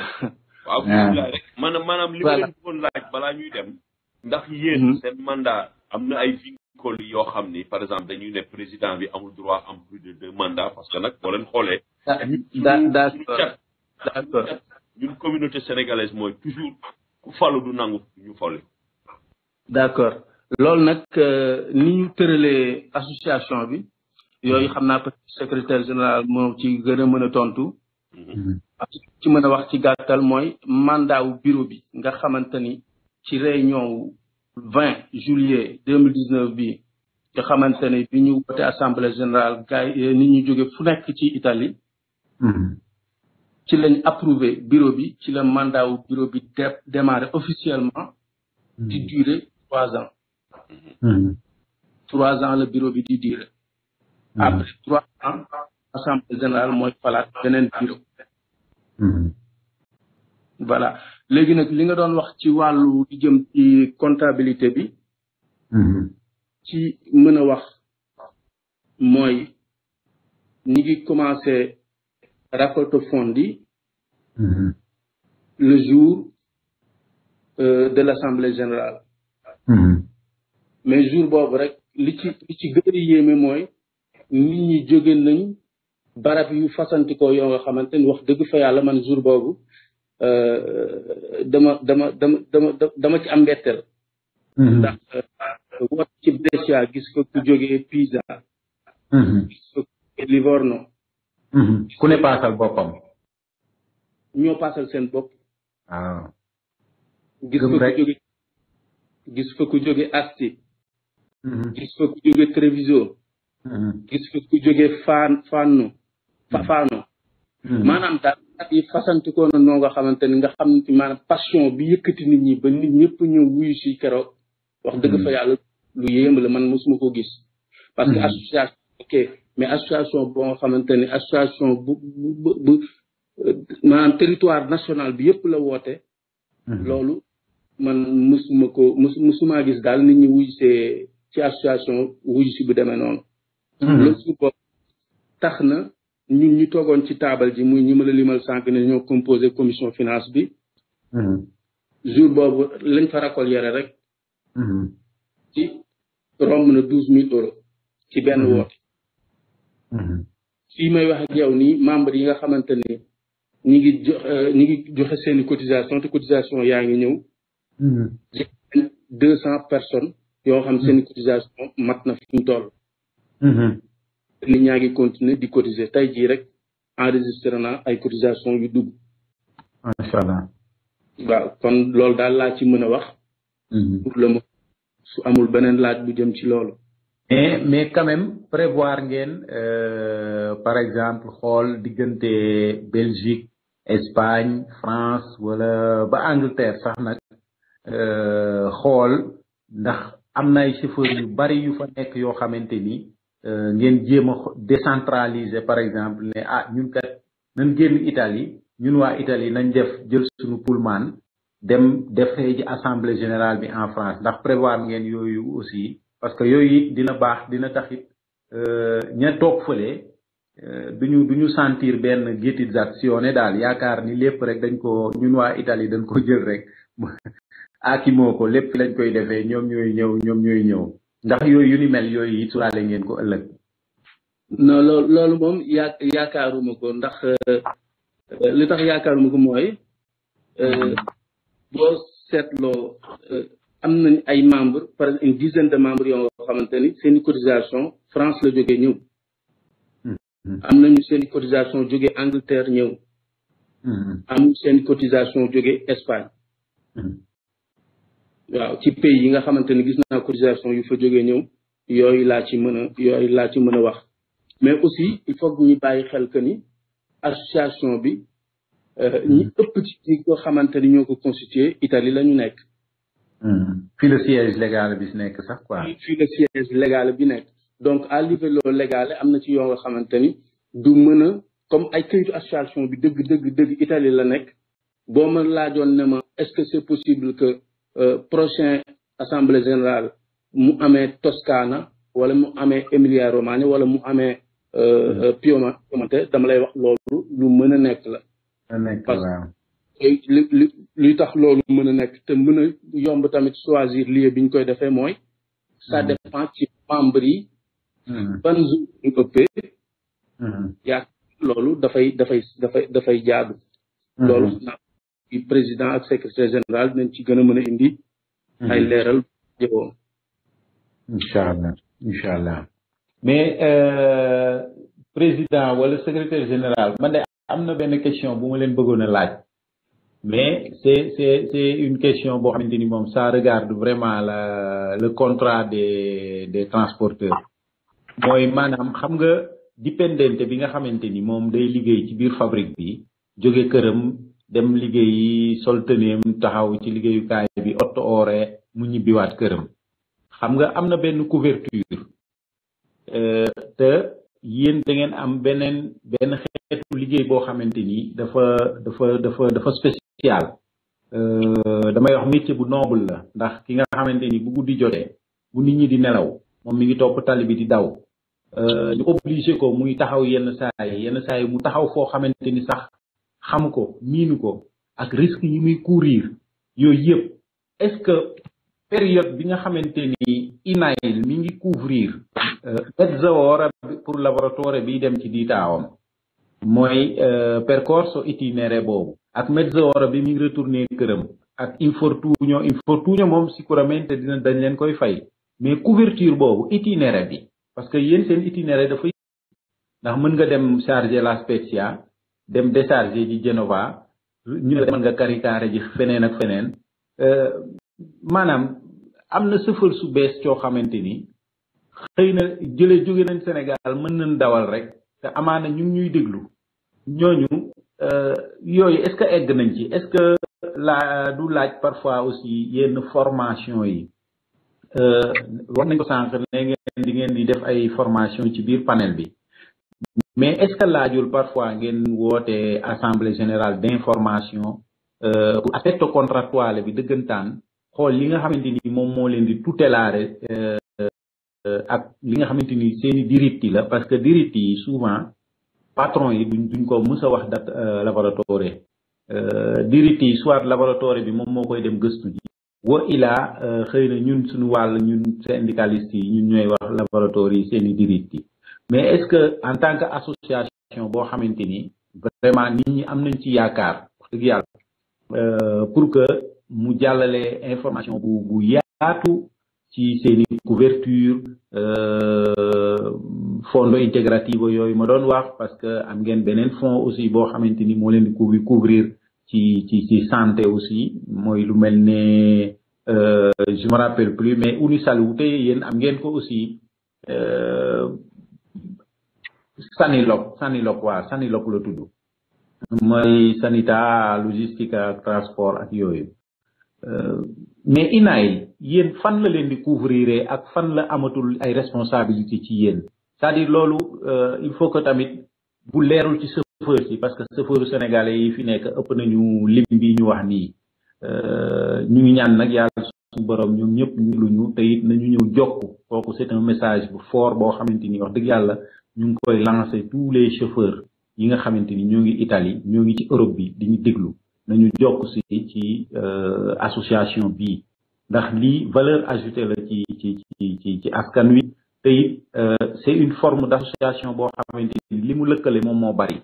waaw ah. bisimilah rek maanaam maanaam li laaj balaa ñuy dem. ndax yéen mhm. seen mandat am na ay vincole yoo xam ni par exemple dañuy ne président bi amul droit am plus de deux mandats parce que nag boo leen xoolee. da daa daa ñun communauté sénégalaise mooy toujours. ku du nangu ñu folé d'accord accord nak euh, ni ñu tëralee association bi yoy xamna naa secrétaire général mo ci gëna mëna mën a tontu mhm. ci mëna wax ci gattal moy mandat wu bureau bi nga xamanteni ci réunion 20 juillet 2019 bi nga xamanteni bi ñu wote assemblée générale gaay ni ñu joggé fu nekk ci Italie mhm ci lañ approuvé bureau bi ci la mandat wu bureau bi démarré officiellement hmm. di durer trois ans hmm. trois ans le bureau bi di durer hmm. après trois ans assemblée générale mooy falaat beneen bureau voilà léegi nag li nga doon wax ci wàllu di jëm ci comptabilité bi ci mën a wax ngi commencé raconte Fondi mm-hmm. le jour euh, de l'Assemblée générale. Mm-hmm. mais jour rek li ci ci nit ñi nañ yu wax fa yalla man jour euh, dama dama dama dama dama ci am Mhm. ku ne paasal boppam. ñoo paasal seen bopp. waaw. Ah. gis fa ku jóge gis fa ku jóge asti. Mhm. gis fa jóge Treviso. Mhm. gis fa jóge faan faanu faanu. daal at noo nga xamante ni nga xam ne maanaam passion bi yëkkati nit ñi ba nit ñëpp ñëw wuyu si keroog. wax dëgg fa yàlla lu yéem man mosuma ko gis. parce que association mais association boo nga xamante ne association bu bu bu maanaam territoire national bi yëpp la woote. Mhm. loolu man mësuma ko mës mësumaa gis daal nit ñi wuy see ci association wuy si bu demee noonu. loolu su bopp tax na ñun ñu toogoon ci taabal ji muy ñi ma la limal sànq na ñoo composé commission finance bi. Mhm. jour boobu lañ fa récolter rek. Mhm. ci romb na douze mille euros ci benn woote. Mm-hmm. fii may wax ak yow nii membre yi nga xamante ne ñi ngi jox euh, ñi ngi joxe seen i cotisation te cotisation yaa ngi ñëw mm-hmm. deux cent personnes yoo xam seen mm-hmm. cotisation mat na fi ñu toll nit ñaa ngi continuer di cotiser tey jii rek enregistré na ay cotisation yu dugg macha allah waaw kon loolu daal laa ci mën a wax pour le moment su amul beneen laaj bu jëm ci loolu mais mais quand même prévoir euh, par exemple hall diganté Belgique Espagne France voilà, ba Angleterre sax euh hall ndax amna ay chauffeurs yu bari yu fa nek euh, décentraliser par exemple né ah ñun kat nañ génn Italie ñun Italie nañ def jël Pullman dem assemblée générale en France ndax prévoir aussi. Paske yoyi dina bak, dina takhip, nyan tok fwele, binou sentir ben gytidzak si yon edal, yakarni lep rek denko, nyonwa itali denko djerrek, <laughs> akimo ko, lep lenko ideve, nyon nyon nyon, dak yoyi yon imel yoyi, yon yon yon yon, nan lolo bom, yakar oumou kon, dak euh, letak yakar oumou kon mwoy, yo euh, set lo, yo set euh, lo, am nañ ay membres par une dizaine de membres yo xamanteni ni seen i cotisation France la jógee ñëw. Hmm, hmm. am nañu seen i cotisation jógee Angleterre ñëw. Hmm, am seen cotisation jógee Espagne. waaw ci pays yi nga xamanteni gis na cotisation yu fa jógee ñew yoy la ci mëna yoy la ci mëna wax. mais aussi il faut que ñu bàyyi xel que ni association bi euh, ñi ëpp ci ñi nga xamante ni ñoo Italie la ñu nekk fii la siège légal bi nekk sax quoi. fii la siège légal bi nekk. donc à niveau légal am na ci yoo nga xamante ni du mën a comme ay këyitu association bi dëgg dëgg dëgg Italie la nekk boo ma laajoon ne ma est-ce que c'est possible que euh, prochain assemblée générale mu amee Toscana wala mu amee Emilia Romagna wala mu amee euh, mm-hmm. euh, Piemonte dama lay wax loolu lu mën a nekk la. parce que li tax loolu mën a nekk te mën a yomb tamit choisir lieu bi ñu koy defee mooy. ça mm-hmm. dépend ci membre mm-hmm. ban jour ñu ëppee. Mm-hmm. loolu dafay dafay dafay dafay jaadu. loolu xam naa président ak secrétaire général dinañ ci gën a mën a indi. ay leeral jëwoon. incha allah incha allah mais euh, président wala secrétaire général man de am na benn question bu ma leen bëggoon a laaj. mais c'est c'est une question bon ça regarde vraiment le contrat des des transporteurs xam nga bi nga fabrique bi dem taxaw ci bi mu xam nga couverture euh, te da ngeen am yàlla euh, damay wax métier bu noble la ndax ki nga xamante ni bu guddi jotee bu nit ñi di nelaw moom mi ngi topp tali bi di daw euh, ñu obligé ko muy taxaw yenn saa yenn saa mu taxaw foo xamante ni sax xam ko miinu ko ak risque yi muy courir yooyu yëpp est-ce que période bi nga xamante ni INAIL mi ngi couvrir mezzoora euh, pour laboratoire bi dem ci diitaawam mooy percorso itinéré boobu ak wara bi mi ngi retourner kërëm ak infortunio infortunio moom sicuramente dina dañ leen koy fay mais couverture boobu itinéraire bi parce que yéen seen itinéraire dafay ndax mën nga dem charger la spécia dem décharger ji genova ñu la mën nga karikaare ji feneen ak feneen euh, maanaam am na sëfër su bees coo xamante ni xëy na jële jóge nañ sénégal mën nañ dawal rek te amaana ñu ñuy déglu ñooñu Euh, yoy est-ce que egg nañ ci est-ce que la du laaj parfois aussi yenn formation yi euh, wax nañ ko sànq ne ngeen di ngeen di def ay formation ci biir panel bi mais est-ce que laajul parfois ngeen woote assemblée générale d'information euh, pour aspecto contractuel bi deugantane xool li nga xamante ni moom moo leen di euh ak li nga xamanteni ni seeni diritti la parce que diritti yi souvent patron yi duñ duñ ko mës a wax dat euh, laboratoire euh, dirite yi soit laboratoire bi moom moo koy dem gëstu ji wa ilaa euh, xëy na ñun suñu wàll ñun syndicalistes yi ñun ñooy wax laboratoire yi seen i dirite yi mais est-ce que en tan que association boo xamante ni vraiment nit ñi am nañ ci yaakaar wax dëgg yàlla pour que mu jàllale information bu bu yaatu ci seen i couverture euh, fonds intégrative yooyu ma doon wax parce que am ngeen beneen fonds aussi boo xamante ni moo leen di couvrir ci ci ci santé aussi mooy lu mel ne euh, je me rappelle plus mais Unisalute yéen am ngeen ko aussi Sanilok euh, Sanilok waa Sanilok la tudd mooy sanita logistique ak transport ak yooyu Euh, mais INA yi yéen fan la leen di couvrir ak fan la amatul ay responsabilité ci yéen cest à loolu euh, il faut que tamit bu leerul ci chauffeur si parce que chauffeur sénégalais yi fi nekk ëpp nañu lim bi ñu wax nii euh, ñu ngi ñaan nag yàlla suñu borom ñoom ñëpp ñu luñu te it nañu ñëw jokk kooku c'est un message bu fort boo xamante ni wax dëgg yàlla ñu ngi koy lancer tous les chauffeurs yi nga xamante ni ñoo ngi Italie ñoo ngi ci Europe bi di ñu déglu nañu jokk si ci euh, association bi, ndax li valeur ajoutée la ci ci ci ci askan wi te it euh, c' une forme d'association bo xamanteni limu ni mom mo lëkkale moom moo bari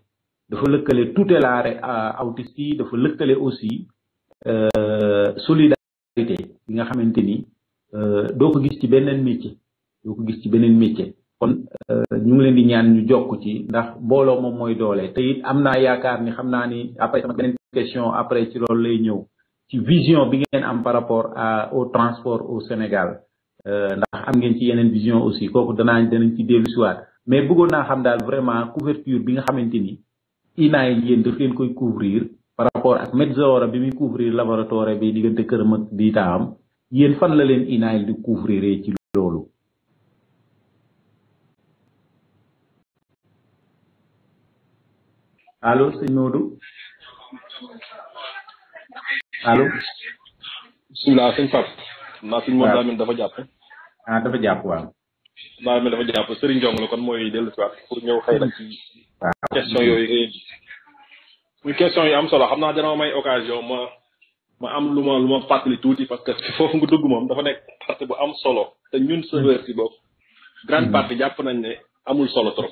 dafa lëkkale tutelaare autiste yi dafa lëkkale aussi euh, solidarité bi nga xamanteni euh doko gis ci benen métier doko gis ci benen métier kon euh, ñu ngi leen di ñaan ñu jokk ci ndax booloo moom mooy doole te it am naa yaakaar ni xam naa ni après après ci loolu lay ñëw ci vision bi ngeen am par rapport à au transport au Sénégal euh, ndax am ngeen ci yeneen vision aussi kooku danaa danañ ci dellu mais bëggoon naa xam daal vraiment couverture bi nga xamante ni INA daf leen koy couvrir par rapport ak Medzora bi muy couvrir laboratoire bi diggante këram ak di taam yéen fan la leen INA yi di couvrir ci loolu allo sëñ Modou allo. bisimilah sëñ Pape. maa sëñ Modou Lamine dafa jàpp. ah dafa jàpp waaw. Lamine dafa jàpp Serigne Ndiong la kon mooy dellusiwaat pour ñëw xëy question yooyu nga indi. muy question yi am solo xam naa dana may occasion ma ma am lu ma lu ma fàttali tuuti parce que <laughs> foofu nga dugg moom dafa nekk partie bu am solo te ñun sa wér si grande hmm. partie jàpp nañ ne amul solo trop.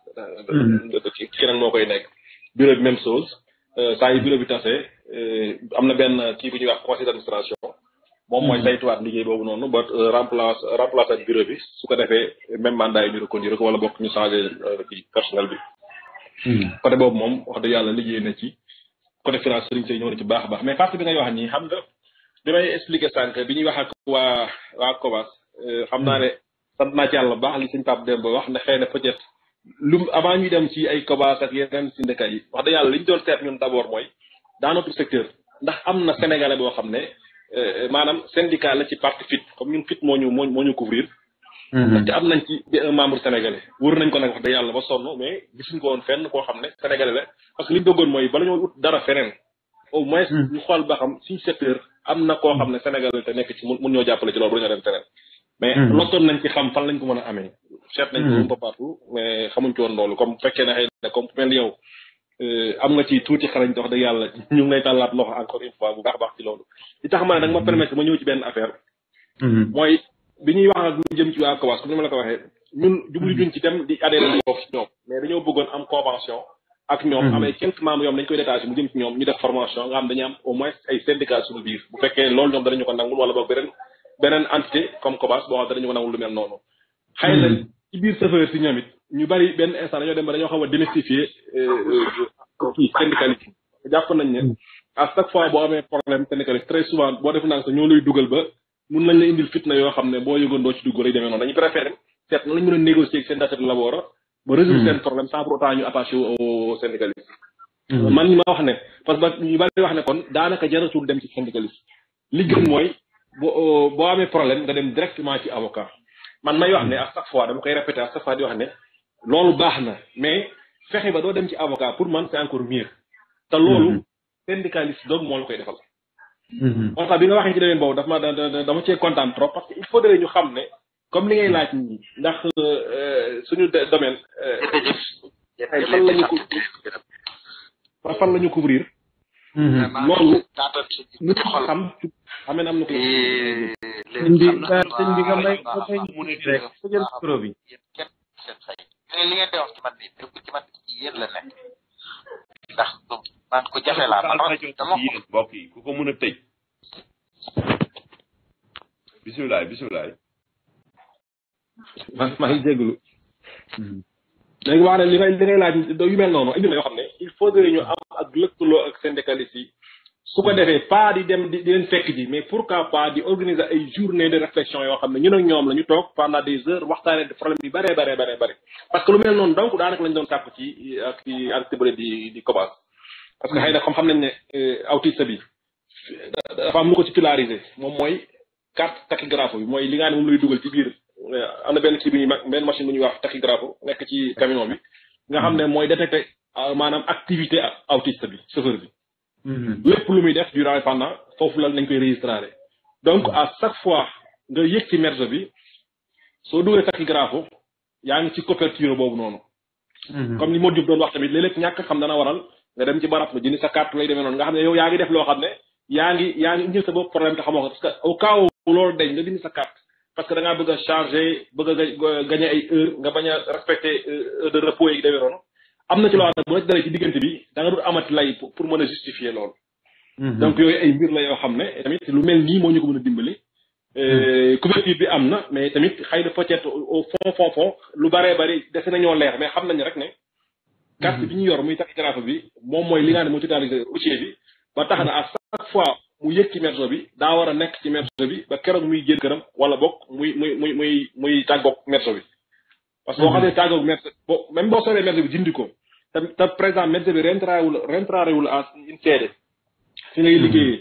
Mm-hmm. ci keneen moo koy nekk bureau bi même chose euh, saa yu bureau bi tasee euh, am na benn kii bu ñuy wax conseil d' administration moom mooy mm-hmm. saytuwaat liggéey boobu noonu ba euh, remplace remplace ak bureau bi su ko defee même mandat yi ñu reconduire ko wala bokk ñu changé kii personnel bi mm-hmm. côté boobu moom wax dëgg yàlla liggéey na ci côté finance sëriñ say ci baax a baax mais partie bi ngay wax nii xam nga bi may expliqué sànq bi ñuy wax ak waa waa COVAS xam naa ne sant naa ci baax li suñ Pape Demba wax ne xëy na lu avant ñuy dem ci ay COBAS ak yeneen syndicat yi wax dëgg yàlla li ñu doon seet ñun d' abord mooy dans notre secteur ndax am na sénégalais boo xam ne euh, maanaam syndicat la ci parti FIT comme ñun FIT moo ñu moo moo ñu couvrir. Mm-hmm. ndaxte am nañ ci un membre sénégalais. wër nañ ko nag wax yàlla ba sonn mais gisuñ ko woon fenn koo xam ne sénégalais la parce que li ñu bëggoon mooy bala ñoo ut dara feneen. au moins mm-hmm. ñu xool ba xam suñ secteur am na koo xam ne sénégalais te nekk ci mun mun ñoo jàppale ci loolu ba ñu dem feneen. mais lottoon mhm. nañ ci xam fan lañ ko mën a amee. seet nañ ko mhm. un peu partout mais xamuñ ci woon loolu comme bu fekkee na comme mel ni yow euh, am nga ci tuuti xarañ wax yàlla ñu ngi lay tàllaat loxo encore une fois bu baax baax ci loolu. li tax ma ne nag ma mhm. permettre ma waa COAS comme ni la ko waxee. ñun jublu duñ ci dem di adhéré nañ am convention. ak ñoom amee quelques membres mu jëm ci ñoom ñu def formation nga xam dañuy am au moins ay syndicats suñu biir bu fekkee loolu ñoom danañu ko nangul wala boog beneen beneen entité comme COBAS boo xam te dañu ko nangul lu mel noonu. xëy na hmm. ci biir chauffeur si ñoom ñu bari benn instant dañoo dem ba dañoo xam a démystifier euh, euh, kii syndicalisme jàpp nañ ne hmm. à chaque fois boo amee problème syndicalisme très boo def naa sax ñoo lay dugal ba mun nañ la indil fitna yoo xam ne boo yëgoon ci dugg rek demee noonu dañu préféré seet na lañ mën a négocier ak seen dachet labora ba résoudre hmm. seen problème sans pour autant ñu man ñi ma wax ne parce que ñu bari wax ne kon daanaka jaratul dem mooy boo uh, boo amee problème nga dem directement ci avocat man may wax ne à chaque fois dama koy répéter à chaque fois di wax ne loolu baax na mais fexe ba doo dem ci avocat pour man c'est encore mieux. te loolu mhm. syndicaliste doog moo la koy defal. Mhm. moo tax bi nga waxee ci domaine boobu daf ma dama cee kontaan trop parce que il faudrait ñu xam ne comme li ngay mhm. laaj nii ndax euh, suñu domaine. Euh, fan la ñu couvrir ñu couvrir. moom lu ci xam xamee am na euh, may ko jafe laa man dama ko mbokk yi ku ko mën léegi wax li ngay li ngay laaj yu mel noonu indi la yoo xam ne il faudrait ñu am ak lëkkaloo ak syndicaliste yi su ko defee pas di dem di leen fekk ji mais pourquoi pas di organiser ay journée de réflexion yoo xam ne ñun ak ñoom la ñu toog pendant des heures waxtaanee problème bi bare bare bëree bare parce que lu mel noonu donc daanaka lañ doon tàpp ci ak ci antibale di di commence parce que xëy na comme xam nañ ne euh, autiste bi dafa am lu ko ci titularisé moom mooy carte tachygraphe bi mooy li nga ne moom lay dugal ci biir Euh, am na benn kii bu ñuy benn machine bu ñuy wax tachygraphe nekk ci camion bi nga xam ne mooy détecté euh, maanaam activité autiste bi chauffeur bi. Mm-hmm. lépp lu muy def durant pendant foofu la nañ koy registré. donc à chaque fois nga yëg ci merge bi soo dugalee tachygraphe yaa ngi ci couverture boobu noonu. Mm-hmm. comme ni Modou Diop doon wax tamit léeg ñàkk xam dana waral nga dem ci barab nga jënd sa carte lay demee noonu nga xam ne yaa ngi def loo xam ne yaa ngi yaa ngi indil sa bopp parce que da ngaa bëgg a chargé bëgg a gagné ay heure nga bañ a respecté euh, heure de repos yi demee noonu am na ci loo xam ne bu la ci ci diggante bi da nga dul lay pour mën a justifier loolu. Mm-hmm. donc yooyu ay mbir la yoo xam ne tamit lu mel nii moo ñu ko mën a dimbali. Euh, mm-hmm. couverture bi am na mais tamit xëy na peut au fond fond lu bare bari dese nañoo leer mais xam nañ rek ne. carte mm-hmm. bi ñu yor muy tax graaf bi moom mooy li nga xam ne moo ci daal routier tax na à fois. mu yëg ci merso bi daa war a nekk ci merso bi ba keroog muy génn këram wala bokk muy muy muy muy muy tàggoog merso bi. parce que boo mhm. xasee tàggoog merso bo même boo soree merso bi dindi ko te te par exemple merso bi rentré wul rentré wul à une seede fi ngay mhm. liggéeyee.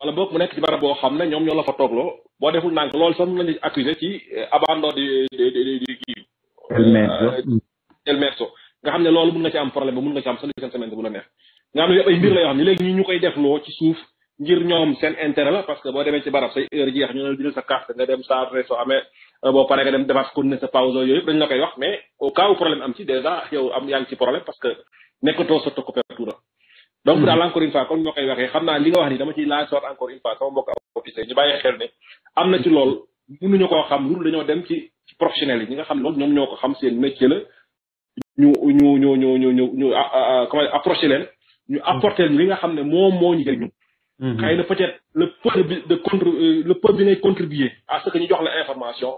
wala boog mu nekk ci barab boo xam ne ñoom ñoo la fa toogloo boo deful nànk loolu sax lañu accusé ci eh, abandon di di di di kii. Euh, el merso nga xam ne loolu mun nga ci am problème ba mun nga ci am solution semaine bu la neex. nga xam ne ay mbir la yoo xam ne léegi ñu ñu koy defloo ci suuf. ngir ñoom seen intérêt la parce que boo demee ci barab say heure jeex ñu ne dina sa carte nga dem sa soo amee euh, boo paree nga dem defar continuer sa pause yooyu yëpp dañ koy wax mais hmm. xam naa li nga wax ni dama ciy laaj soot encore une fois sama mbokk officier ñu bàyyi xel ne am na ci lool mënuñu koo xam loolu dañoo dem ci ci professionnels yi ñi nga xam loolu ñoom ñoo ko xam seen métier la ñu ñu ñu ñu ñu ñu ñu ah, ah, ah, comment approché leen ñu apporter ñu li nga xam ne moom moo ñu Mhm. xëy na peut-être le peu de contre euh, le peu bi ngay contribuer à ce que ñu jox la information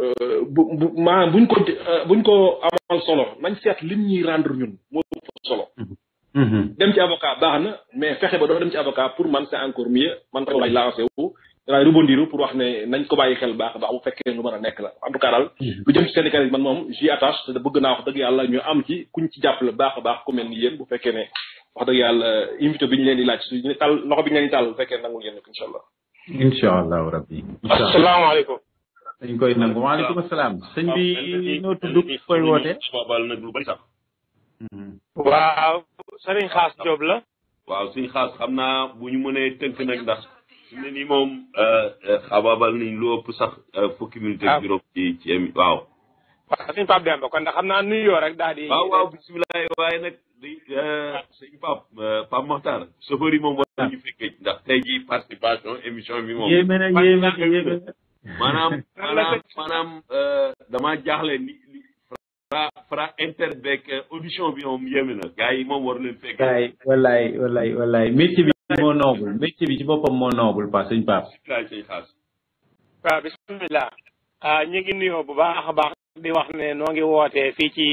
euh, bu maanaam buñ ko euh, buñ ko amal solo nañ seet lim ñuy rendre ñun moo solo mhm. Mhm. dem ci avocat baax na mais fexe ba doo dem ci avocat pour man c'est encore mieux man ko lay lancé wu daay rebondir pour wax ne nañ ko bàyyi xel baax baax bu fekkee lu mën a nekk la en tout cas daal lu jëm ci Sénégal yi man moom j'y attache te bëgg naa wax dëgg yàlla ñu am ci kuñ ci la baax a baax ku mel ni yéen bu fekkee ne wax dëgg yàlla invité bi ñu leen di laaj su ñu tal loxo bi ñu leen di tal bu fekkee nangul yéen ko incha allah. incha allahu rabbi. asalaamaaleykum. dañ koy nangu waaleykum salaam. sëñ bi ah, noo tudd koy woote. Hmm. waaw sëriñ Xaas Diop la. waaw suñ Xaas xam naa bu ñu mënee tënk nag ndax. su ne nii moom. Euh, euh, xabaabal nañ lu ëpp sax euh, fukki minute ak ah. ci ci waaw. waaw suñ Pape kon ndax xam naa nuyoo rek daal di. waaw waaw bisimilah sëñ Pape Pape Makhtar chauffeur yi moom war ñu fekkee ndax tey jii participation émission bi moom yéeme na yéeme na yéeme na maanaam maanaam maanaam damaa jaaxle ni fra fra interbec eh, audition bi moom yéeme na gars yi moom war leen fekk wallaay wallaay wallaay wallaay métier bi moo noobul métier bi ci boppam moo noobul pa sëñ Pape waaw bismillah ah, ñu ngi nuyoo bu baax a baax di wax ne noo ngi wootee fii ci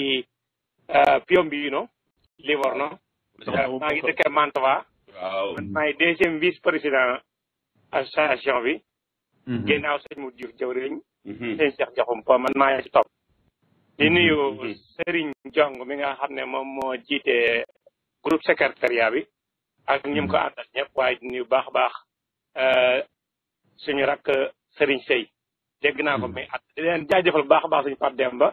eh, Piombino Livorno. maa ngi dëkk Mantova. waaw man maay deuxième vice président association bi. ginnaaw sëñ Modou Diouf jëwriñ. sëñ Cheikh Diakhoumpa man maa ci topp. di nuyu Serigne Jong mi nga xam ne moom moo jiite groupe secrétariat bi. ak ñi mu ko àndal ñëpp waaye di baax a baax suñu rakk Serigne Sey. dégg naa ko muy at di leen jaajëfal bu baax a baax suñu Pape Demba.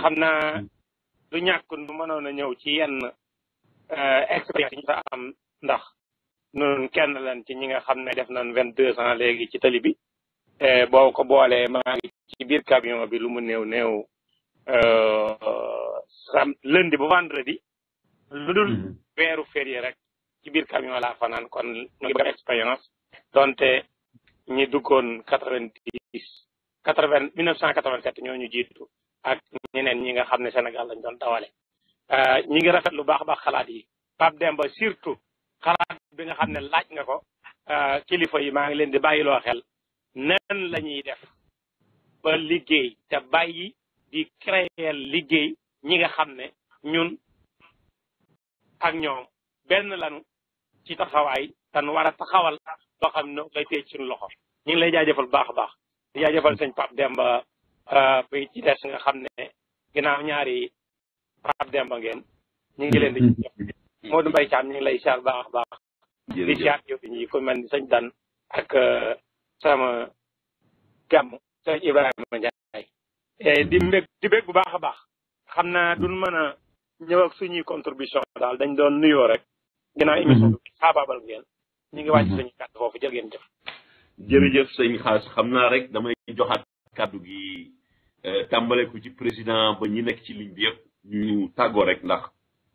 xam naa. du ñàkk nu mënoon a ñëw ci yenn euh, expérience yi sa am ndax nun kenn lan ci ñi nga xam ne def na vingt deux ans léegi ci tali bi euh, boo ko boolee maa ngi ci biir camion bi lu mu néew néew euh, sam lundi ba vendredi lu dul mm-hmm. weeru férié rek ci biir camion laa fanaan kon ngi expérience donte ñi duggoon quatre vingt dix quatre vingt mille cent quatre vingt sept ñoo ñu jiitu ak ñeneen ñi nga xam ne Sénégal lañ doon dawale euh, ñi ngi rafet lu baax a baax xalaat yi Pape Demba surtout xalaat bi nga xam ne laaj nga ko euh, kilifa yi maa ngi leen di bàyyiloo xel nan la ñuy def ba liggéey te bàyyi di créer liggéey ñi nga xam ne ñun ak ñoom benn lanu ci taxawaay te nu war a taxawal loo xam ne koy téye ci suñu loxo ñu ngi lay jaajëfal baax a baax di jaajëfal sëñ Pape Demba bay euh, ci des nga xam ne ginaaw ñaari Pape Demba ngeen ngi leen di mm-hmm. jox Modou Mbaye Thiam ñu ngi lay siyaar baax baax di siyaar yow ñi ko mel ni sëñ Dan ak euh, sama gàmm sëñ di mbég di bég bu baax a baax xam naa duñ mën a ñëw ak suñuy contribution daal dañ doon nuyoo rek ginnaaw mm-hmm. émission bi xaabaabal ngeen ñu ngi wàcc mm-hmm. suñu kàddu foofu jërë ngeen jëf jërëjëf sëñ xam naa rek damay joxaat kàddu gi Euh, tàmbale ko ci président ba ñu nekk ci ligne bi yëpp ñu tàggoo rek ndax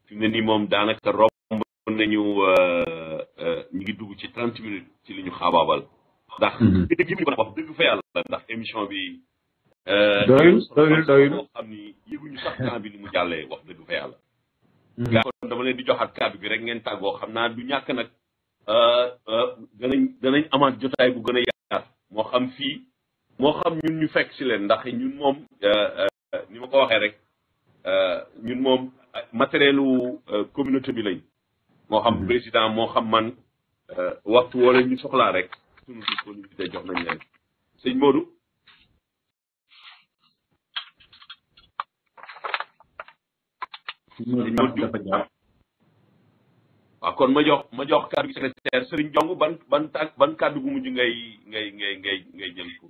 fi ne nii moom daanaka romb nañu euh, euh, ñu ngi dugg ci trent minutes ci li ñu xaabaabal. ndax dëgg yëpp ñu wax dëgg fa yàlla ndax émission bi. doyul doyul xam ni yëguñu sax temps bi ni mu jàllee wax dëgg fa yàlla. Mhm. gaa kon dama leen di joxaat kàddu bi rek ngeen tàggoo xam naa du ñàkk nag danañ danañ amaat jotaay bu gën a yaatu moo xam fii. mo xam ñun ñu fekk ci leen ndax ñun moom euh, euh, ni ma ko waxee rek euh, ñun moom matérielu communauté bi lañ moo xam mm-hmm. président moo xam man waxtu wala ñu soxlaa rek sunu disponibilité jox nañ leen sëñ Modou waaw kon ma jox ma jox kàddu gi secrétaire Serigne Jong ban ban tànk ban kàddu bu mujj ngay ngay ngay ngay ngay jël pour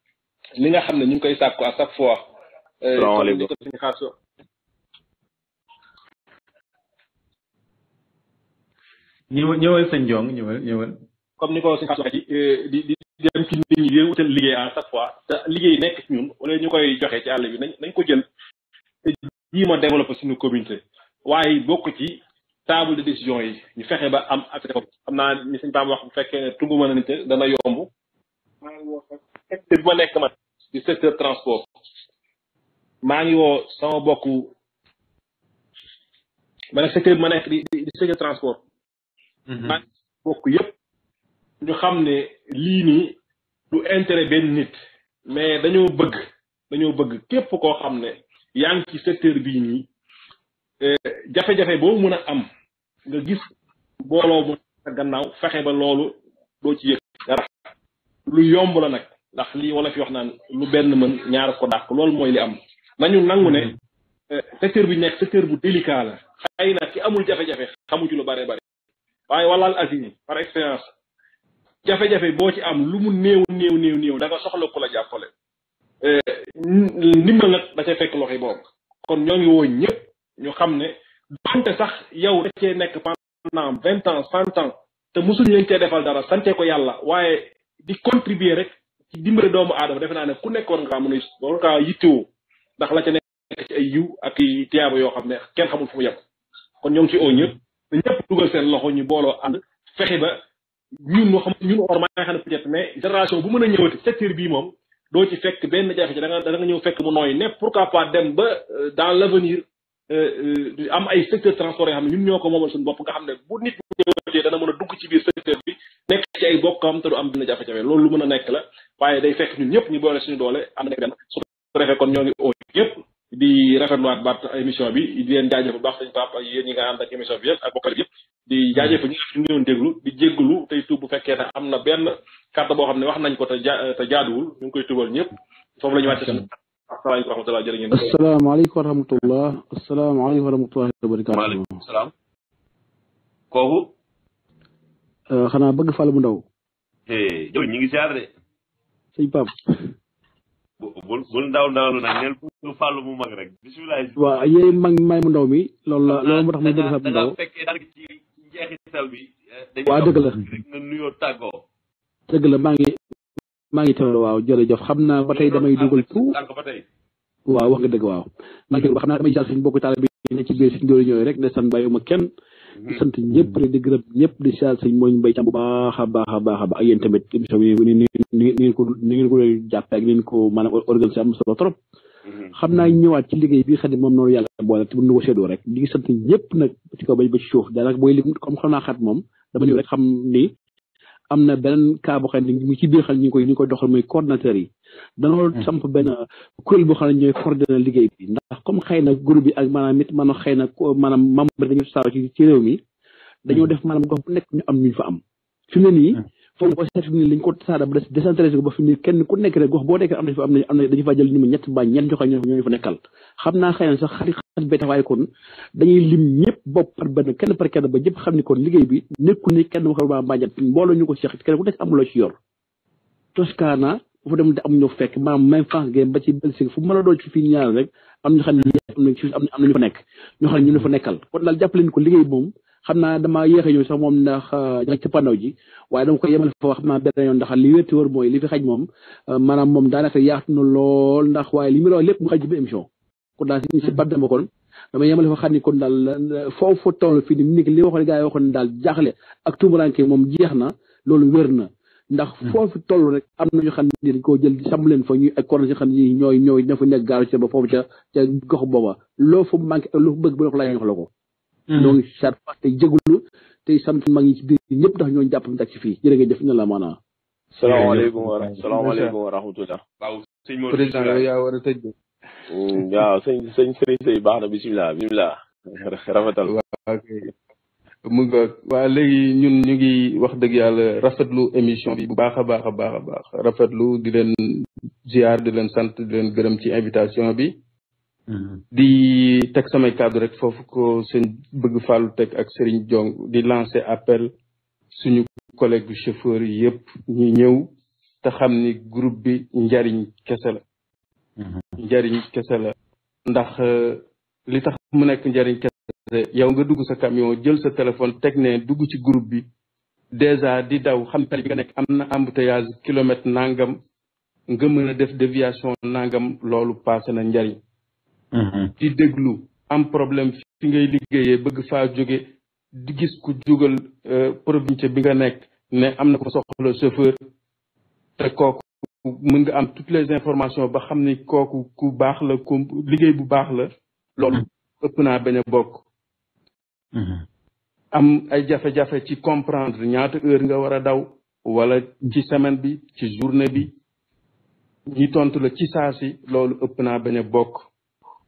li nga xam ne ñu ngi koy sàkku à chaque fois. salaamaaleykum euh, ñëwal ñëwal sëñ Jong ñëwal ñëwal. comme ni ko sëñ Fatou waxee di euh, di di dem ci nit ñi di liggéey à chaque fois te liggéey nekk ñun wala ñu koy joxe ci àll bi nañ nañ ko jël te jii ma développé suñu communauté waaye bokk ci table de décision yi ñu fexe ba am affaire xam naa ni sëñ Pape wax bu fekkee ne tungu nit dana yomb. secteur bi ma nekk man di secteur transport maa ngi woo sama bokk ma nekk secteur bi ma nekk di di secteur transport mm-hmm. bokk yëpp ñu xam ne lii nii lu intérêt benn nit mais dañoo bëgg dañoo bëgg képp koo xam ne yaa ngi ci secteur bii nii eh, jafe-jafe boo mën a am nga gis booloo bu sa gannaaw fexe ba loolu doo ci yëg dara lu yomb la nag ndax lii wala fi wax naan lu benn mën ñaar ko dàq loolu mooy li am nañu nangu ne mm-hmm. eh, secteur bi nekk secteur bu délicat la xëy na ki amul jafe-jafe xamu lu bare bare waaye walaal asini par expérience jafe-jafe boo ci am lu mu néew néew néew néew da nga soxla ku la jàppale eh, ndimbal nag da ca fekk loxo boobu kon ñoo ngi woo ñëpp ñu xam ne doonte sax yow da cee nekk pendant vingt ans cent ans te mosuñu leen cee defal dara sante ko yàlla waaye di contribuer rek ci dimbale doomu aadama defe naa ne ku nekk war nga mën a war ndax la ca nekk ci ay yiw ak i tiyaaba yoo xam ne kenn xamul fu mu yem kon ñoo ngi ci oo ñëpp te ñëpp dugal ñu booloo ànd fexe ba ñun wax ñun or maa ne génération bu mën a ñëwati secteur bii moom doo ci fekk benn jafe ci da nga da nga ñëw fekk mu nooy ne pourquoi pas dem ba euh, dans l'avenir euh, euh, am ay secteur transport yoo xam ne ñun ñoo ko moomal suñu bopp nga xam ne bu nit ñëwatee dana mën a dugg ci biir secteur bi nekk ci ay bokkam te du am benn jafe-jafe loolu lu mën a nekk la waaye day fekk ñun ñëpp ñu boole suñu doole am nekk benn su ko defee kon ñoo ngi oo ñëpp di rafetluwaat baat émission bi di leen bu baax sëñ Pape ak yéen ñi nga émission bi yëpp ak bokkal yëpp di jaajëf ñi nga doon déglu di jéggalu tey tuub bu fekkee ne am na benn kàddu boo xam ne wax nañ ko te ja te jaaduwul ñu ngi koy tuubal ñëpp foofu la ñu wàcce seen asalaamaaleykum wa rahmatulah jërë ngeen. asalaamaaleykum wa rahmatulah asalaamaaleykum wa rahmatulah wa barakaatu. waaleykum salaam. kooku. Euh, xanaa bëgg Fall bu ndaw. Eh, jërëjëf ñu ngi ziar de. sëñ Pam. bul mu mag rek. bisimilah. waaw yéen may mu ndaw mi loolu la loolu moo tax ma bëgg sax ndaw. waaw dëgg la. dëgg la maa ngi maa ngi teewlu waaw jërëjëf xam naa ba tey damay dugal tout. waaw wax nga dëgg waaw. maa ngi xam naa damay jàll suñu bokk taal ci biir suñu doole ñooy rek ne san bàyyiwuma kenn. Mhm. di sant ñëpp rek di gërëm ñëpp di mooñ mbay bu baax a baax a a baax ak yéen tamit émission bi ni ni ko jàppee ak ngeen ko maanaam organisé am solo trop mhm. xam naa ñëwaat ci liggéey bi xam ne moom noonu yàlla boole te mën ko seedoo rek di sant ñëpp nag ba ci suuf daanaka booy lim comme xam naa xat moom dama ñëw rek xam ni am na beneen cas boo xam ne mu ci biir xam ne ñu koy ñu koy doxal mooy coordinateur yi. danoo hmm. samp benn kuréel boo xam ne ñooy coordonné liggéey bi hmm. dañoo def maanaam gox bu nekk ñu am ñu fa am. fi ne nii hmm. foofu boo seetlu nii lañ ko tasaara ba décentralisé ko ba fi mu kenn ku nekk rek gox boo nekkee am na fa am na dañu fa jël ñu ma ñett mbaa ñeent ñoo fa nekkal xam naa xëy sax ak benn waaye kon dañuy lim ñëpp bopp benn kenn par ba ñëpp xam ni kon liggéey bi nekkul kenn waxal waa Mbadiane mbooloo ko seex kenn ku nekk loo ci yor fekk maanaam même France ge na ci nekk ñoo ko moom xam naa damaa yéex a ñëw sax moom ndax euh, ci pandaw ji waaye dama koy yemal fa wax naa benn yoon ndax li wétti wër mooy li fi xaj moom euh, maanaam moom daanaka yaatu na lool ndax waaye li mu lépp mu xaj ci bi émission kon daal si si baddama kon yemale fa xam daal foofu toll fii ni mu nekk li waxoon gaa yi daal jaaxle ak tuumaranke moom jeex loolu wér ndax hmm. foofu toll rek am na ñu ñooy ñooy dafa nekk gaaru ci ba foofu ca ca gox booba loo fa manqué ak loo fa bëgg ba dox laa jox la ko donc hmm. sar fa te jégalu te sant mag ñi ci biir ñëpp ndax ñoo jàpp ndax ci fii jërë nga jëf na la maanaa salaamaaleykum wa rahmatulah waaw sëñ Modou président yaa a Mm, waaw sëñ sëñ Serigne Seye baax na bisimilah la rafetal. <laughs> waaw mu nga waa léegi ñun ñu ngi wax dëgg yàlla rafetlu émission bi bu baax a baax a baax rafetlu di leen ziar di leen sant di leen gërëm ci invitation bi. Mm-hmm. di teg samay kàddu rek foofu ko sëñ bëgg fàllu teg ak Serigne Jong di lancé appel suñu collègue chauffeur yëpp ñu ñëw te xam ni groupe bi njariñ kese la. Mmh. njariñ kese la ndax euh, li tax mu nekk njariñ kese yow nga dugg sa camion jël sa téléphone teg ne dugg ci groupe bi dèjà di daw xam tali bi nga nekk am na embouteillage kilomètre nangam nga mën a def déviation nangam loolu passé na njariñ mmh. di déglu am problème fi ngay liggéeyee bëgg faa jóge di gis ku jógal euh, province bi nga nekk ne am na ko soxla chauffeur te kooku mën ngi am toutes les informations ba xam ni kooku ku baax la ku liggéey bu baax la loolu mm-hmm. ëpp naa bañ a bokk mm-hmm. am ay jafe-jafe ci comprendre ñaata heure nga war a daw wala ci semaine bi ci journée bi ñi tontu la ci saa si loolu ëpp naa bañ a bokk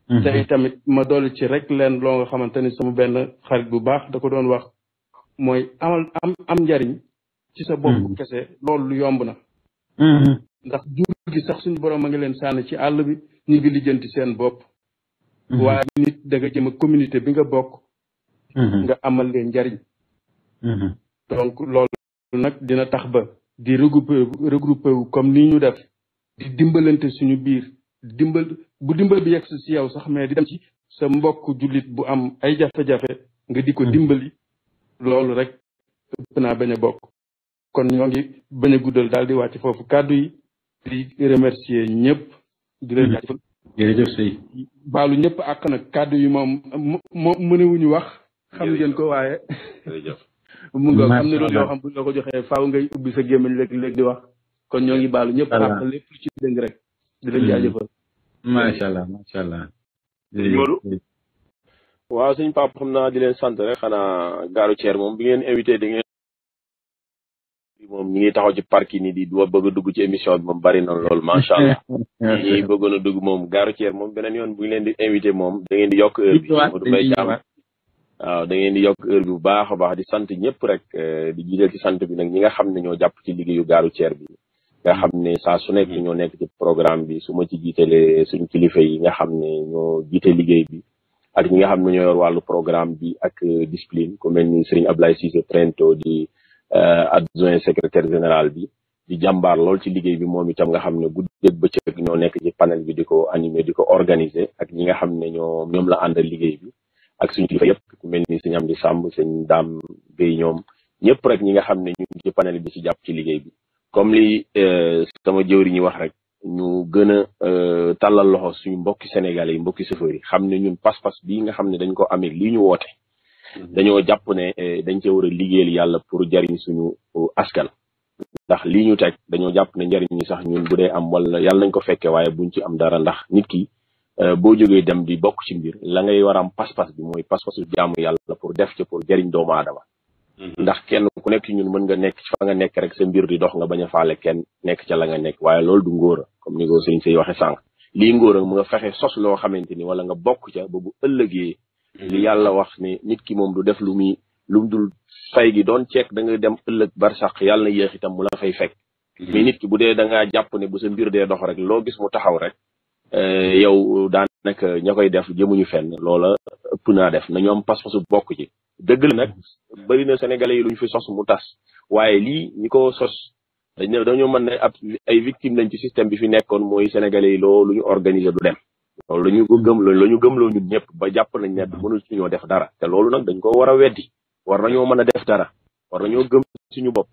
mm-hmm. tey tamit ma dolli ci rek leen loo nga xamante ni sama benn xarit bu baax da ko doon wax mooy amal am am njariñ ci sa bopp kese loolu yomb na ndax jur gi sax suñu borom a ngi leen sànn ci àll bi ñu ngi lijjanti seen bopp mm-hmm. nit da nga jëm communauté bi nga bokk mm-hmm. nga amal leen njariñ mm-hmm. donc loolu nag dina tax ba di regrouper regrouper wu comme ni ñu def di dimbalante suñu biir dimbal bu dimbal bi yegg si yow sax mais di dem ci sa mbokk jullit bu am ay jafe-jafe nga di ko dimbali loolu rek ëpp naa bañ a bokk kon ñoo ngi bañ a guddal daal di wàcc foofu kàddu yi di remercier ñëpp. di leen jaajëfal jërëjëf Seye. baalu ñëpp àq nag kàddu yi moom moom mënewuñu wax. xam ngeen ko waaye. jërëjëf <laughs> mu nga xam ne loolu yoo xam bu ñu la ko joxee faaw ngay ubbi sa gémmiñ léeg-léeg di wax kon ñoo ngi baalu ñëpp. àq lépp lu ci dëng rek. di leen jaajëfal. macha allah macha allah. jërëjëf waaw suñ xam naa di leen sant rek xanaa gaaru Thier moom bi ngeen invité di ngeen. moom ñi ngi taxaw ci parking yi di bëgg a dugg ci émission bi moom bari na lool macha allah <laughs> ñi bëggoon a dugg moom gaaru Thier moom beneen yoon bu ñu leen di invité moom da ngeen di yokk heure bi Modou Mbaye Thiam waaw da ngeen di yokk heure bi bu baax a baax di sant ñëpp rek eh, di jiital ci sant bi nag ñi nga xam ne ñoo jàpp ci liggéeyu gaaru Thier bi nga xam ne saa su nekk ñoo nekk ci programme bi su ci jiitalee suñ kilifa yi nga xam ne ñoo jiite liggéey bi ak ñi nga xam ne wàllu programme bi ak eh, discipline Euh, adjoint secretaire général bi di jàmbaar lool ci liggéey bi moom itam nga xam ne guddeeg bëccëg ñoo nekk ci panel bi di ko animé di ko organiser ak ñi nga xam ne ñoo ñoom la àndal liggéey bi ak suñu kilifa yëpp ku mel ni sëñ Amdi Sàmb sëñ Daam Bey ñoom ñëpp rek ñi nga xam ne ñu ci panel bi ci jàpp ci liggéey bi comme li euh, sama jëwri ñi wax rek ñu gën a euh, tàllal loxo suñu mbokki sénégalais yi mbokki chauffeurs xam ne ñun pas-pas bii nga xam ne dañ ko amee lii ñu woote Mhm. dañoo jàpp ne eh, dañ cee wara a yàlla pour jariñ suñu askan ndax lii ñu teg dañoo jàpp ne njariñ ñi sax ñun bu dee am wala yàlla nañ ko fekkee waaye buñ ci am dara ndax nit ki eh, boo jógee dem di bokk ci mbir la ngay war a am pas-pas bi mooy pas-pasu jaamu yàlla pour def ci pour jariñ doomu aadama mhm. ndax kenn ku nekk ci ñun mën nga nekk fa nga nekk rek sa mbir di dox nga bañ a faale kenn nekk ca la nga nekk waaye loolu du ngóora comme ni ko sëñ say waxe sànq lii ngóora mu nga fexe loo xamante ni wala nga bokk ca ba bu ëllëgee li yàlla wax ni nit ki moom du def lu muy lum dul fay gi doon ceek da nga dem ëllëg barsax yàlla na yéex itam mu la fay fekk hmm. mais nit ki bu dee da ngaa jàpp ne bu sa mbir dee dox rek loo gis mu taxaw rek eh, yow daanaka ña koy def jëmuñu fenn loola ëpp naa def na am pas-pasu bokk ci dëgg la nag na sénégalais yi luñ fi sos mu tas waaye lii ñi ko sos dañu dañoo mën ne ab ay victime lañ ci système bi fi nekkoon mooy sénégalais yi loolu ñu organiser du dem loolu la ñu ko gëm la ñu ñëpp ba jàpp nañ ne mënul suñoo def dara te loolu nag dañ ko war a weddi war nañoo mën a def dara war nañoo gëm suñu bopp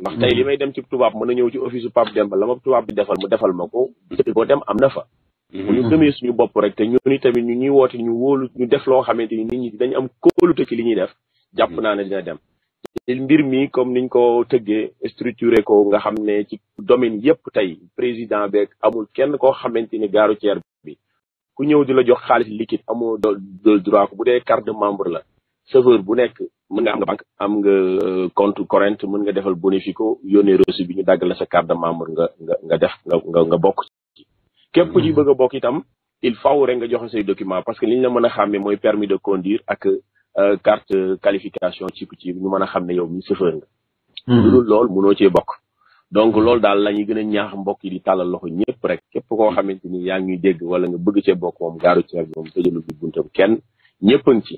ndax tey li hmm. may dem ci tubaab mën a ñëw ci office Pape Demba la ma tubaab di defal mu defal ma ko ko dem am na fa hmm. bu ñu suñu bopp rek te ñooñu tamit ñu ñuy woote ñu wóolu ñu def loo xamante ni nit ñi dañ am kóolute ci li ñuy def jàpp hmm. naa ne dina dem mbir mi comme niñ ko tëggee structuré ko nga xam ne ci domaine yëpp tey président beeg amul kenn koo xamante ni gaaru ceer bi ku ñëw di la jox xaalis liquide amoo dool droit ko bu dee carte de membre la serveur bu nekk mën nga am nga banque am nga euh, compte corrent mën nga defal bonifico yónnee reçu bi ñu daggal la sa carte de membre nga nga def nga nga bokk ci képp ku ci hmm. bëgg a bokk itam il faut rek nga joxe say document parce que li ñu la mën a xam xàmmee mooy permis de conduire ak euh, carte qualification ci ci ñu mën a xam ne yow mi chauffeur nga hmm. lu dul loolu mënoo cee bokk donc loolu daal la ñuy gën a ñaax mbokk yi di tàllal loxo ñëpp rek képp koo xamante ni yaa ngi ñuy dégg wala nga bëgg cee bokk moom gaaru ceer bi moom tëjalu bi buntam kenn ñëpp a ngi ci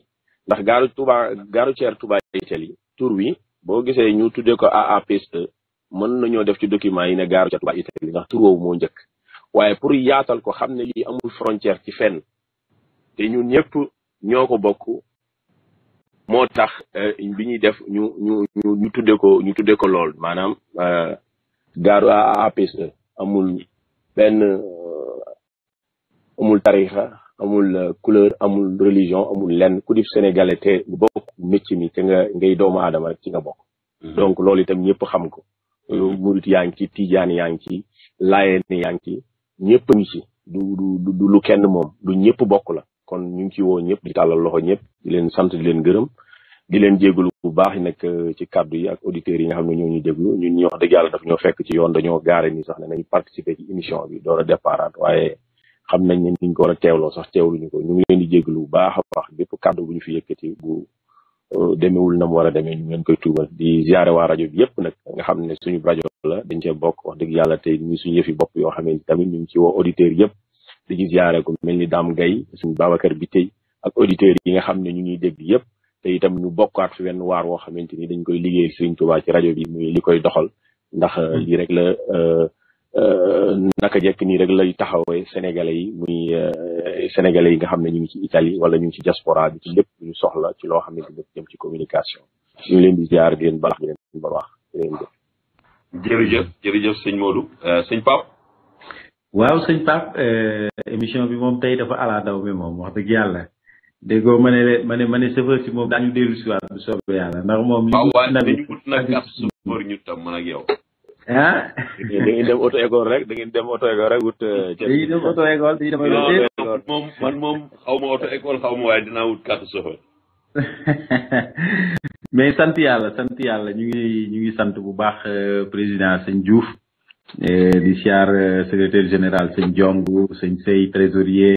ndax gaaru Touba gaaru ceer Touba Italie tur wi boo gisee ñu tuddee ko AAPSE mën ñoo def ci document yi ne gaaru ceer Touba Italie ndax tur woowu moo njëkk waaye pour yaatal ko xam ne lii amul frontière ci fenn te ñun ñëpp ñoo ko bokk moo tax euh, bi ñuy def ñu ñu tuddee ko ñu tuddee ko lool maanaam euh, gaaru APSE amul benn amul tarixa amul euh, couleur amul religion amul lenn ku dif sénégalais te bokk métier mi nga ngay doomu aadama rek ci nga bokk mm-hmm. donc loolu itam ñëpp xam ko euh, murit yaa ngi ci tiijaan yaa ngi ci laayeen yaa ngi ci ñëpp ngi ci du du du lu kenn moom du ñëpp bokk la kon ñu ngi ci woo ñëpp di tàllal loxo ñëpp di leen sant di leen gërëm di leen jégalu bu baax nag euh, ci kaddu yi ak auditeurs yi nga xam ne ñoo ñu déglu ñun ñu wax dëgg yàlla daf ñoo fekk ci yoon dañoo gaare nii sax ne nañu participer ci émission bi door a départ waaye xam nañ ne niñ ko war a teewloo sax teewluñu ko ñu ngi leen di jégalu bu baax a kàddu bu ñu fi yëkkati bu euh, demewul na mu war a demee ñu koy tuubal di ziare waa rajo bi yëpp nag nga xam ne suñu rajo la dañ cee bokk wax dëgg yàlla tey ñu suñu yëfi bopp yoo xam ne tamit ñu ngi ci woo auditeurs yëpp di ci ziare ko mel ni Dame Gaye suñu Babacar bi tey ak auditeurs yi nga xam ne ñu ngi dégg yëpp te itam ñu bokkaat fi wenn waar woo xamante ni dañ koy liggéey Sëriñ Tuubaa ci rajo bi muy li koy doxal ndax hmm. lii rek la euh, euh, naka jekk nii rek lay taxawee sénégalais yi muy euh, sénégalais yi nga xam ne ñu ngi ci Italie wala ñu ngi ci diaspora bi ci lépp ñu soxla ci loo xamante ni ci communication ñu leen di ziar di leen balax di leen balax di leen jëf jërëjëf jërëjëf sëñ Modou sëñ Pape waaw sëñ Pape émission bi moom tey dafa ala daw bi moom wax dëgg yàlla déggoo ma ne leen ma ne ma ne chauffeur si moom daañu dellu si waat bu soobee yàlla moom. waaw wut nag ab chauffeur ñu tam man ak yow. ah. <laughs> da ngeen dem auto école rek da ngeen dem auto école rek wut. Euh, dañuy dem auto école man moom xaw ma école xaw waaye dinaa wut carte chauffeur. <laughs> mais sant yàlla sant yàlla ñu ngi ñu ngi sant bu baax euh, président sëñ Diouf. Euh, di siyaar secrétaire général sëñ Diong sëñ Sey trésorier.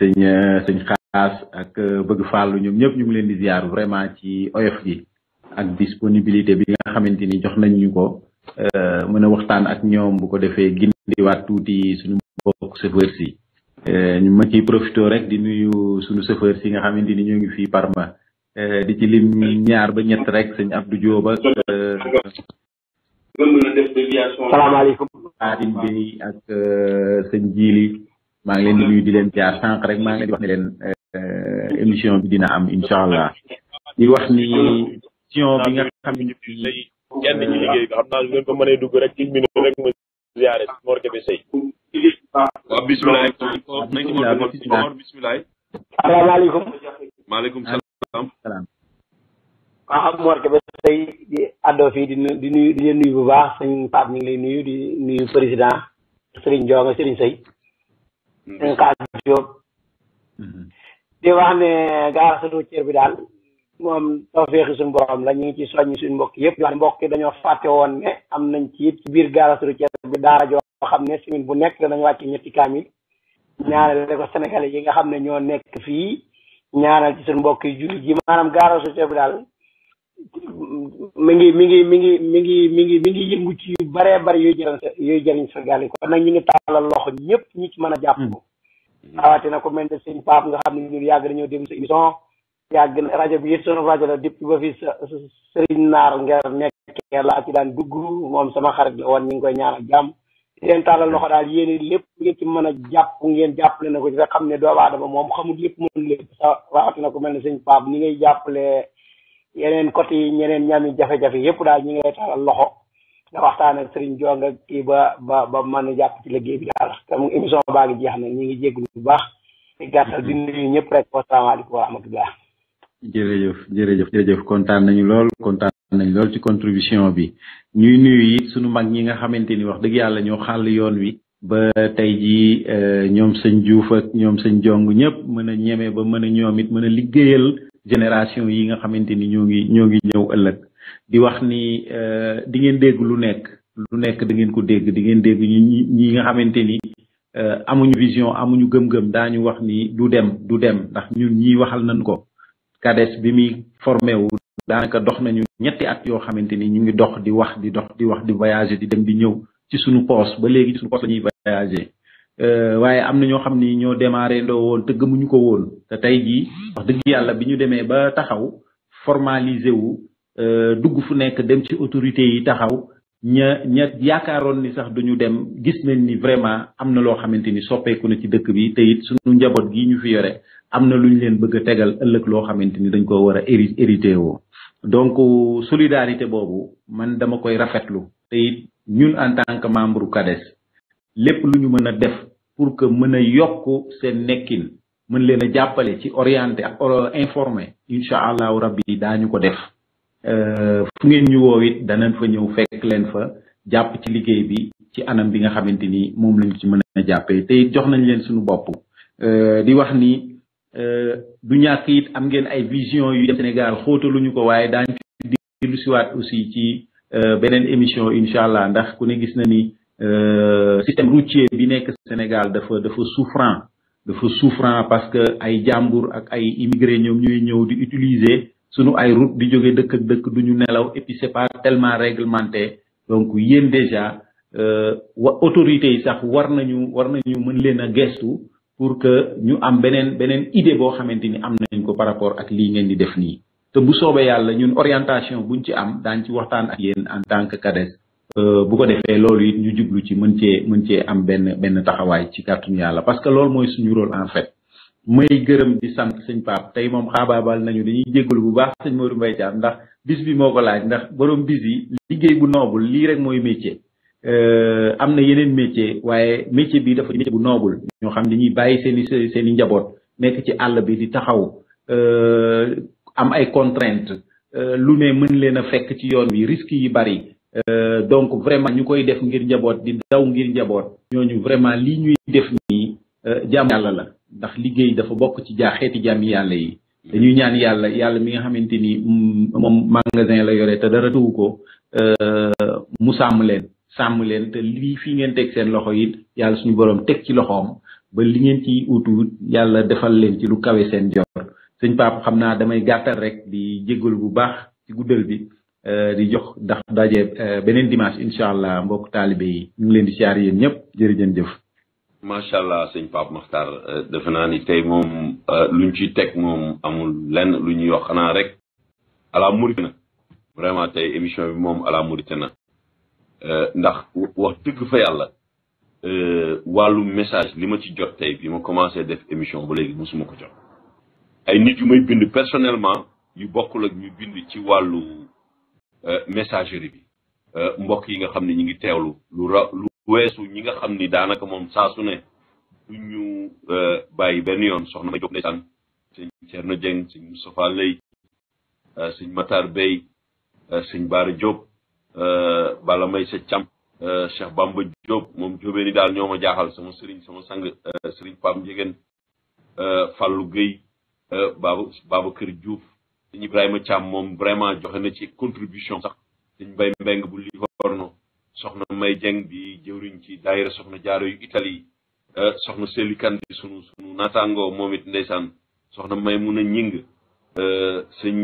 seigne seigne khas ak euh, bëgg fallu ñoom ñëpp ñu ngi leen di ziar vraiment ci oyof gi ak disponibilité bi nga xamanteni jox nañ ñu ko euh mëna waxtaan ak ñoom bu ko défé gindi gindiwaat tuuti suñu bokk mbokk ci euh ñu ma ci profito rek di nuyu suñu chauffeur ci nga xamanteni ni ñoo ngi fi Parma euh di ci lim ñaar ba ñett rek seigne Abdou Diop ak alaykum Adim bi ak euh, seigne Jili Mang ngi leen di nuyu di leen jaar sànq rek maa ngi leen di wax ne leen émission bi dina am incha allah di wax ni émission bi nga xam ni kenn ci liggéey bi xam naa ngeen ko mënee dugg rek ci minute rek ma ziare Mor waaw nañ ci Mor maaleykum salaam salaam waaw Mor di àddoo fii di di nuyu di leen nuyu bu baax sëñ Pape ñu ngi lay nuyu di nuyu président Serigne Jonga Serigne Seye Nkaat Diop. di wax ne gaar sadu cër bi daal moom tawféexi suñu borom la ñu ngi ci soññ suñu mbokk yëpp yoo mbokk dañoo fàtte woon ne am nañ ci it ci biir gaar sadu cër bi daara joo xam ne simin bu nekk danañ wàcc ñetti kaamil ñaanale ko Sénégalais yi nga xam ne ñoo nekk fii ñaanal ci suñu mbokk yi jullit yi maanaam gaar sadu cër bi daal mi ngi mi ngi mi ngi mi ngi mi ngi mi ngi yëngu ci yu baree bari yooyu jëriñ sa yooyu jëriñ Sénégal yi kon nag ñu ngi tàllal mën a jàpp hmm. awaate na ko mel ne sëñ Pape nga xam ne yàgg nañoo dem sa émission rajo bi it sunu rajo la depuis ba fi sëriñ naar nga nekkee laa ci daan dugg moom sama xarit la woon ñu ngi koy ñaanal jàmm di leen tàllal loxo daal yéen lépp ngeen ci mën a jàpp ngeen jàppale na ko ci rek xam ne doomu aadama moom xamul lépp mënul lépp sa rawaate na ko mel ne sëñ Pape ni ngay jàppale yeneen côté yi ñeneen ñami jafe-jafe yëpp daal ñi ngay taalal loxo nga waxtaan ak sëriñ Jong ak ba ba ba mën a jàpp ci liggéey bi daal tam émission baa ngi jeex na ñu ngi jégalu bu baax di gàttal di nuyu ñëpp rek wasalaamaaleykum wa rahmatullah jërëjëf jërëjëf jërëjëf kontaan nañu lool kontaan nañu lool ci contribution bi ñuy nuyu it suñu mag ñi nga xamante ni wax dëgg yàlla ñoo xàll yoon wi ba tey jii eh, ñoom sëñ Diouf ñoom sëñ Jong ñëpp mën a ñeme ba mën a ñoom it mën a liggéeyal génération yi nga xamante ni ñoo ngi ñoo ngi ñëw ëllëg di wax ni euh, di ngeen dégg lu nekk lu nekk di ngeen ko dégg di ngeen dégg ñi ñi nga xamante ni euh, amuñu vision amuñu gëm-gëm daañu wax ni du dem du dem ndax ñun ñi waxal nañ ko CADES bi muy formé wu daanaka dox nañu ñetti at yoo xamante ni ñu ngi dox di wax di dox di wax di voyager di dem di ñëw ci suñu poos ba léegi ci suñu poos la ñuy voyager Euh, waaye am na ñoo xam ni ñoo démarré ndoo woon te gëmuñu ko woon te tey jii wax dëgg yàlla bi ñu demee ba taxaw formalisé wu euh, dugg fu nekk dem ci autorités yi taxaw ña ña yaakaaroon ni sax duñu dem gis nañ ni vraiment am na loo xamante ni soppeeku na ci dëkk bi te it suñu njaboot gi ñu fi yore am na lu ñu leen bëgg a tegal ëllëg loo xamante ni dañ ko war a hérité woo donc solidarité boobu man dama koy rafetlu te ñun en tant que membre CADES lépp lu ñu mën a def pour que mën a yokk seen nekkin mën leen a jàppale ci orienté ak informé incha allahu rabbi daañu ko def euh, fu ngeen ñu woo it danañ fa ñëw fekk leen fa jàpp ci liggéey bi ci anam bi nga xamante ni moom lañ ci mën a jàppee te it jox nañ leen suñu bopp euh, di wax ni euh, du ñàkk it am ngeen ay vision yu Sénégal xóotaluñu ko waaye daañu fi di lu siwaat aussi ci beneen émission incha allah ndax ku ne gis na ni Euh, système routier bi nekk Sénégal dafa dafa souffrant dafa souffrant parce que ay jàmbur ak ay immigré ñoom ñuy ñëw di utiliser sunu ay route di jóge dëkk dëkk du ñu nelaw et puis c'est pas tellement réglementé donc yéen déjà euh, wa autorités yi sax war nañu war nañu mën leen a gestu pour que ñu am beneen beneen idée boo xamante ni am nañ ko par rapport ak lii ngeen di def nii te bu soobee yàlla ñun orientation buñ ci am daañ ci waxtaan ak yéen en tant que CADES. Euh, bu ko defee loolu it ñu jublu ci mën cee mën cee am benn benn taxawaay ci kàttanu yàlla parce que loolu mooy suñu rôle en fait may gërëm di sant sëñ Pape tey moom xaabaabal nañu dañuy jéggalu bu baax sëñ Modou Mbaye ndax bis bi moo ko laaj ndax borom bis yi liggéey bu noobul lii rek mooy métier euh, am na yeneen métier waaye métier bi dafa métier bu noobul ñoo xam dañuy bàyyi seen i seen i njaboot nekk ci àll bi di taxaw euh, am ay contraintes lu ne mën leen a fekk ci yoon bi risques yi bari Euh, donc vraiment ñu koy def ngir njaboot di daw ngir njaboot ñooñu vraiment lii ñuy def nii euh, jaam yàlla la ndax liggéey dafa bokk ci jaa xeeti jaam yàlla yi dañuy ñaan yàlla yàlla mi nga xamante ni moom magasin la yore te dara tuwu ko euh, mu sàmm leen sàmm leen te lii fii ngeen teg seen loxo yit yàlla suñu boroom teg ci loxoom ba li ngeen ci utu yàlla defal leen ci lu kawe seen jor sëñ Pape xam naa damay gàttal rek di jégalu bu baax ci guddal bi Euh, di jox ndax daje euh, beneen dimanche incha allah mbokk taalibe yi ñu ngi leen di siyaar yéen jër jërëjën jëf macha allah sëñ Pape Makhtar euh, defe naa ni tey moom luñ ci teg moom amul lenn lu ñuy wax xanaa rek ala na vraiment tey émission bi moom ala Mauritanie ndax wax dëgg fa yàlla wàllu message li ma ci jot tey bi ma commencé def émission ba léegi mosuma ko jot ay nit yu may bind personnellement yu bokkul ak ñu bind ci wàllu Euh, messagerie bi euh, mbokk yi nga xam ne ñu ngi teewlu lu ra lu weesu ñi nga xam ni daanaka moom saa ne du ñu euh, bàyyi benn yoon soxna May Jóob ndeysaan sëñ Cerno Jeng sëñ Moustapha Lay sëñ Matar Bey sëñ Baara Jóob Bala May sa Cam Cheikh Bamba Jóob moom jóobee ni daal ñoom ma jaaxal sama sëriñ sama sang sëriñ Pam Njegéen Fàllu Géy Baaba Babacar Diouf sëñ Ibrahima Thiam moom vraiment joxe na ci contribution sax sëñ Mbay Mbeng bu Livorno soxna May Jeng bi jëwriñ ci daayira soxna jaaro yu Italie euh, soxna Seli Kan bi sunu sunu moom it ndeysaan soxna May mun a ñing euh, euh, sëñ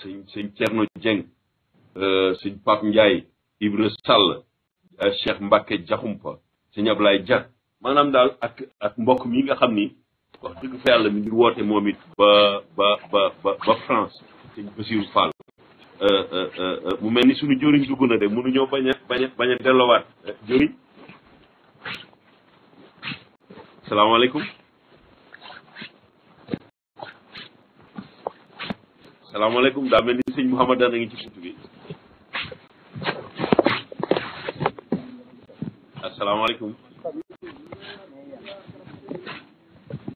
sëñ sëñ Cerno Jeng sëñ Pape Ndiaye Ibra Sall Cheikh mbake Jaxumpa sëñ Ablaye Dia maanaam daal ak ak mbokk mi nga xam ni wax dëgg fa yàlla mi ngi woote ba ba ba ba France sëñ Basiru Fall euh, euh, euh, mu mel suñu jëriñ dugg na de mënuñoo bañ a bañ a bañ a dellowaat jëriñ salaamaaleykum salaamaaleykum ci bi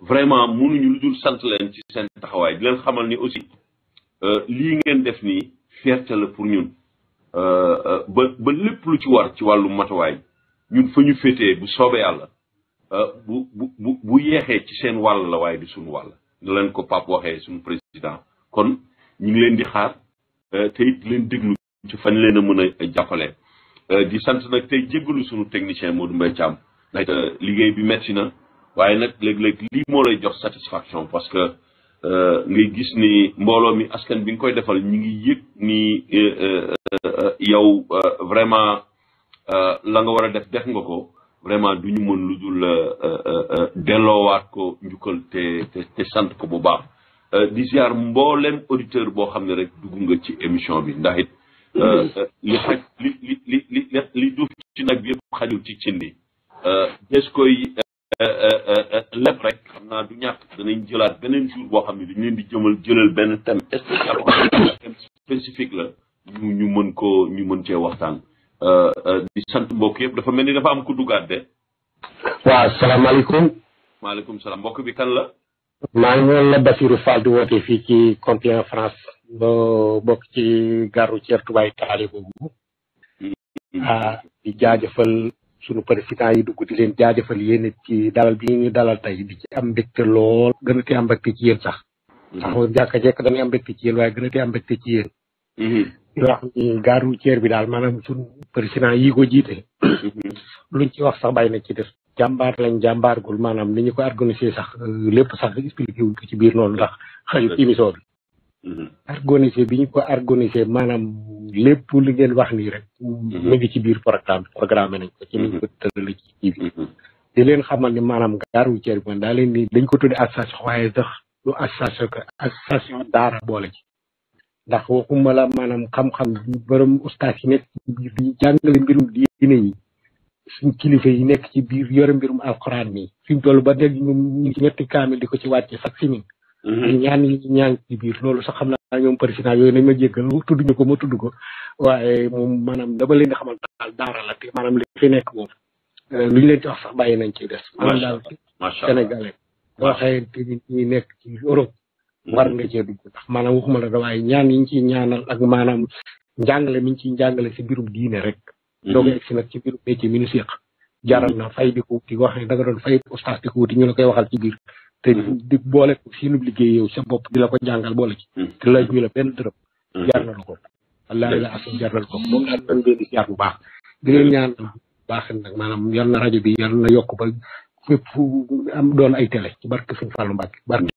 vraiment mënuñu lu dul sant leen ci seen taxawaay di leen xamal ni aussi euh, lii ngeen def nii fierté la pour ñun euh, euh, ba ba lépp lu ci war ci wàllu matuwaay ñun fa ñu féetee bu soobee yàlla bu bu bu yeexee ci seen wàll la waaye du suñu wàll da leen ko pap waxee suñu président kon ñi leen di xaar te it leen déglu ci fañ leen a mën a jàppale di sant nag tey jéggalu suñu technicien Modou Mbaye Thiam ndax liggéey bi metti na waaye nag léeg-léeg lii moo lay jox satisfaction parce que euh, ngay gis ni mbooloo mi askan bi nga koy defal ñu ngi yëg ni euh, euh, yow vraiment la nga war a def def nga ko vraiment du ñu mën lu dul delloowaat ko njukkal te sant ko bu baax di ziar mbooleem auditeur boo xam ne rek dugg nga ci émission bi ndax it mm-hmm. li li li li li li ci nag bi yëpp xajul ci cin li des koy Eh, eh, eh, lépp rek xam naa du ñàkk danañ jëlaat beneen jour boo xam ne dañ leen di jëmal jëlal benn thème spécial thème spécifique la ñu ñu mën ko ñu mën cee waxtaan euh, euh, di sant mbokk yëpp dafa mel ni dafa am ku dugaat de waaw salaamaaleykum maaleykum salaam mbokk bi kan la maa ngi woon la Basiru Fall di woote fii ci Compiègne France bo bokk ci garu Ceerno Tuubaa Italie ah di jaajëfal suñu président yi dugg di leen jaajëfal yéen ci dalal bi ñu dalal tey di ci am mbégte lool gën a tee am mbégte ci yéen sax mm-hmm. ndax jàkka jekk dañuy am mbégte ci yéen waaye gën a tee am ci yéen mm-hmm. di wax ni gare bi daal maanaam suñu président yi ko jiite mm-hmm. luñ ci wax sax bàyyi na ci def jàmbaar lañ jàmbaargul maanaam ni ñu ko organisé sax lépp sax expliqué wuñ ko ci biir noonu ndax xëy émission bi organisé mhm. bi ñu ko organisé maanaam lépp li ngeen wax nii rek. mu mhm. ngi ci biir programme programme nañ ko. ci ni ñu mhm. ko tëralee ci kii bi. di leen xamal ne maanaam gare routière daa leen ni dañ ko tuddee association waaye sax lu association association daara boole ndax waxuma la maanaam xam-xam borom ustaas yi nekk ci biir di jàngale mbirum diine yi suñ kilifa yi nekk ci biir yore mbirum alxuraan yi. fi mu toll ba léegi ñoom ñu ngi ci ñetti kaamil di ko ci wàcce chaque semaine. Mm-hmm. ak ñaan yi ñaan ci loolu sax xam naa ñoom président yooyu nañ ma jéggal tudd ko ma tuddu ko waaye moom maanaam dama leen di xamal daal daara la te maanaam nekk moom euh, lu ñu leen ci sax bàyyi nañ ci des maanaam daal sénégalais waxee nekk ci Europe mm-hmm. war nga cee dugg ndax waaye ñaan yi ñu ciy ñaanal ak maanaam le mi ñu ciy njàngale si mbirum diine rek mm-hmm. doo ko egsi nag ci mbirum métier mi nu na fay di ko wuti wax ne da nga doon fay ustaas la koy waxal ci biir te mm-hmm. di boole ko fi siinub liggéey yow sa bopp di la ko jàngal boole ci te laaj ñu la benn dërëm mm-hmm. jar na la ko wallaahi mm-hmm. la asim jar na ko moom la ñu ngeen di jaar bu baax di leen ñaan baax nag maanaam yor na rajo bi yor na yokk ba fépp am doon ay télé ci barke suñu fàllu mbàkk barke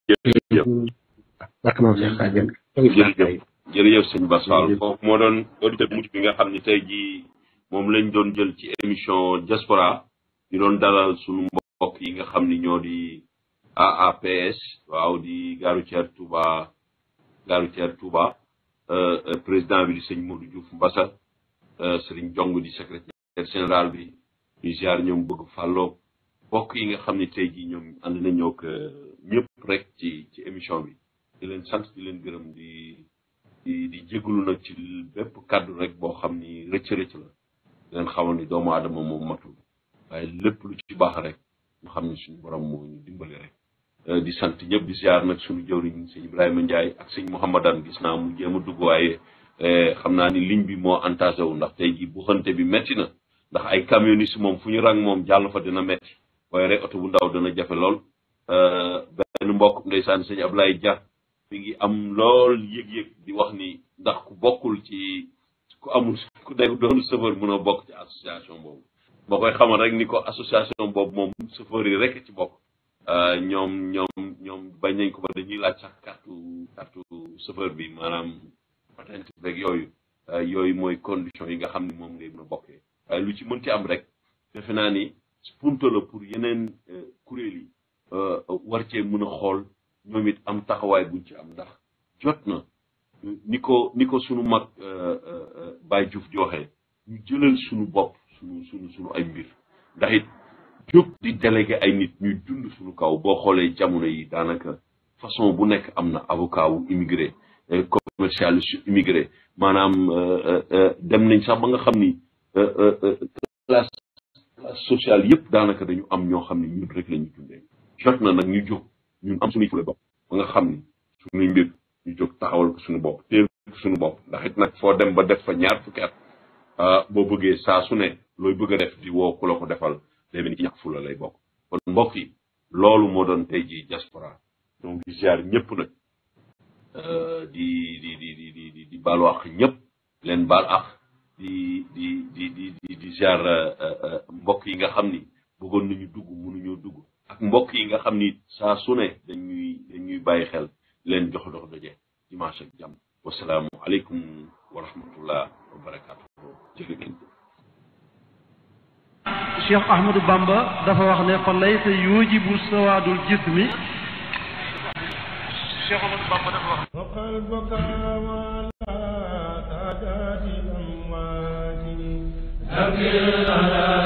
barke maam Cheikh Sadiane jërëjëf jërëjëf sëñ Bass Fall foofu moo doon auditeur mujj bi nga xam ne tey jii moom lañ doon jël ci émission diaspora di doon dalal suñu mbokk yi nga xam ni ñoo di AAPS waaw di gaaru ceer Touba gaaru ceer Touba euh, euh, président bi di sëñ Modou Diouf Mbassa euh, sëriñ Jong di secrétaire général bi ñu ziar ñoom bëgg fàlloo bokk yi nga xam ni tey jii ñoom ànd nañoo ko ñëpp rek ci émission bi di leen sant di leen gërëm di di di nag ci bépp kàddu rek boo xam ni rëcc rëcc la di leen xamal ni doomu aadama moom matul waaye lépp lu ci baax rek ñu xam ne suñu borom moo ñu dimbali rek Euh, di sant ñëpp di ziar nag suñu jëwriñ sëñ Ibrahima Ndiaye ak sëñ Mouhamadane gis naa mu jéem a dugg waaye eh, xam naa ni ligne bi moo entagé wu ndax tey jii buxante bi métti na ndax ay camionnistes moom fu ñu rang moom jàll fa dina métti waaye rek oto bu ndaw dana jafe lool euh, benn mbokk ndeysaan sëñ Ablaye Dia mi ngi am lool yëg-yëg di wax ni ndax ku bokkul ci ku amul ku day doon chauffeur mun a bokk ci association boobu boo koy xamal rek ni ko association boobu moom chauffeur yi rek ci bokk Euh, ñoom ñoom ñoom bañ nañ ko ba dañuy laaj sax carte carte chauffeur bi maanaam patente rek yooyu euh, yooyu mooy condition yi nga xam ne moom ngay mën a bokkee waaye euh, lu ci mënti am rek defe naa ni spunto la pour yeneen kuréel yi war cee mën a xool ñoom it am taxawaay buñ ci am ndax jot na ni ko ni ko sunu mag Baye Diouf joxe ñu jëlal sunu bopp sunu sunu sunu ay mbir ndax jóg di délégué ay nit ñuy dund suñu kaw boo xoolee jamono yi daanaka façon bu nekk am na avocat wu immigré euh, commercialiste immigré maanaam euh, euh, dem nañ sax ba nga xam ni classe sociale yëpp daanaka dañu am ñoo xam ni ñun rek la ñu dundee jot na nag ñu jóg ñun am suñuy fule bopp ba nga xam ni suñuy mbir ñu jóg taxawal ko suñu bopp téel ko suñu bopp ndax it nag foo dem ba def fa ñaar fukki at boo bëggee saa su ne looy bëgg a def di woo ku la ko defal léegi ci yàq fula lay bokk kon mbokk yi loolu moo doon ji diaspora donc di ñëpp nag euh, di di di di di ñëpp leen baal àq di di di di di ziar euh, euh, mbokk yi nga xam ni bëggoon nañu dugg mënuñoo dugg ak mbokk yi nga xam ni saa su ne dañuy dañuy bàyyi xel leen jox dox doje dimanche ak jàmm wasalaamu aleykum wa rahmatullah wa barakaatu cheikh ahmadou bamba dafa wax ne fa laysa yujibu sawaadul jismi cheikh ahmadou bamba dafa wax waqal bokaala aadati amwaati